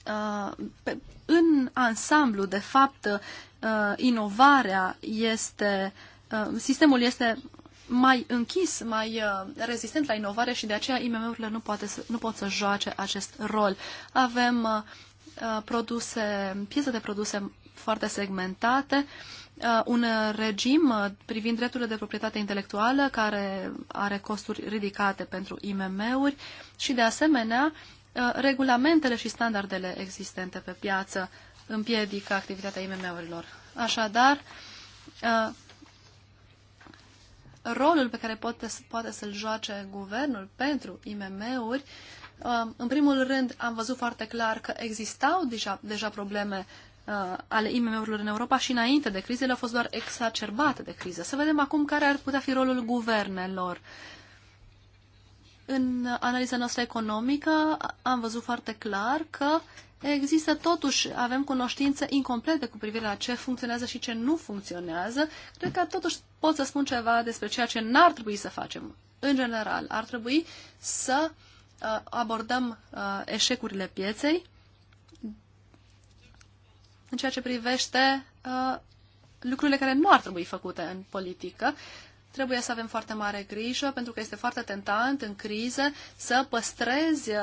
uh, în ansamblu, de fapt, inovarea este, sistemul este mai închis, mai rezistent la inovare și de aceea IMM-urile nu, poate să, nu pot să joace acest rol. Avem produse, piese de produse foarte segmentate, Uh, un uh, regim uh, privind drepturile de proprietate intelectuală care are costuri ridicate pentru IMM-uri și, de asemenea, regulamentele și standardele existente pe piață împiedică activitatea IMM-urilor. Așadar, rolul pe care poate, poate să-l joace guvernul pentru IMM-uri, în primul rând am văzut foarte clar că existau deja, deja probleme uh, ale IMM-urilor în Europa și înainte de crizele au fost doar exacerbate de criză. Să vedem acum care ar putea fi rolul guvernelor. În analiza noastră economică am văzut foarte clar că există totuși, avem cunoștințe incomplete cu privire la ce funcționează și ce nu funcționează. Cred că totuși pot să spun ceva despre ceea ce n-ar trebui să facem. În general, ar trebui să uh, abordăm uh, eșecurile pieței, în ceea ce privește uh, lucrurile care nu ar trebui făcute în politică. Trebuie să avem foarte mare grijă, pentru că este foarte tentant în crize să păstrezi uh,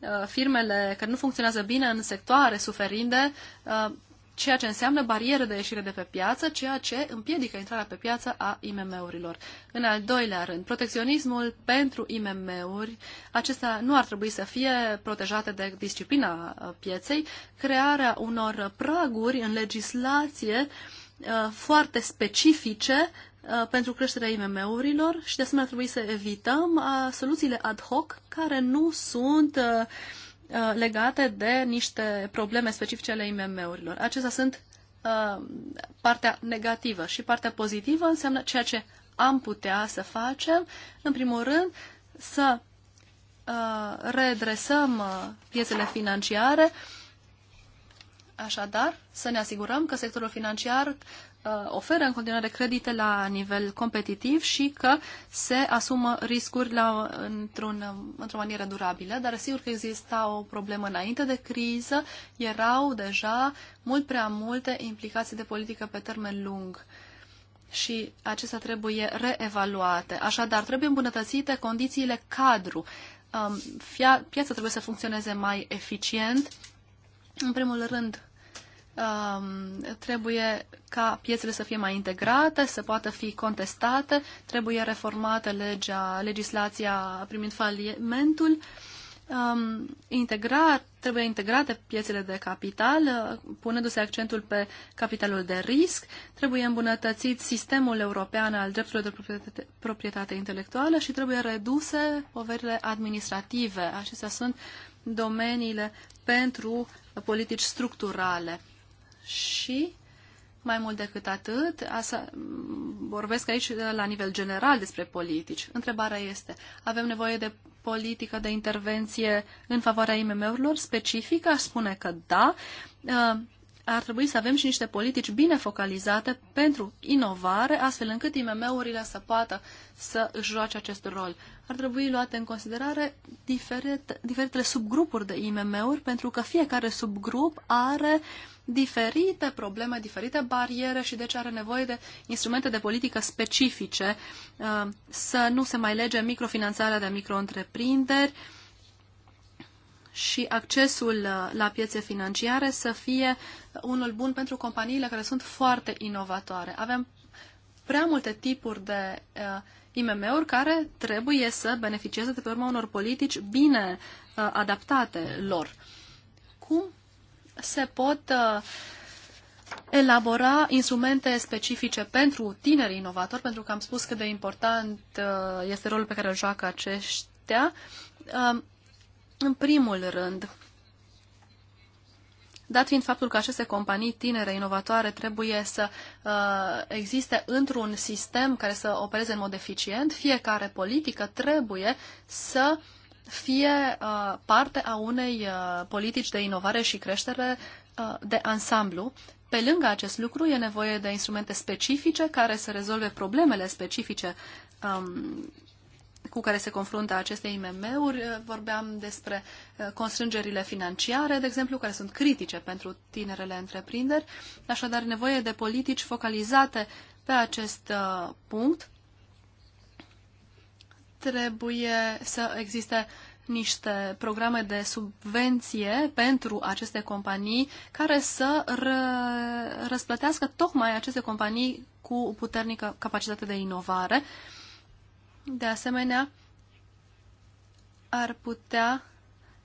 uh firmele care nu funcționează bine în sectoare suferinde uh, ceea ce înseamnă bariere de ieșire de pe piață, ceea ce împiedică intrarea pe piață a IMM-urilor. În al doilea rând, protecționismul pentru IMM-uri, acesta nu ar trebui să fie protejate de disciplina uh, pieței, crearea unor praguri în legislație uh, foarte specifice uh, pentru creșterea IMM-urilor și de asemenea trebuie să evităm soluțiile ad hoc care nu sunt uh, Uh, legate de niște probleme specifice ale IMM-urilor. Acestea sunt uh, partea negativă și partea pozitivă înseamnă ceea ce am putea să facem, în primul rând, să uh, redresăm uh, piețele financiare, așadar, să ne asigurăm că sectorul financiar Uh, oferă în continuare credite la nivel competitiv și că se asumă riscuri la, într-un, într-o manieră durabilă, dar sigur că exista o problemă înainte de criză, erau deja mult prea multe implicații de politică pe termen lung și acestea trebuie reevaluate. Așadar, trebuie îmbunătățite condițiile cadru. Um, piața trebuie să funcționeze mai eficient. În primul rând, Um, trebuie ca piețele să fie mai integrate, să poată fi contestate, trebuie reformată legea, legislația primind falimentul, um, integrat, trebuie integrate piețele de capital, uh, punându-se accentul pe capitalul de risc, trebuie îmbunătățit sistemul european al drepturilor de proprietate, proprietate intelectuală și trebuie reduse poverile administrative. Acestea sunt domeniile pentru politici structurale și mai mult decât atât, asta, vorbesc aici la nivel general despre politici. Întrebarea este, avem nevoie de politică de intervenție în favoarea IMM-urilor specifică? Aș spune că da. Uh, ar trebui să avem și niște politici bine focalizate pentru inovare, astfel încât IMM-urile să poată să își joace acest rol. Ar trebui luate în considerare diferite, diferitele subgrupuri de IMM-uri, pentru că fiecare subgrup are diferite probleme, diferite bariere și deci are nevoie de instrumente de politică specifice, uh, să nu se mai lege microfinanțarea de micro-întreprinderi, și accesul uh, la piețe financiare să fie unul bun pentru companiile care sunt foarte inovatoare. Avem prea multe tipuri de uh, IMM-uri care trebuie să beneficieze de pe urma unor politici bine uh, adaptate lor. Cum se pot uh, elabora instrumente specifice pentru tineri inovatori, pentru că am spus cât de important uh, este rolul pe care îl joacă aceștia, uh, în primul rând, dat fiind faptul că aceste companii tinere, inovatoare, trebuie să uh, existe într-un sistem care să opereze în mod eficient, fiecare politică trebuie să fie uh, parte a unei uh, politici de inovare și creștere uh, de ansamblu. Pe lângă acest lucru, e nevoie de instrumente specifice care să rezolve problemele specifice um, cu care se confruntă aceste IMM-uri. Vorbeam despre uh, constrângerile financiare, de exemplu, care sunt critice pentru tinerele întreprinderi. Așadar, nevoie de politici focalizate pe acest uh, punct. Trebuie să existe niște programe de subvenție pentru aceste companii care să ră, răsplătească tocmai aceste companii cu puternică capacitate de inovare. Uh, de asemenea, ar putea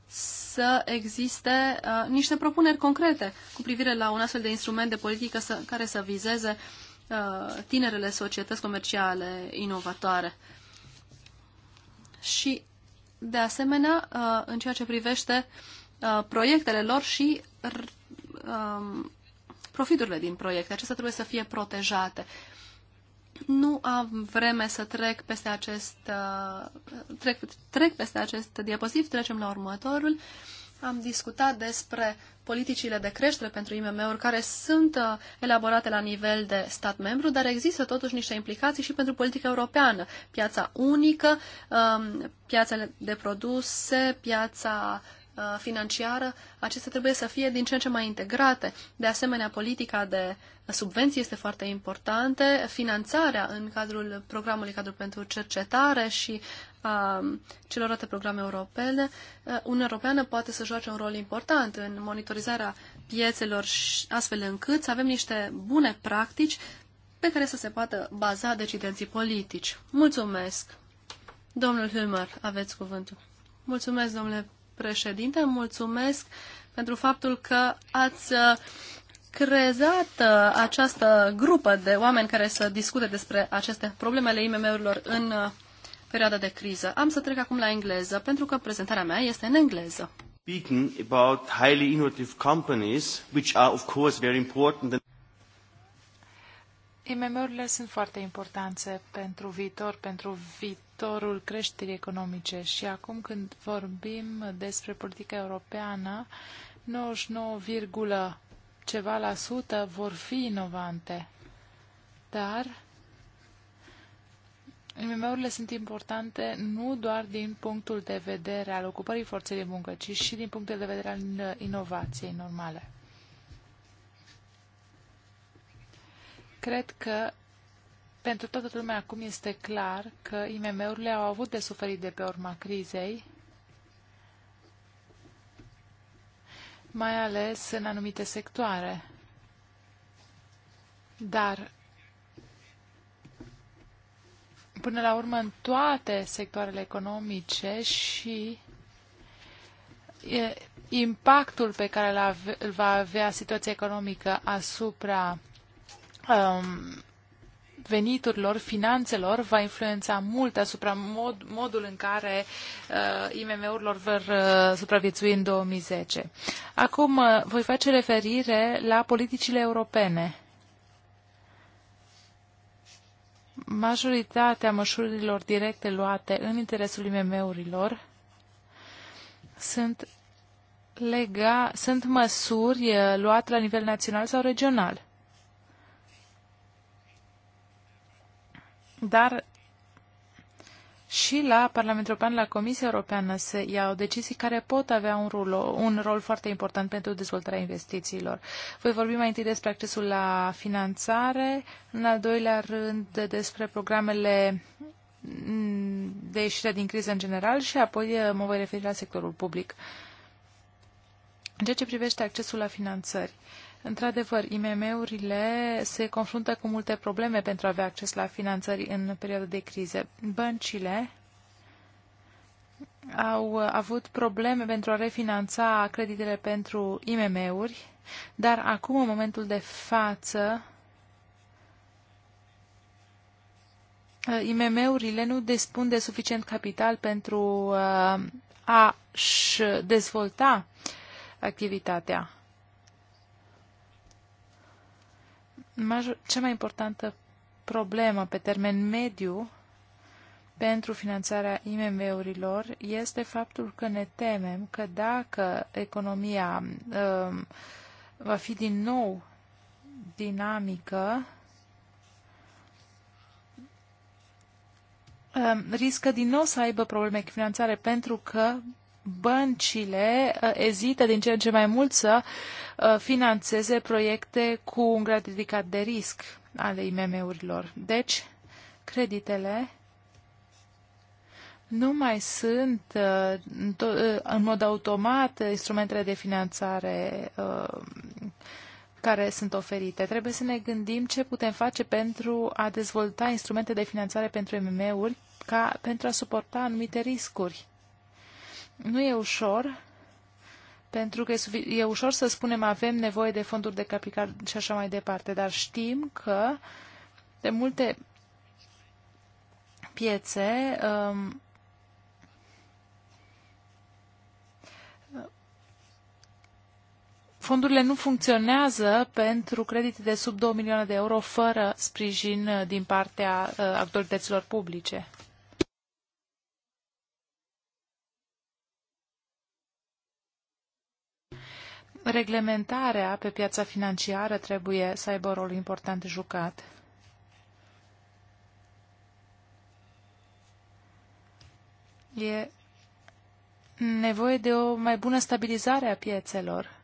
să existe uh, niște propuneri concrete cu privire la un astfel de instrument de politică să, care să vizeze uh, tinerele societăți comerciale inovatoare. Și, de asemenea, uh, în ceea ce privește uh, proiectele lor și uh, profiturile din proiecte, acestea trebuie să fie protejate. Uh, nu am vreme să trec peste acest, uh, trec, trec peste acest diapozitiv, trecem la următorul. Am discutat despre politicile de creștere pentru IMM-uri care sunt uh, elaborate la nivel de stat membru, dar există totuși niște implicații și pentru politica europeană. Piața unică, um, piața de produse, piața Uh, financiară, acestea trebuie să fie din ce în ce mai integrate. De asemenea, politica de subvenții este foarte importantă, finanțarea în cadrul programului cadru pentru cercetare și a celorlalte programe europene, uh, Uniunea Europeană poate să joace un rol important în monitorizarea piețelor astfel încât să avem niște bune practici pe care să se poată baza decidenții politici. Mulțumesc! Domnul Hilmar, aveți cuvântul. Mulțumesc, domnule președinte. Mulțumesc pentru faptul că ați uh, crezat uh, această grupă de oameni care să discute despre aceste probleme ale IMM-urilor în uh, perioada de criză. Am să trec acum la engleză, pentru că prezentarea mea este în engleză. Speaking about highly innovative companies, which are of course very important. IMM-urile sunt foarte importante pentru viitor, pentru vi sectorul creșterii economice și acum când vorbim despre politica europeană, 99, ceva la sută vor fi inovante. Dar mmo urile sunt importante nu doar din punctul de vedere al ocupării forței de muncă, ci și din punctul de vedere al inovației normale. Cred că pentru toată lumea acum este clar că IMM-urile au avut de suferit de pe urma crizei, mai ales în anumite sectoare. Dar până la urmă în toate sectoarele economice și impactul pe care îl va avea situația economică asupra um, veniturilor, finanțelor, va influența mult asupra mod, modul în care uh, IMM-urilor vor uh, supraviețui în 2010. Acum uh, voi face referire la politicile europene. Majoritatea măsurilor directe luate în interesul IMM-urilor sunt lega, sunt măsuri uh, luate la nivel național sau regional. dar și la Parlamentul European, la Comisia Europeană se iau decizii care pot avea un, rol, un rol foarte important pentru dezvoltarea investițiilor. Voi vorbi mai întâi despre accesul la finanțare, în al doilea rând despre programele de ieșire din criză în general și apoi eh, mă voi referi la sectorul public. În ceea ce privește accesul la finanțări, uh, Într-adevăr, IMM-urile se confruntă cu multe probleme pentru a avea acces la finanțări în perioada de crize. Băncile au avut probleme pentru a refinanța creditele pentru IMM-uri, dar acum, în momentul de față, IMM-urile nu dispun de suficient capital pentru uh, a-și dezvolta activitatea. cea mai importantă problemă pe termen mediu pentru finanțarea IMM-urilor este faptul că ne temem că dacă economia uh, va fi din nou dinamică, um, riscă din nou să aibă probleme cu finanțare pentru că băncile uh, ezită din ce în ce mai mult să uh, financeze proiecte cu un grad ridicat de risc ale IMM-urilor. Deci, creditele nu mai sunt uh, în mod automat instrumentele de finanțare care sunt oferite. Trebuie să ne gândim ce putem face pentru a dezvolta instrumente de finanțare pentru imm uri ca pentru a suporta anumite riscuri. Nu e ușor, pentru că e ușor să spunem avem nevoie de fonduri de capital și așa mai departe, dar știm că de multe piețe um, fondurile nu funcționează pentru credite de sub 2 milioane de euro fără sprijin uh, din partea uh, autorităților publice. reglementarea pe piața financiară trebuie să aibă rolul important jucat. E nevoie de o mai bună stabilizare a piețelor.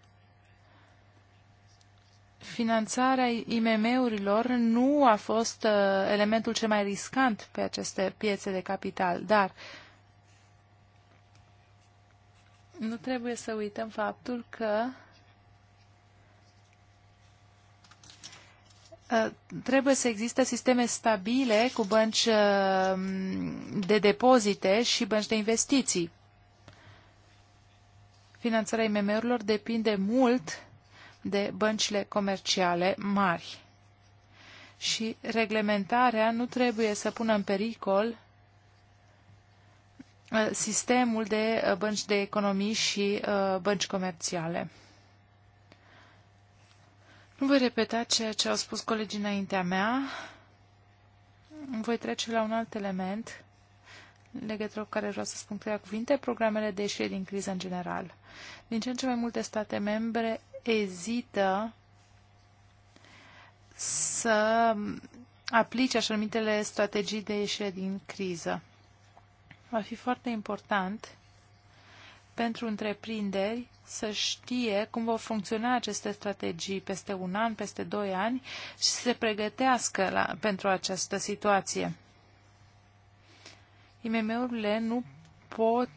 Finanțarea IMM-urilor nu a fost uh, elementul cel mai riscant pe aceste piețe de capital, dar nu trebuie să uităm faptul că Uh, trebuie să existe sisteme stabile cu bănci uh, de depozite și bănci de investiții. Finanțarea IMM-urilor depinde mult de băncile comerciale mari. Și reglementarea nu trebuie să pună în pericol uh, sistemul de bănci de economii și bănci comerciale voi repeta ceea ce au spus colegii înaintea mea. Voi trece la un alt element legătură cu care vreau să spun câteva cuvinte, programele de ieșire din criză în general. Din ce în ce mai multe state membre ezită să aplice așa numitele strategii de ieșire din criză. Va fi foarte important pentru întreprinderi să știe cum vor funcționa aceste strategii peste un an, peste doi ani și să se pregătească la, pentru această situație. IMM-urile nu pot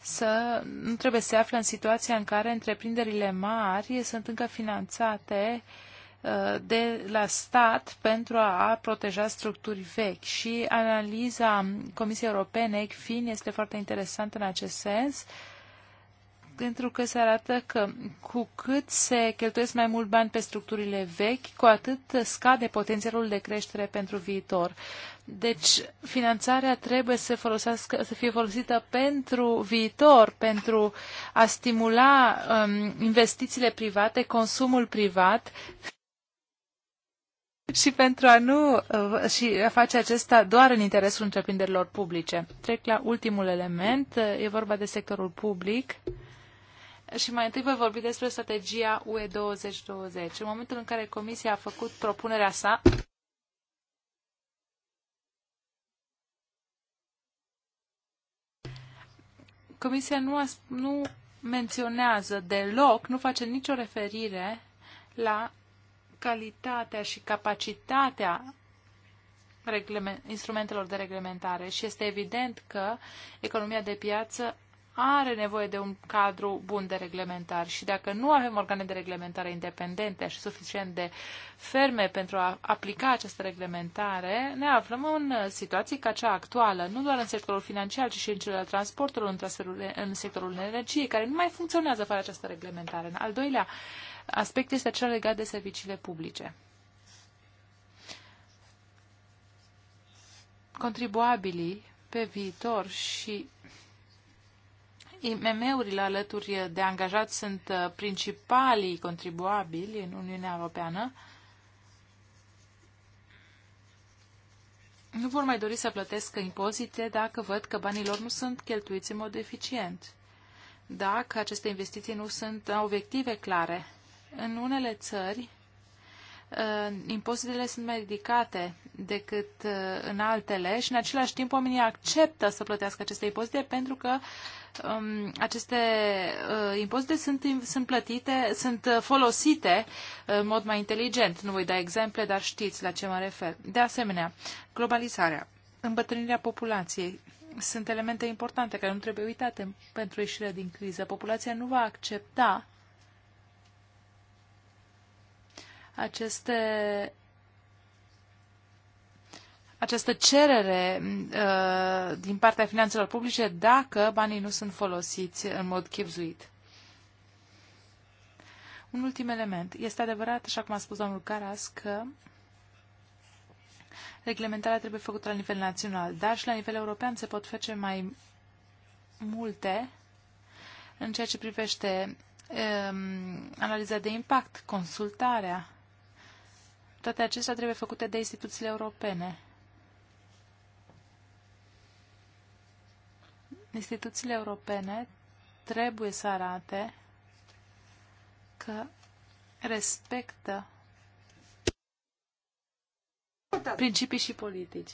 să nu trebuie să se afle în situația în care întreprinderile mari sunt încă finanțate uh, de la stat pentru a proteja structuri vechi și analiza Comisiei Europene, ECFIN, este foarte interesantă în acest sens. Uh, pentru că se arată că cu cât se cheltuiesc mai mult bani pe structurile vechi, cu atât scade potențialul de creștere pentru viitor. Deci, finanțarea trebuie să, folosească, să fie folosită pentru viitor, pentru a stimula um, investițiile private, consumul privat și pentru a nu uh, și a face acesta doar în interesul întreprinderilor publice. Trec la ultimul element, e vorba de sectorul public. Și mai întâi voi vorbi despre strategia UE 2020. În momentul în care Comisia a făcut propunerea sa, Comisia nu, a, nu menționează deloc, nu face nicio referire la calitatea și capacitatea instrumentelor de reglementare și este evident că economia de piață are nevoie de un cadru bun de reglementare și dacă nu avem organe de reglementare independente și suficient de ferme pentru a aplica această reglementare, ne aflăm în situații ca cea actuală, nu doar în sectorul financiar, ci și în cel al transportului, în, în sectorul energiei, care nu mai funcționează fără această reglementare. În al doilea aspect este cel legat de serviciile publice. Contribuabilii pe viitor și IMM-urile alături de angajați sunt uh, principalii contribuabili în Uniunea Europeană, nu vor mai dori să plătesc impozite dacă văd că banii lor nu sunt cheltuiți în mod eficient, dacă aceste investiții nu sunt obiective clare. În unele țări, uh, impozitele sunt mai ridicate decât uh, în altele și în același timp oamenii acceptă să plătească aceste impozite pentru că uh, um, aceste uh, impozite sunt, sunt plătite, sunt uh, folosite uh, în mod mai inteligent. Nu voi da exemple, dar știți la ce mă refer. De asemenea, globalizarea, îmbătrânirea populației sunt elemente importante care nu trebuie uitate pentru ieșirea din criză. Populația nu va accepta aceste această cerere uh, din partea finanțelor publice dacă banii nu sunt folosiți în mod chipzuit. Un ultim element. Este adevărat, așa cum a spus domnul Caras, că reglementarea trebuie făcută la nivel național, dar și la nivel european se pot face mai multe în ceea ce privește um, analiza de impact, consultarea. Toate acestea trebuie făcute de instituțiile europene. instituțiile europene trebuie să arate că respectă principii și politici.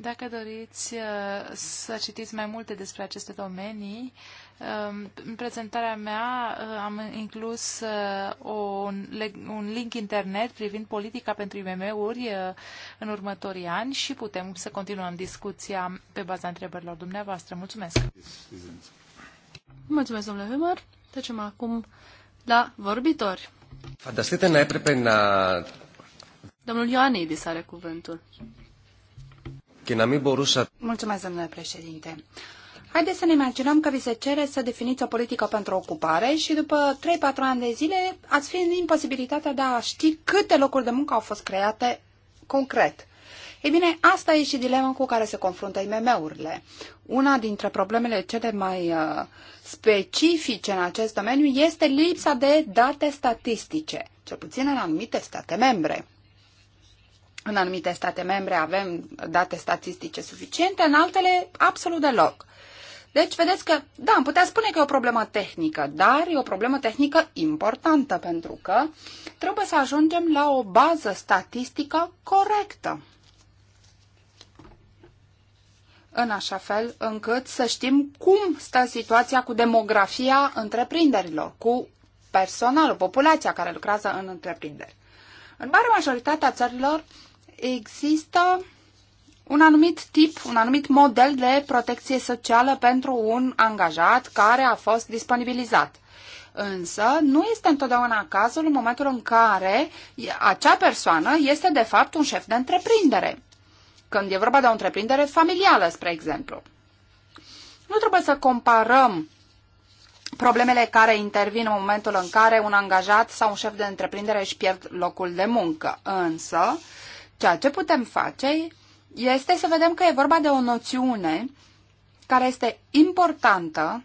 Dacă doriți uh, să citiți mai multe despre aceste domenii, um, în prezentarea mea uh, am inclus uh, un link internet privind politica pentru IMM-uri în următorii ani și putem să continuăm discuția pe baza întrebărilor dumneavoastră. Mulțumesc! Mulțumesc, domnule Hümer! Trecem acum la vorbitori. Fantastic, n-ai na... Domnul Ioanidis are cuvântul. Mulțumesc, domnule președinte. Haideți să ne imaginăm că vi se cere să definiți o politică pentru ocupare și după 3-4 ani de zile ați fi în imposibilitatea de a ști câte locuri de muncă au fost create concret. Ei bine, asta e și dilema cu care se confruntă IMM-urile. Una dintre problemele cele mai uh, specifice în acest domeniu este lipsa de date statistice, cel puțin în anumite state membre. În anumite state membre avem date statistice suficiente, în altele absolut deloc. Deci, vedeți că, da, am putea spune că e o problemă tehnică, dar e o problemă tehnică importantă, pentru că trebuie să ajungem la o bază statistică corectă. În așa fel încât să știm cum stă situația cu demografia întreprinderilor, cu personalul, populația care lucrează în întreprinderi. În mare majoritatea țărilor, există un anumit tip, un anumit model de protecție socială pentru un angajat care a fost disponibilizat. Însă, nu este întotdeauna cazul în momentul în care acea persoană este, de fapt, un șef de întreprindere. Când e vorba de o întreprindere familială, spre exemplu. Nu trebuie să comparăm problemele care intervin în momentul în care un angajat sau un șef de întreprindere își pierd locul de muncă. Însă, Ceea ce putem face este să vedem că e vorba de o noțiune care este importantă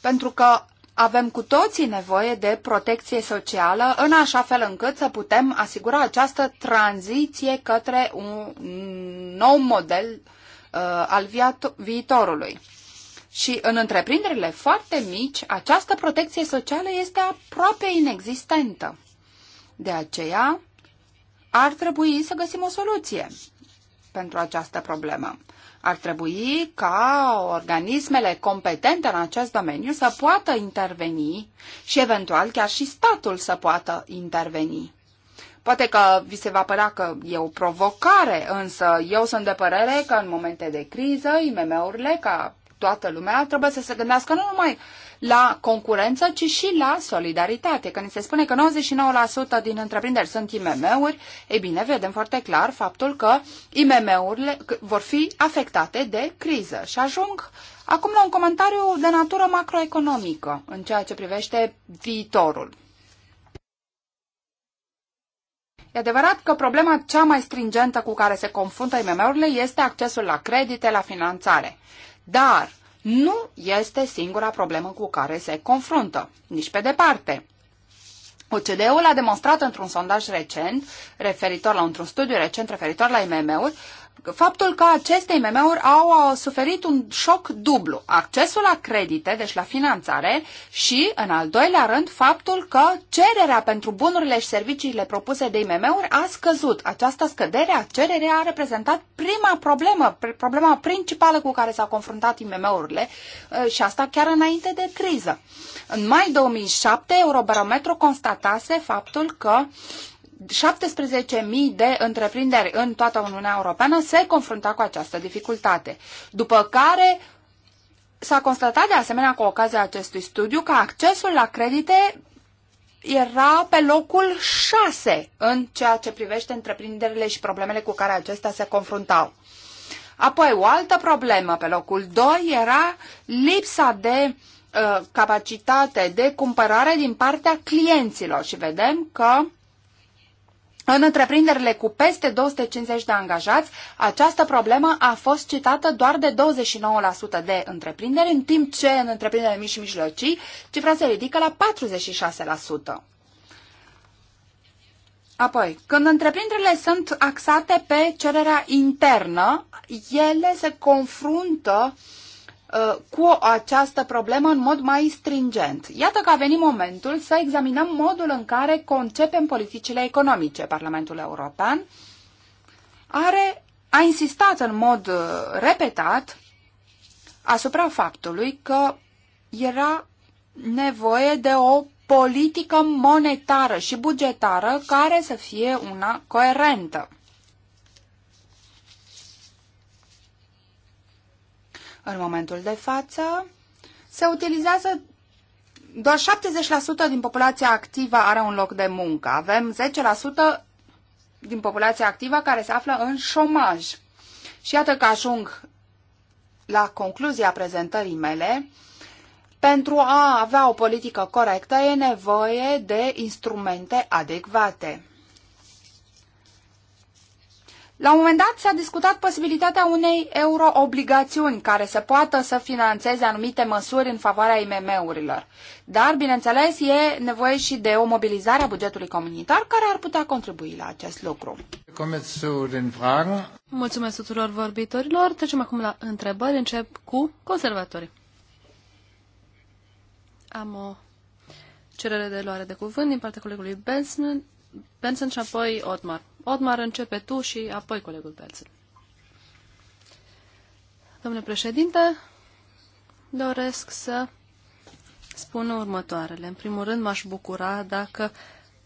pentru că avem cu toții nevoie de protecție socială în așa fel încât să putem asigura această tranziție către un nou model uh, al viitorului. Și în întreprinderile foarte mici, această protecție socială este aproape inexistentă. De aceea, ar trebui să găsim o soluție pentru această problemă. Ar trebui ca organismele competente în acest domeniu să poată interveni și eventual chiar și statul să poată interveni. Poate că vi se va părea că e o provocare, însă eu sunt de părere că în momente de criză, IMM-urile, ca toată lumea, trebuie să se gândească nu numai la concurență, ci și la solidaritate. Când se spune că 99% din întreprinderi sunt IMM-uri, e bine, vedem foarte clar faptul că IMM-urile vor fi afectate de criză și ajung acum la un comentariu de natură macroeconomică în ceea ce privește viitorul. E adevărat că problema cea mai stringentă cu care se confruntă IMM-urile este accesul la credite, la finanțare. Dar nu este singura problemă cu care se confruntă, nici pe departe. OCDE-ul a demonstrat într-un sondaj recent, referitor la într-un studiu recent referitor la IMM-uri, faptul că aceste IMM-uri au suferit un șoc dublu. Accesul la credite, deci la finanțare și, în al doilea rând, faptul că cererea pentru bunurile și serviciile propuse de IMM-uri a scăzut. Această scădere a cererii a reprezentat prima problemă, problema principală cu care s-au confruntat IMM-urile uh, și asta chiar înainte de criză. În mai 2007, Eurobarometru constatase faptul că uh, 17.000 de întreprinderi în toată Uniunea Europeană se confrunta cu această dificultate. După care s-a constatat de asemenea cu ocazia acestui studiu că accesul la credite era pe locul 6 în ceea ce privește întreprinderile și problemele cu care acestea se confruntau. Apoi, o altă problemă pe locul 2 era lipsa de uh, capacitate de cumpărare din partea clienților și vedem că în întreprinderile cu peste 250 de angajați, această problemă a fost citată doar de 29% de întreprinderi, în timp ce în întreprinderile mici și mijlocii cifra se ridică la 46%. Apoi, când întreprinderile sunt axate pe cererea internă, ele se confruntă uh, Uh, cu această problemă în mod mai stringent. Iată că a venit momentul să examinăm modul în care concepem politicile economice. Parlamentul European are, a insistat în mod uh, repetat asupra faptului că era nevoie de o politică monetară și bugetară care să fie una coerentă. În momentul de față se utilizează doar 70% din populația activă are un loc de muncă. Avem 10% din populația activă care se află în șomaj. Și iată că ajung la concluzia prezentării mele. Pentru a avea o politică corectă e nevoie de instrumente adecvate. La un moment dat s-a discutat posibilitatea unei euroobligațiuni care să poată să financeze anumite măsuri în favoarea IMM-urilor. Dar, bineînțeles, e nevoie și de o mobilizare a bugetului comunitar care ar putea contribui la acest lucru. Mulțumesc tuturor vorbitorilor. Trecem acum la întrebări. Încep cu conservatorii. Am o cerere de luare de cuvânt din partea colegului Benson Benson și apoi Otmar. Otmar, începe tu și apoi colegul Benson. Domnule președinte, doresc să spun următoarele. În primul rând, m-aș bucura dacă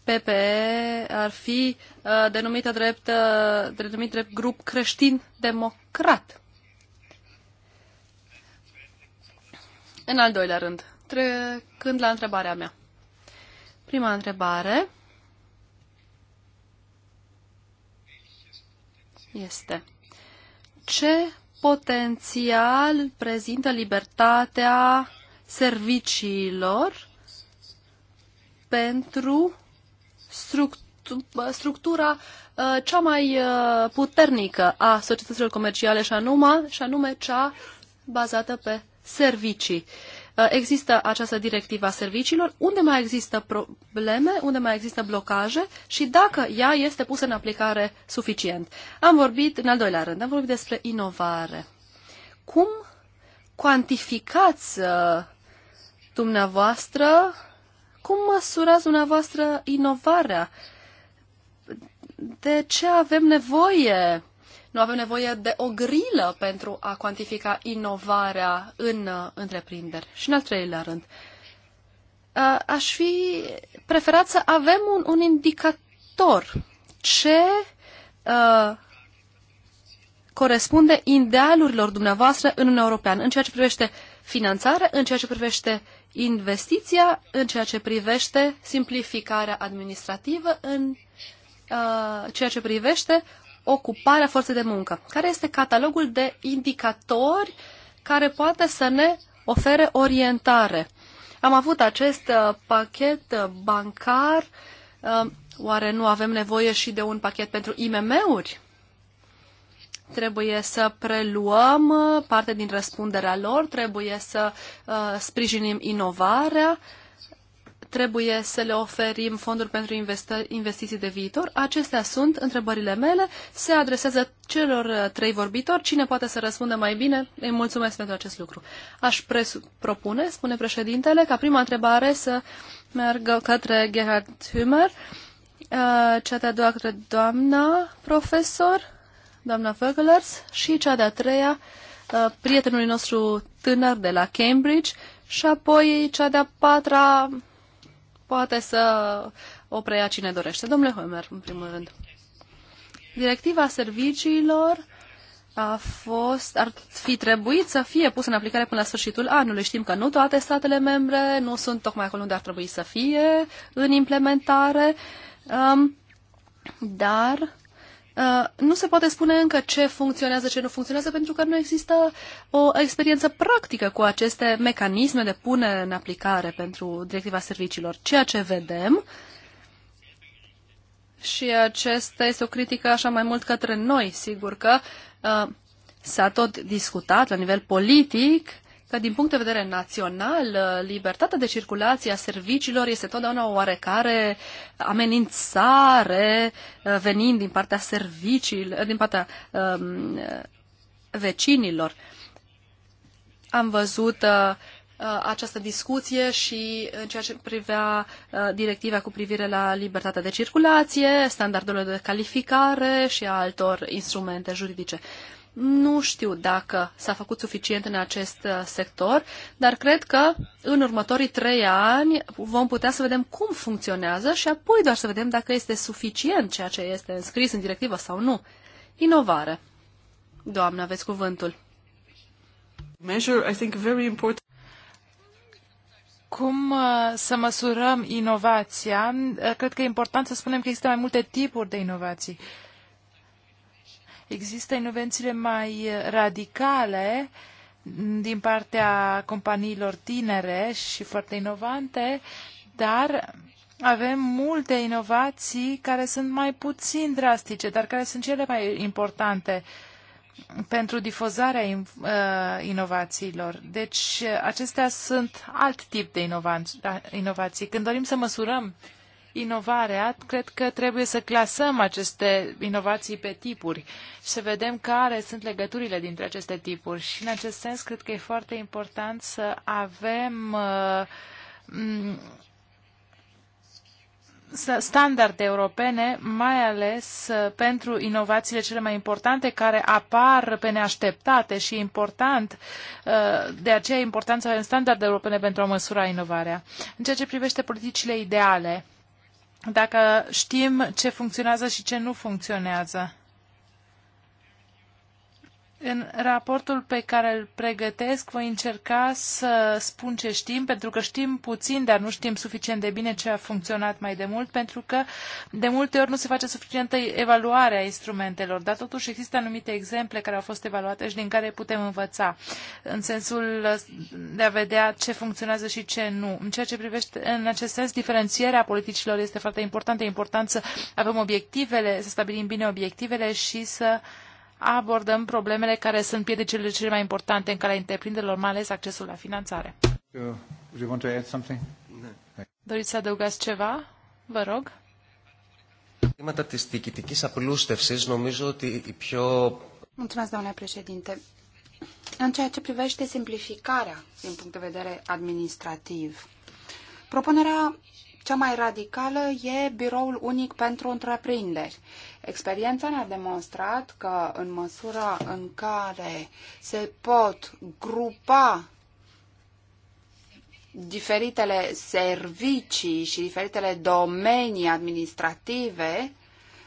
PPE ar fi uh, denumită drept, uh, denumit drept grup creștin-democrat. În al doilea rând, trecând la întrebarea mea. Prima întrebare este ce potențial prezintă libertatea serviciilor pentru structura uh, cea mai uh, puternică a societăților comerciale și anume, și anume cea bazată pe servicii. Uh, Uh, există această directivă a serviciilor, unde mai există probleme, unde mai există blocaje și dacă ea este pusă în aplicare suficient. Am vorbit, în al doilea rând, am vorbit despre inovare. Cum cuantificați uh, dumneavoastră, cum măsurați dumneavoastră inovarea? De ce avem nevoie nu avem nevoie de o grilă pentru a cuantifica inovarea în uh, întreprinderi. Și în al treilea rând, uh, aș fi preferat să avem un, un indicator ce uh, corespunde idealurilor dumneavoastră în Uniunea Europeană, în ceea ce privește finanțarea, în ceea ce privește investiția, în ceea ce privește simplificarea administrativă, în uh, ceea ce privește ocuparea forței de muncă, care este catalogul de indicatori care poate să ne ofere orientare. Am avut acest uh, pachet uh, bancar. Uh, oare nu avem nevoie și de un pachet pentru IMM-uri? Trebuie să preluăm uh, parte din răspunderea lor, trebuie să uh, sprijinim inovarea, uh, trebuie să le oferim fonduri pentru investiții de viitor? Acestea sunt întrebările mele. Se adresează celor uh, trei vorbitori. Cine poate să răspundă mai bine? Îi mulțumesc pentru acest lucru. Aș propune, spune președintele, ca prima întrebare să meargă către Gerhard Hümer, uh, cea de-a doua către doamna profesor, doamna Vögelers, și cea de-a treia uh, prietenului nostru tânăr de la Cambridge și apoi cea de-a patra poate să o preia cine dorește. Domnule Homer, în primul rând. Directiva serviciilor a fost, ar fi trebuit să fie pusă în aplicare până la sfârșitul anului. Știm că nu toate statele membre nu sunt tocmai acolo unde ar trebui să fie în implementare, um, dar Uh, nu se poate spune încă ce funcționează, ce nu funcționează, pentru că nu există o experiență practică cu aceste mecanisme de punere în aplicare pentru directiva serviciilor. Ceea ce vedem și acesta este o critică așa mai mult către noi, sigur că uh, s-a tot discutat la nivel politic că din punct de vedere național, libertatea de circulație a serviciilor este totdeauna o oarecare amenințare uh, venind din partea serviciilor, uh, din partea um, uh, vecinilor. Am văzut uh, această discuție și în ceea ce privea directiva cu privire la libertatea de circulație, standardele de calificare și a altor instrumente juridice. Uh, nu știu dacă s-a făcut suficient în acest uh, sector, dar cred că în următorii trei ani vom putea să vedem cum funcționează și apoi doar să vedem dacă este suficient ceea ce este înscris în directivă sau nu. Inovare. Doamna, aveți cuvântul. Measure, I think, very important cum uh, să măsurăm inovația, uh, cred că e important să spunem că există mai multe tipuri de inovații. Există invențiile mai eh, radicale mm, din partea companiilor tinere și foarte inovante, dar avem multe inovații care sunt mai puțin drastice, dar care sunt cele mai importante pentru difuzarea eh, inovațiilor. Deci eh, acestea sunt alt tip de da, inovații. Când dorim să măsurăm inovarea, cred că trebuie să clasăm aceste inovații pe tipuri și să vedem care sunt legăturile dintre aceste tipuri. Și în acest sens, cred că e foarte important să avem uh, standarde europene, mai ales uh, pentru inovațiile cele mai importante care apar pe neașteptate și important, uh, de aceea e important să avem standarde europene pentru a măsura inovarea. În ceea ce privește politicile ideale, dacă știm ce funcționează și ce nu funcționează. În raportul pe care îl pregătesc voi încerca să spun ce știm, pentru că știm puțin, dar nu știm suficient de bine ce a funcționat mai de mult, pentru că de multe ori nu se face suficientă evaluare a instrumentelor, dar totuși există anumite exemple care au fost evaluate și din care putem învăța, în sensul de a vedea ce funcționează și ce nu. În ceea ce privește, în acest sens, diferențierea politicilor este foarte importantă. E important să avem obiectivele, să stabilim bine obiectivele și să abordăm problemele care sunt piedicile cele mai importante în calea întreprinderilor, mai ales accesul la finanțare. Doriți să adăugați ceva? Vă rog. Θέματα της διοικητικής απλούστευσης νομίζω ότι η πιο... Mulțumesc, doamne președinte. În ceea ce privește simplificarea din punct de vedere administrativ, propunerea cea mai radicală e biroul unic pentru întreprinderi. Experiența ne-a demonstrat că în măsura în care se pot grupa diferitele servicii și diferitele domenii administrative,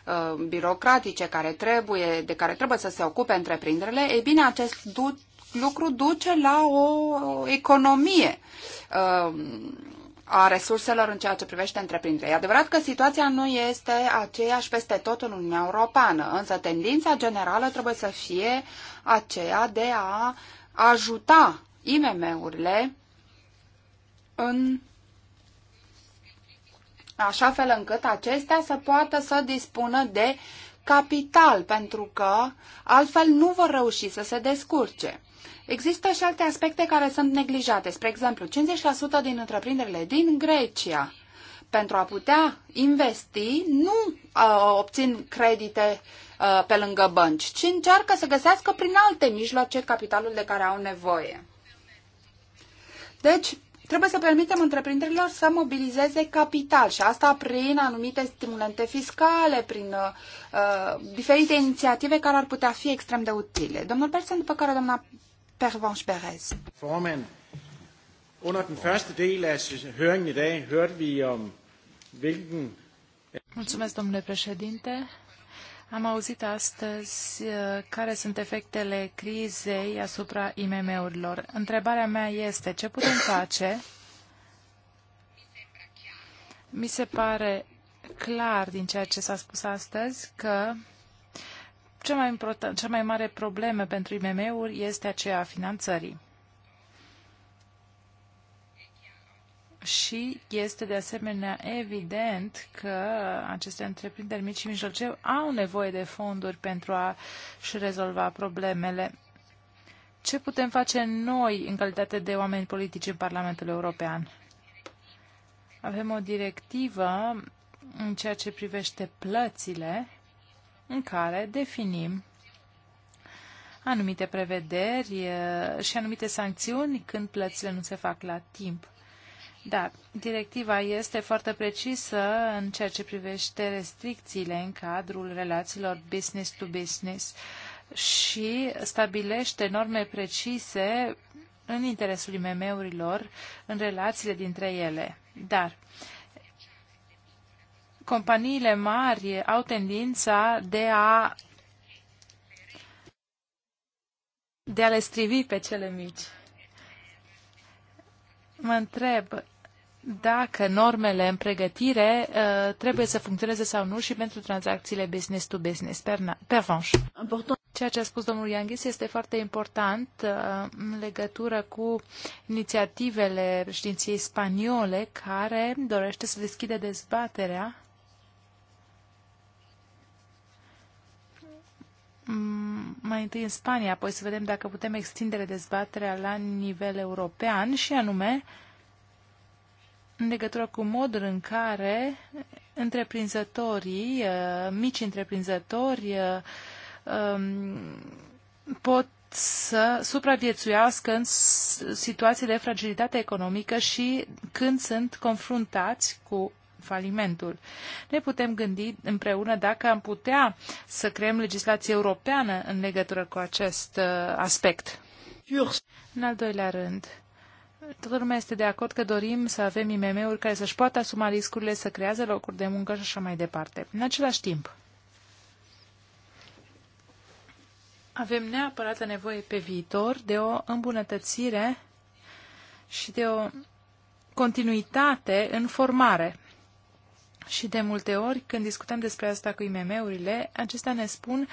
uh, birocratice care trebuie, de care trebuie să se ocupe întreprinderile, e bine, acest du- lucru duce la o economie. Uh, a resurselor în ceea ce privește întreprinderea. E adevărat că situația nu este aceeași peste tot în Uniunea Europeană, însă tendința generală trebuie să fie aceea de a ajuta IMM-urile în așa fel încât acestea să poată să dispună de capital, pentru că altfel nu vor reuși să se descurce. Există și alte aspecte care sunt neglijate. Spre exemplu, 50% din întreprinderile din Grecia pentru a putea investi nu uh, obțin credite uh, pe lângă bănci, ci încearcă să găsească prin alte mijloace capitalul de care au nevoie. Deci, trebuie să permitem întreprinderilor să mobilizeze capital și asta prin anumite stimulente fiscale, prin uh, uh diferite inițiative care ar putea fi extrem de utile. Domnul Persen, după care doamna Pervenche Perez. Formand, under den første del af høringen i dag hørte vi om hvilken... Mulțumesc, domnule președinte. Am auzit astăzi uh, care sunt efectele crizei asupra IMM-urilor. Întrebarea mea este ce putem face? Mi se pare clar din ceea ce s-a spus astăzi că cea mai, important, cea mai mare problemă pentru IMM-uri este aceea a finanțării. Și este de asemenea evident că aceste întreprinderi mici și mijlocii au nevoie de fonduri pentru a-și rezolva problemele. Ce putem face noi în calitate de oameni politici în Parlamentul European? Avem o directivă în ceea ce privește plățile în care definim anumite prevederi și anumite sancțiuni când plățile nu se fac la timp. Da, directiva este foarte precisă în ceea ce privește restricțiile în cadrul relațiilor business to business și stabilește norme precise în interesul IMM-urilor în relațiile dintre ele. Dar companiile mari au tendința de a de a le strivi pe cele mici. Mă întreb dacă normele în pregătire uh, trebuie să funcționeze sau nu și pentru tranzacțiile business to business. Pervanș. Ceea ce a spus domnul Ianghis este foarte important uh, în legătură cu inițiativele președinției spaniole care dorește să deschide dezbaterea Mm, mai întâi în Spania, apoi să vedem dacă putem extinde dezbaterea la nivel european și anume în legătură cu modul în care întreprinzătorii, uh, mici întreprinzători uh, um, pot să supraviețuiască în situații de fragilitate economică și când sunt confruntați cu falimentul. Ne putem gândi împreună dacă am putea să creăm legislație europeană în legătură cu acest uh, aspect. În al doilea rând, toată lumea este de acord că dorim să avem IMM-uri care să-și poată asuma riscurile, să creează locuri de muncă și așa mai departe. În același timp, avem neapărat nevoie pe viitor de o îmbunătățire și de o continuitate în formare. Și de multe ori, când discutăm despre asta cu IMM-urile, acestea ne spun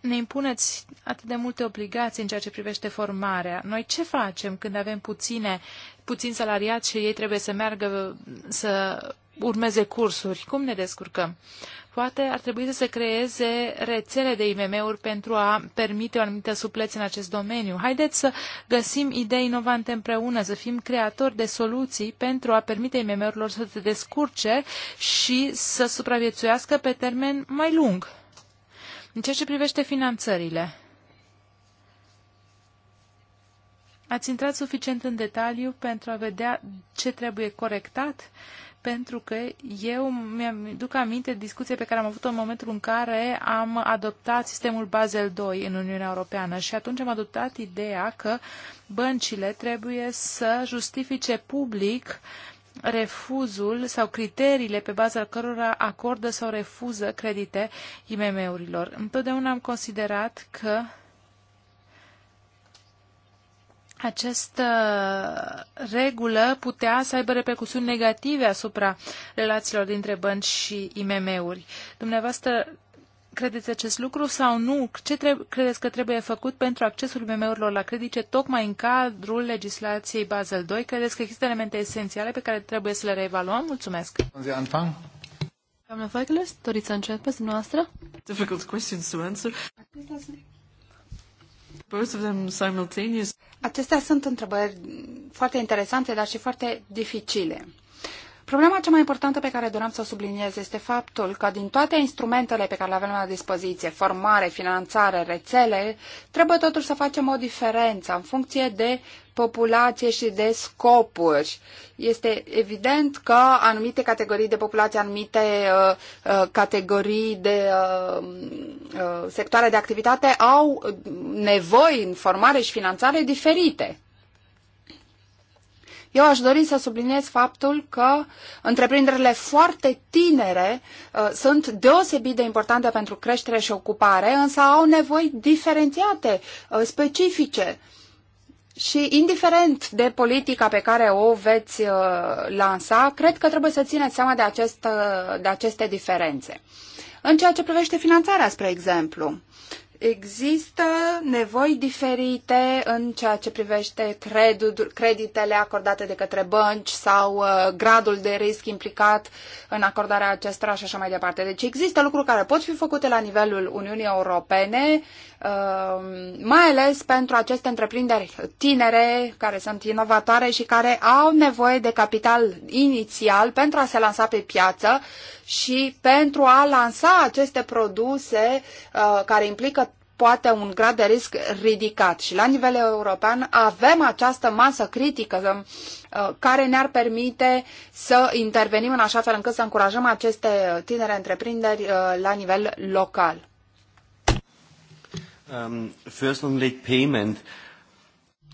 ne impuneți atât de multe obligații în ceea ce privește formarea. Noi ce facem când avem puține, puțin salariați și ei trebuie să meargă să urmeze cursuri. Cum ne descurcăm? Poate ar trebui să se creeze rețele de IMM-uri pentru a permite o anumită supleț în acest domeniu. Haideți să găsim idei inovante împreună, să fim creatori de soluții pentru a permite IMM-urilor să se descurce și să supraviețuiască pe termen mai lung. În ceea ce privește finanțările, ați intrat suficient în detaliu pentru a vedea ce trebuie corectat? pentru că eu mi duc aminte discuție pe care am avut-o în momentul în care am adoptat sistemul Basel II în Uniunea Europeană și atunci am adoptat ideea că băncile trebuie să justifice public refuzul sau criteriile pe baza cărora acordă sau refuză credite IMM-urilor. Întotdeauna am considerat că această uh, regulă putea să aibă repercusiuni negative asupra relațiilor dintre bănci și IMM-uri. Dumneavoastră, credeți acest lucru sau nu? Ce credeți că trebuie făcut pentru accesul IMM-urilor la credite tocmai în cadrul legislației Basel II? Credeți că există elemente esențiale pe care trebuie să le reevaluăm? Mulțumesc! Doamna Feigeles, doriți să începeți dumneavoastră? Difficult questions to answer. Acestea sunt întrebări foarte interesante, dar și foarte dificile. Problema cea mai importantă pe care doream să o subliniez este faptul că din toate instrumentele pe care le avem la dispoziție, formare, finanțare, rețele, trebuie totuși să facem o diferență în funcție de populație și de scopuri. Este evident că anumite categorii de populație, anumite uh, uh, categorii de uh, uh, sectoare de activitate au nevoi în formare și finanțare diferite. Eu aș dori să subliniez faptul că întreprinderile foarte tinere uh, sunt deosebit de importante pentru creștere și ocupare, însă au nevoi diferențiate, uh, specifice. Și indiferent de politica pe care o veți uh, lansa, cred că trebuie să țineți seama de, acest, uh, de aceste diferențe. În ceea ce privește finanțarea, spre exemplu, Există nevoi diferite în ceea ce privește creditele acordate de către bănci sau uh, gradul de risc implicat în acordarea acestora și așa mai departe. Deci există lucruri care pot fi făcute la nivelul Uniunii Europene, uh, mai ales pentru aceste întreprinderi tinere care sunt inovatoare și care au nevoie de capital inițial pentru a se lansa pe piață și pentru a lansa aceste produse uh, care implică poate un grad de risc ridicat. Și la nivel european avem această masă critică uh, care ne-ar permite să intervenim în așa fel încât să încurajăm aceste tinere întreprinderi uh, la nivel local. Um, first on late payment.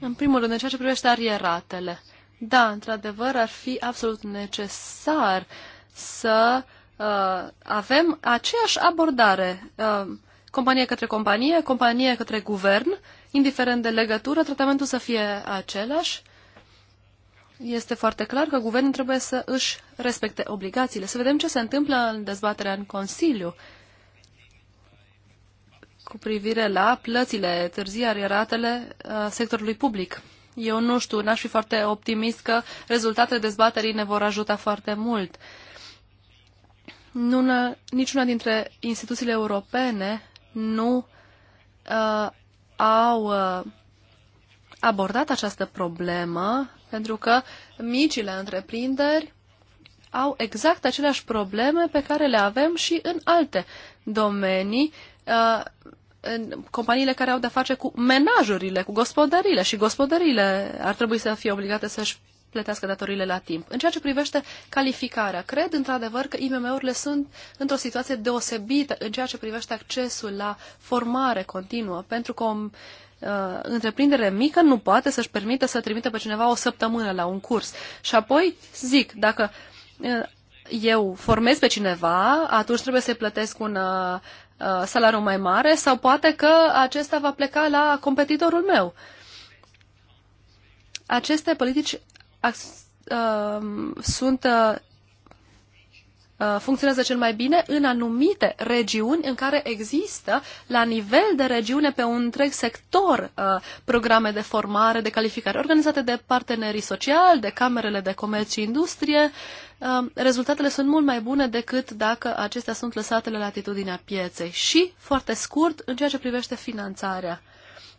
În primul rând, în ceea ce privește arieratele. Da, într-adevăr, ar fi absolut necesar să uh, uh, avem aceeași abordare, uh, companie către companie, companie către guvern, indiferent de legătură, tratamentul să fie același. Este foarte clar că guvernul trebuie să își respecte obligațiile. Să vedem ce se întâmplă în dezbaterea în Consiliu cu privire la plățile târzii ariaratele uh, sectorului public. Eu nu știu, n-aș fi foarte optimist că rezultatele dezbaterii ne vor ajuta foarte mult. Uh, nu, niciuna dintre instituțiile europene nu uh, au uh, abordat această problemă, pentru că micile întreprinderi au exact aceleași probleme pe care le avem și în alte domenii, uh, în companiile care au de-a face cu menajurile, cu gospodările și gospodările ar trebui să fie obligate să-și plătească datorile la timp. În ceea ce privește calificarea, cred într-adevăr că IMM-urile sunt într-o situație deosebită în ceea ce privește accesul la formare continuă, pentru că o uh, întreprindere mică nu poate să-și permite să trimite pe cineva o săptămână la un curs. Și apoi, zic, dacă uh, eu formez pe cineva, atunci trebuie să-i plătesc un uh, uh salariu mai mare sau poate că acesta va pleca la competitorul meu. Aceste politici Um, sunt uh, uh, funcționează cel mai bine în anumite regiuni în care există la nivel de regiune pe un întreg sector uh, programe de formare, de calificare organizate de partenerii sociali, de camerele de comerț și industrie. Um, rezultatele sunt mult mai bune decât dacă acestea sunt lăsate la latitudinea pieței. Și, foarte scurt, în ceea ce privește finanțarea.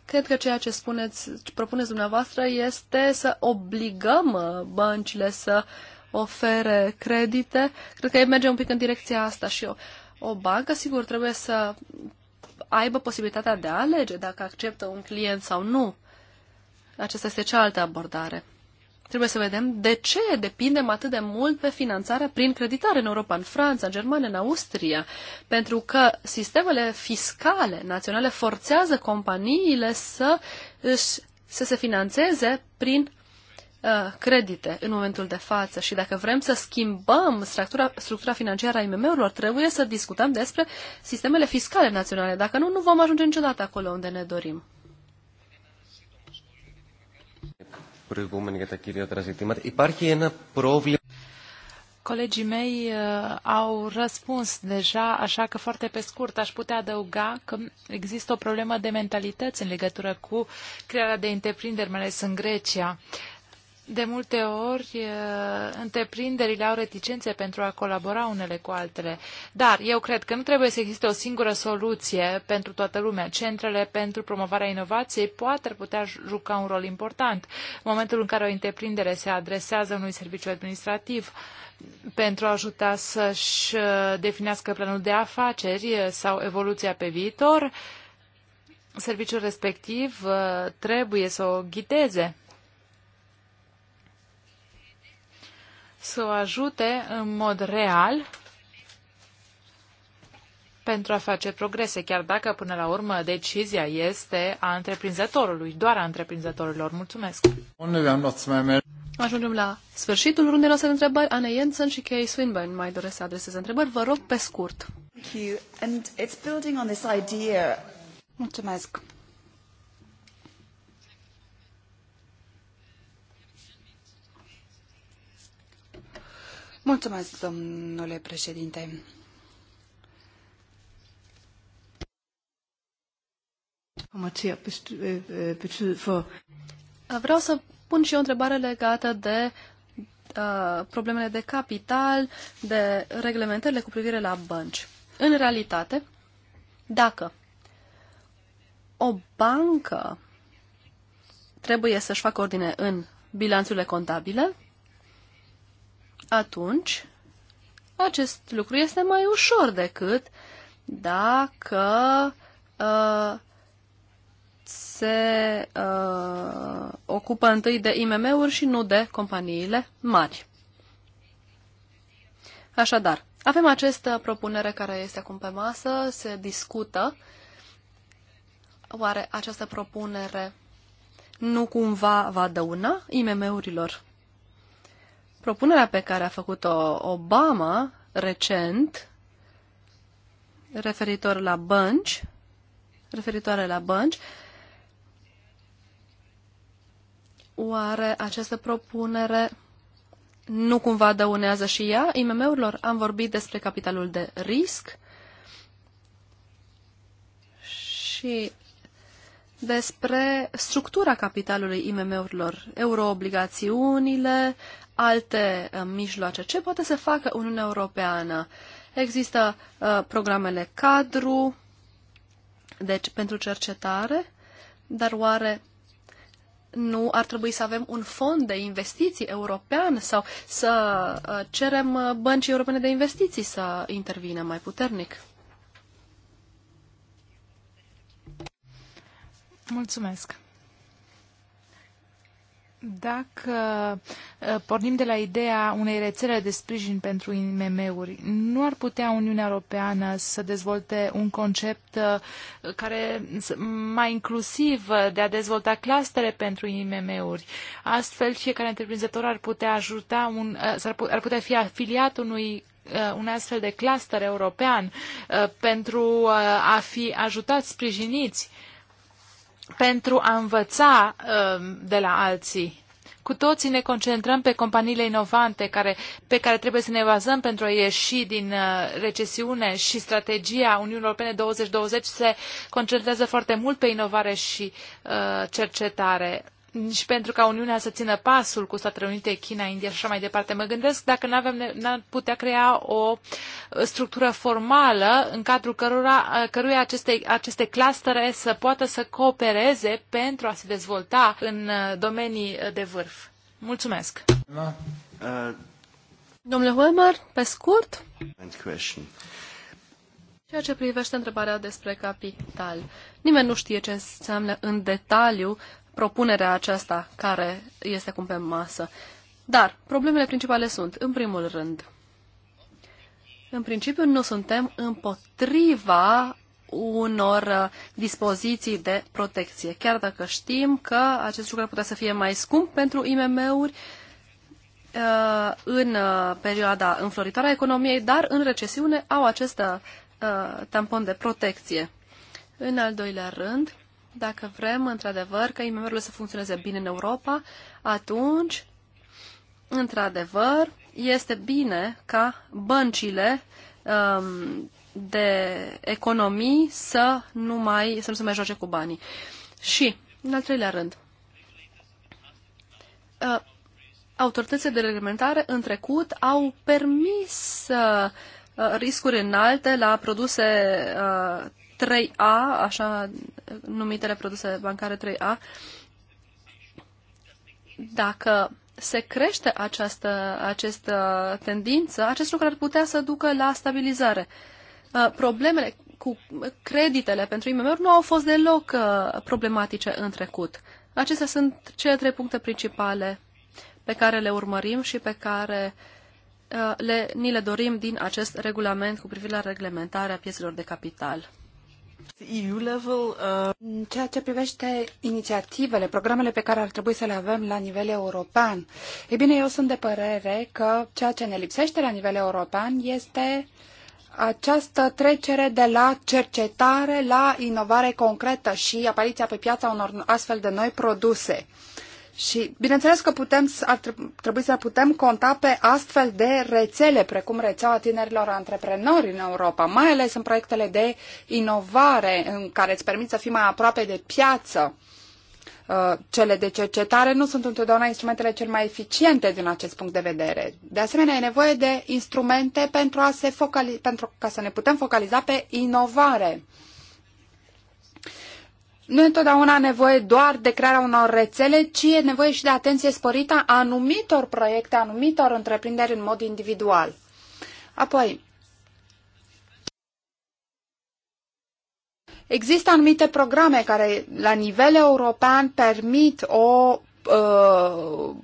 Cred că ceea ce spuneți, ce propuneți dumneavoastră este să obligăm uh, băncile să ofere credite. Cred că merge un pic în direcția asta și o O bancă, sigur, trebuie să aibă posibilitatea de a alege dacă acceptă un client sau nu. Aceasta este cealaltă abordare. Trebuie să vedem de ce depindem atât de mult pe finanțarea prin creditare în Europa, în Franța, în Germania, în Austria, pentru că sistemele fiscale naționale forțează companiile să, își, să se finanțeze prin uh, credite în momentul de față și dacă vrem să schimbăm structura, structura financiară a IMM-urilor, trebuie să discutăm despre sistemele fiscale naționale. Dacă nu, nu vom ajunge niciodată acolo unde ne dorim. προηγούμενοι για τα κυριότερα ζητήματα. Υπάρχει ένα πρόβλημα. Colegii mei uh, au răspuns deja, așa că foarte pe scurt aș putea adăuga că există o problemă de mentalități în legătură cu crearea de întreprinderi, mai ales în Grecia. Uh, de multe ori, întreprinderile au reticențe pentru a colabora unele cu altele. Dar eu cred că nu trebuie să existe o singură soluție pentru toată lumea. Centrele pentru promovarea inovației poate ar putea juca un rol important. În momentul în care o întreprindere se adresează unui serviciu administrativ pentru a ajuta să-și definească planul de afaceri sau evoluția pe viitor, serviciul respectiv trebuie să o ghideze să o ajute în mod real pentru a face progrese, chiar dacă până la urmă decizia este a întreprinzătorului, doar a întreprinzătorilor. Mulțumesc! Ajungem la sfârșitul rundei noastre de întrebări. Anne Jensen și Kay Swinburne mai doresc să adreseze întrebări. Vă rog pe scurt. Mulțumesc! Mulțumesc, domnule președinte. Øh, øh, Vreau să pun și o întrebare legată de uh, problemele de capital, de reglementările cu privire la bănci. În realitate, dacă o bancă trebuie să-și facă ordine în bilanțurile contabile, atunci acest lucru este mai ușor decât dacă uh, se uh, ocupă întâi de IMM-uri și nu de companiile mari. Așadar, avem această propunere care este acum pe masă, se discută. Oare această propunere nu cumva va dăuna IMM-urilor? Propunerea pe care a făcut-o Obama recent, referitor la bănci, referitoare la bănci, oare această propunere nu cumva dăunează și ea IMM-urilor? Am vorbit despre capitalul de risc și despre structura capitalului IMM-urilor, euroobligațiunile, alte uh, mijloace. Ce poate să facă Uniunea Europeană? Există uh, programele cadru, deci pentru cercetare, dar oare nu ar trebui să avem un fond de investiții european sau să uh, cerem uh, băncii europene de investiții să intervină mai puternic? Mulțumesc. Dacă ă, pornim de la ideea unei rețele de sprijin pentru IMM-uri, nu ar putea Uniunea Europeană să dezvolte un concept ă, care mai inclusiv de a dezvolta clustere pentru IMM-uri. Astfel, fiecare întreprinzător ar putea ajuta un, ă, ar putea fi afiliat unui un astfel de cluster european pentru a fi ajutați, sprijiniți pentru a învăța um, de la alții. Cu toții ne concentrăm pe companiile inovante care, pe care trebuie să ne bazăm pentru a ieși din uh, recesiune și strategia Uniunii Europene 2020 se concentrează foarte mult pe inovare și uh, cercetare și pentru ca Uniunea să țină pasul cu Statele Unite, China, India și așa mai departe. Mă gândesc dacă n-am putea crea o structură formală în cadrul cărora, căruia aceste, aceste clustere să poată să coopereze pentru a se dezvolta în domenii de vârf. Mulțumesc! No. Uh. Domnule Hoemer, pe scurt, ceea ce privește întrebarea despre capital. Nimeni nu știe ce înseamnă în detaliu propunerea aceasta care este cum pe masă. Dar problemele principale sunt, în primul rând, în principiu nu suntem împotriva unor uh, dispoziții de protecție, chiar dacă știm că acest lucru ar putea să fie mai scump pentru IMM-uri uh, în uh, perioada înfloritoare a economiei, dar în recesiune au acest tampon de protecție. În al doilea rând, dacă vrem, într-adevăr, ca IMM-urile să funcționeze bine în Europa, atunci, într-adevăr, este bine ca băncile um, de economii să nu, mai, să nu se mai joace cu banii. Și, în al treilea rând, uh, autoritățile de reglementare în trecut au permis uh, riscuri înalte la produse uh, 3A, așa numitele produse bancare 3A, dacă se crește această, această tendință, acest lucru ar putea să ducă la stabilizare. Uh, problemele cu creditele pentru IMM-uri nu au fost deloc uh, problematice în trecut. Acestea sunt cele trei puncte principale pe care le urmărim și pe care uh, le, ni le dorim din acest regulament cu privire la reglementarea piețelor de capital. EU level, uh, În ceea ce privește inițiativele, programele pe care ar trebui să le avem la nivel european, e bine, eu sunt de părere că ceea ce ne lipsește la nivel european este această trecere de la cercetare la inovare concretă și apariția pe piața unor astfel de noi produse. Și bineînțeles că putem, ar trebui să putem conta pe astfel de rețele, precum rețeaua tinerilor antreprenori în Europa, mai ales în proiectele de inovare în care îți permit să fii mai aproape de piață. Uh, cele de cercetare nu sunt întotdeauna instrumentele cel mai eficiente din acest punct de vedere. De asemenea, e nevoie de instrumente pentru, a se focali- pentru ca să ne putem focaliza pe inovare nu e întotdeauna nevoie doar de crearea unor rețele, ci e nevoie și de atenție sporită a anumitor proiecte, a anumitor întreprinderi în mod individual. Apoi, există anumite programe care la nivel european permit o uh,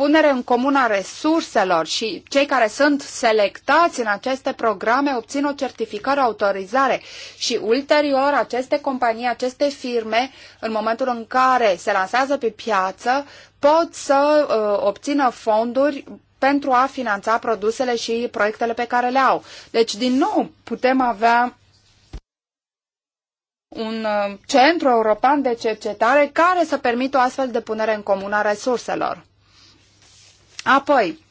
punere în comun a resurselor și cei care sunt selectați în aceste programe obțin o certificare, o autorizare și ulterior aceste companii, aceste firme, în momentul în care se lansează pe piață, pot să uh, obțină fonduri pentru a finanța produsele și proiectele pe care le au. Deci, din nou, putem avea un uh, centru european de cercetare care să permită o astfel de punere în comun a resurselor. Apoi,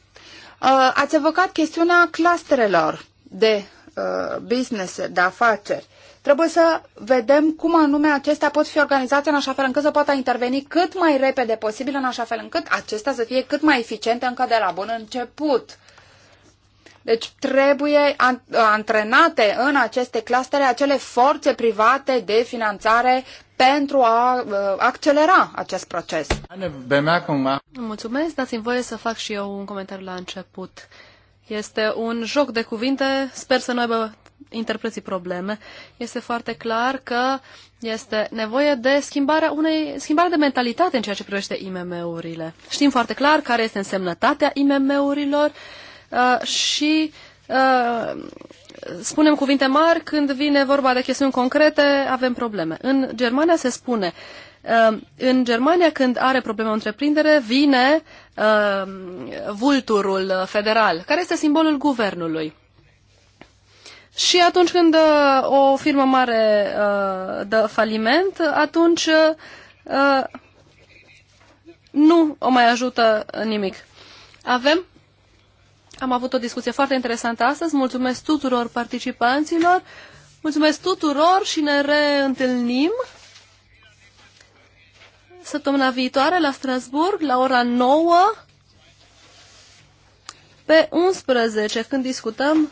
uh, ați evocat chestiunea clusterelor de uh, business, de afaceri. Trebuie să vedem cum anume acestea pot fi organizate în așa fel încât să poată interveni cât mai repede posibil, în așa fel încât acestea să fie cât mai eficiente încă de la bun început. Deci trebuie antrenate în aceste clustere acele forțe private de finanțare pentru a uh, accelera acest proces. Mulțumesc, dați-mi voie să fac și eu un comentariu la început. Este un joc de cuvinte, sper să nu aibă interpreții probleme. Este foarte clar că este nevoie de schimbarea unei schimbare de mentalitate în ceea ce privește IMM-urile. Știm foarte clar care este însemnătatea IMM-urilor, uh, Uh, și uh, spunem cuvinte mari, când vine vorba de chestiuni concrete, avem probleme. În Germania se spune, uh, în Germania când are probleme o întreprindere, vine vulturul federal, care este simbolul guvernului. Și atunci când o firmă mare uh, dă faliment, atunci uh, nu o mai ajută nimic. Avem am avut o discuție foarte interesantă astăzi. Mulțumesc tuturor participanților. Mulțumesc tuturor și ne reîntâlnim săptămâna viitoare la Strasburg la ora 9 pe 11 când discutăm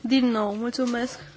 din nou. Mulțumesc!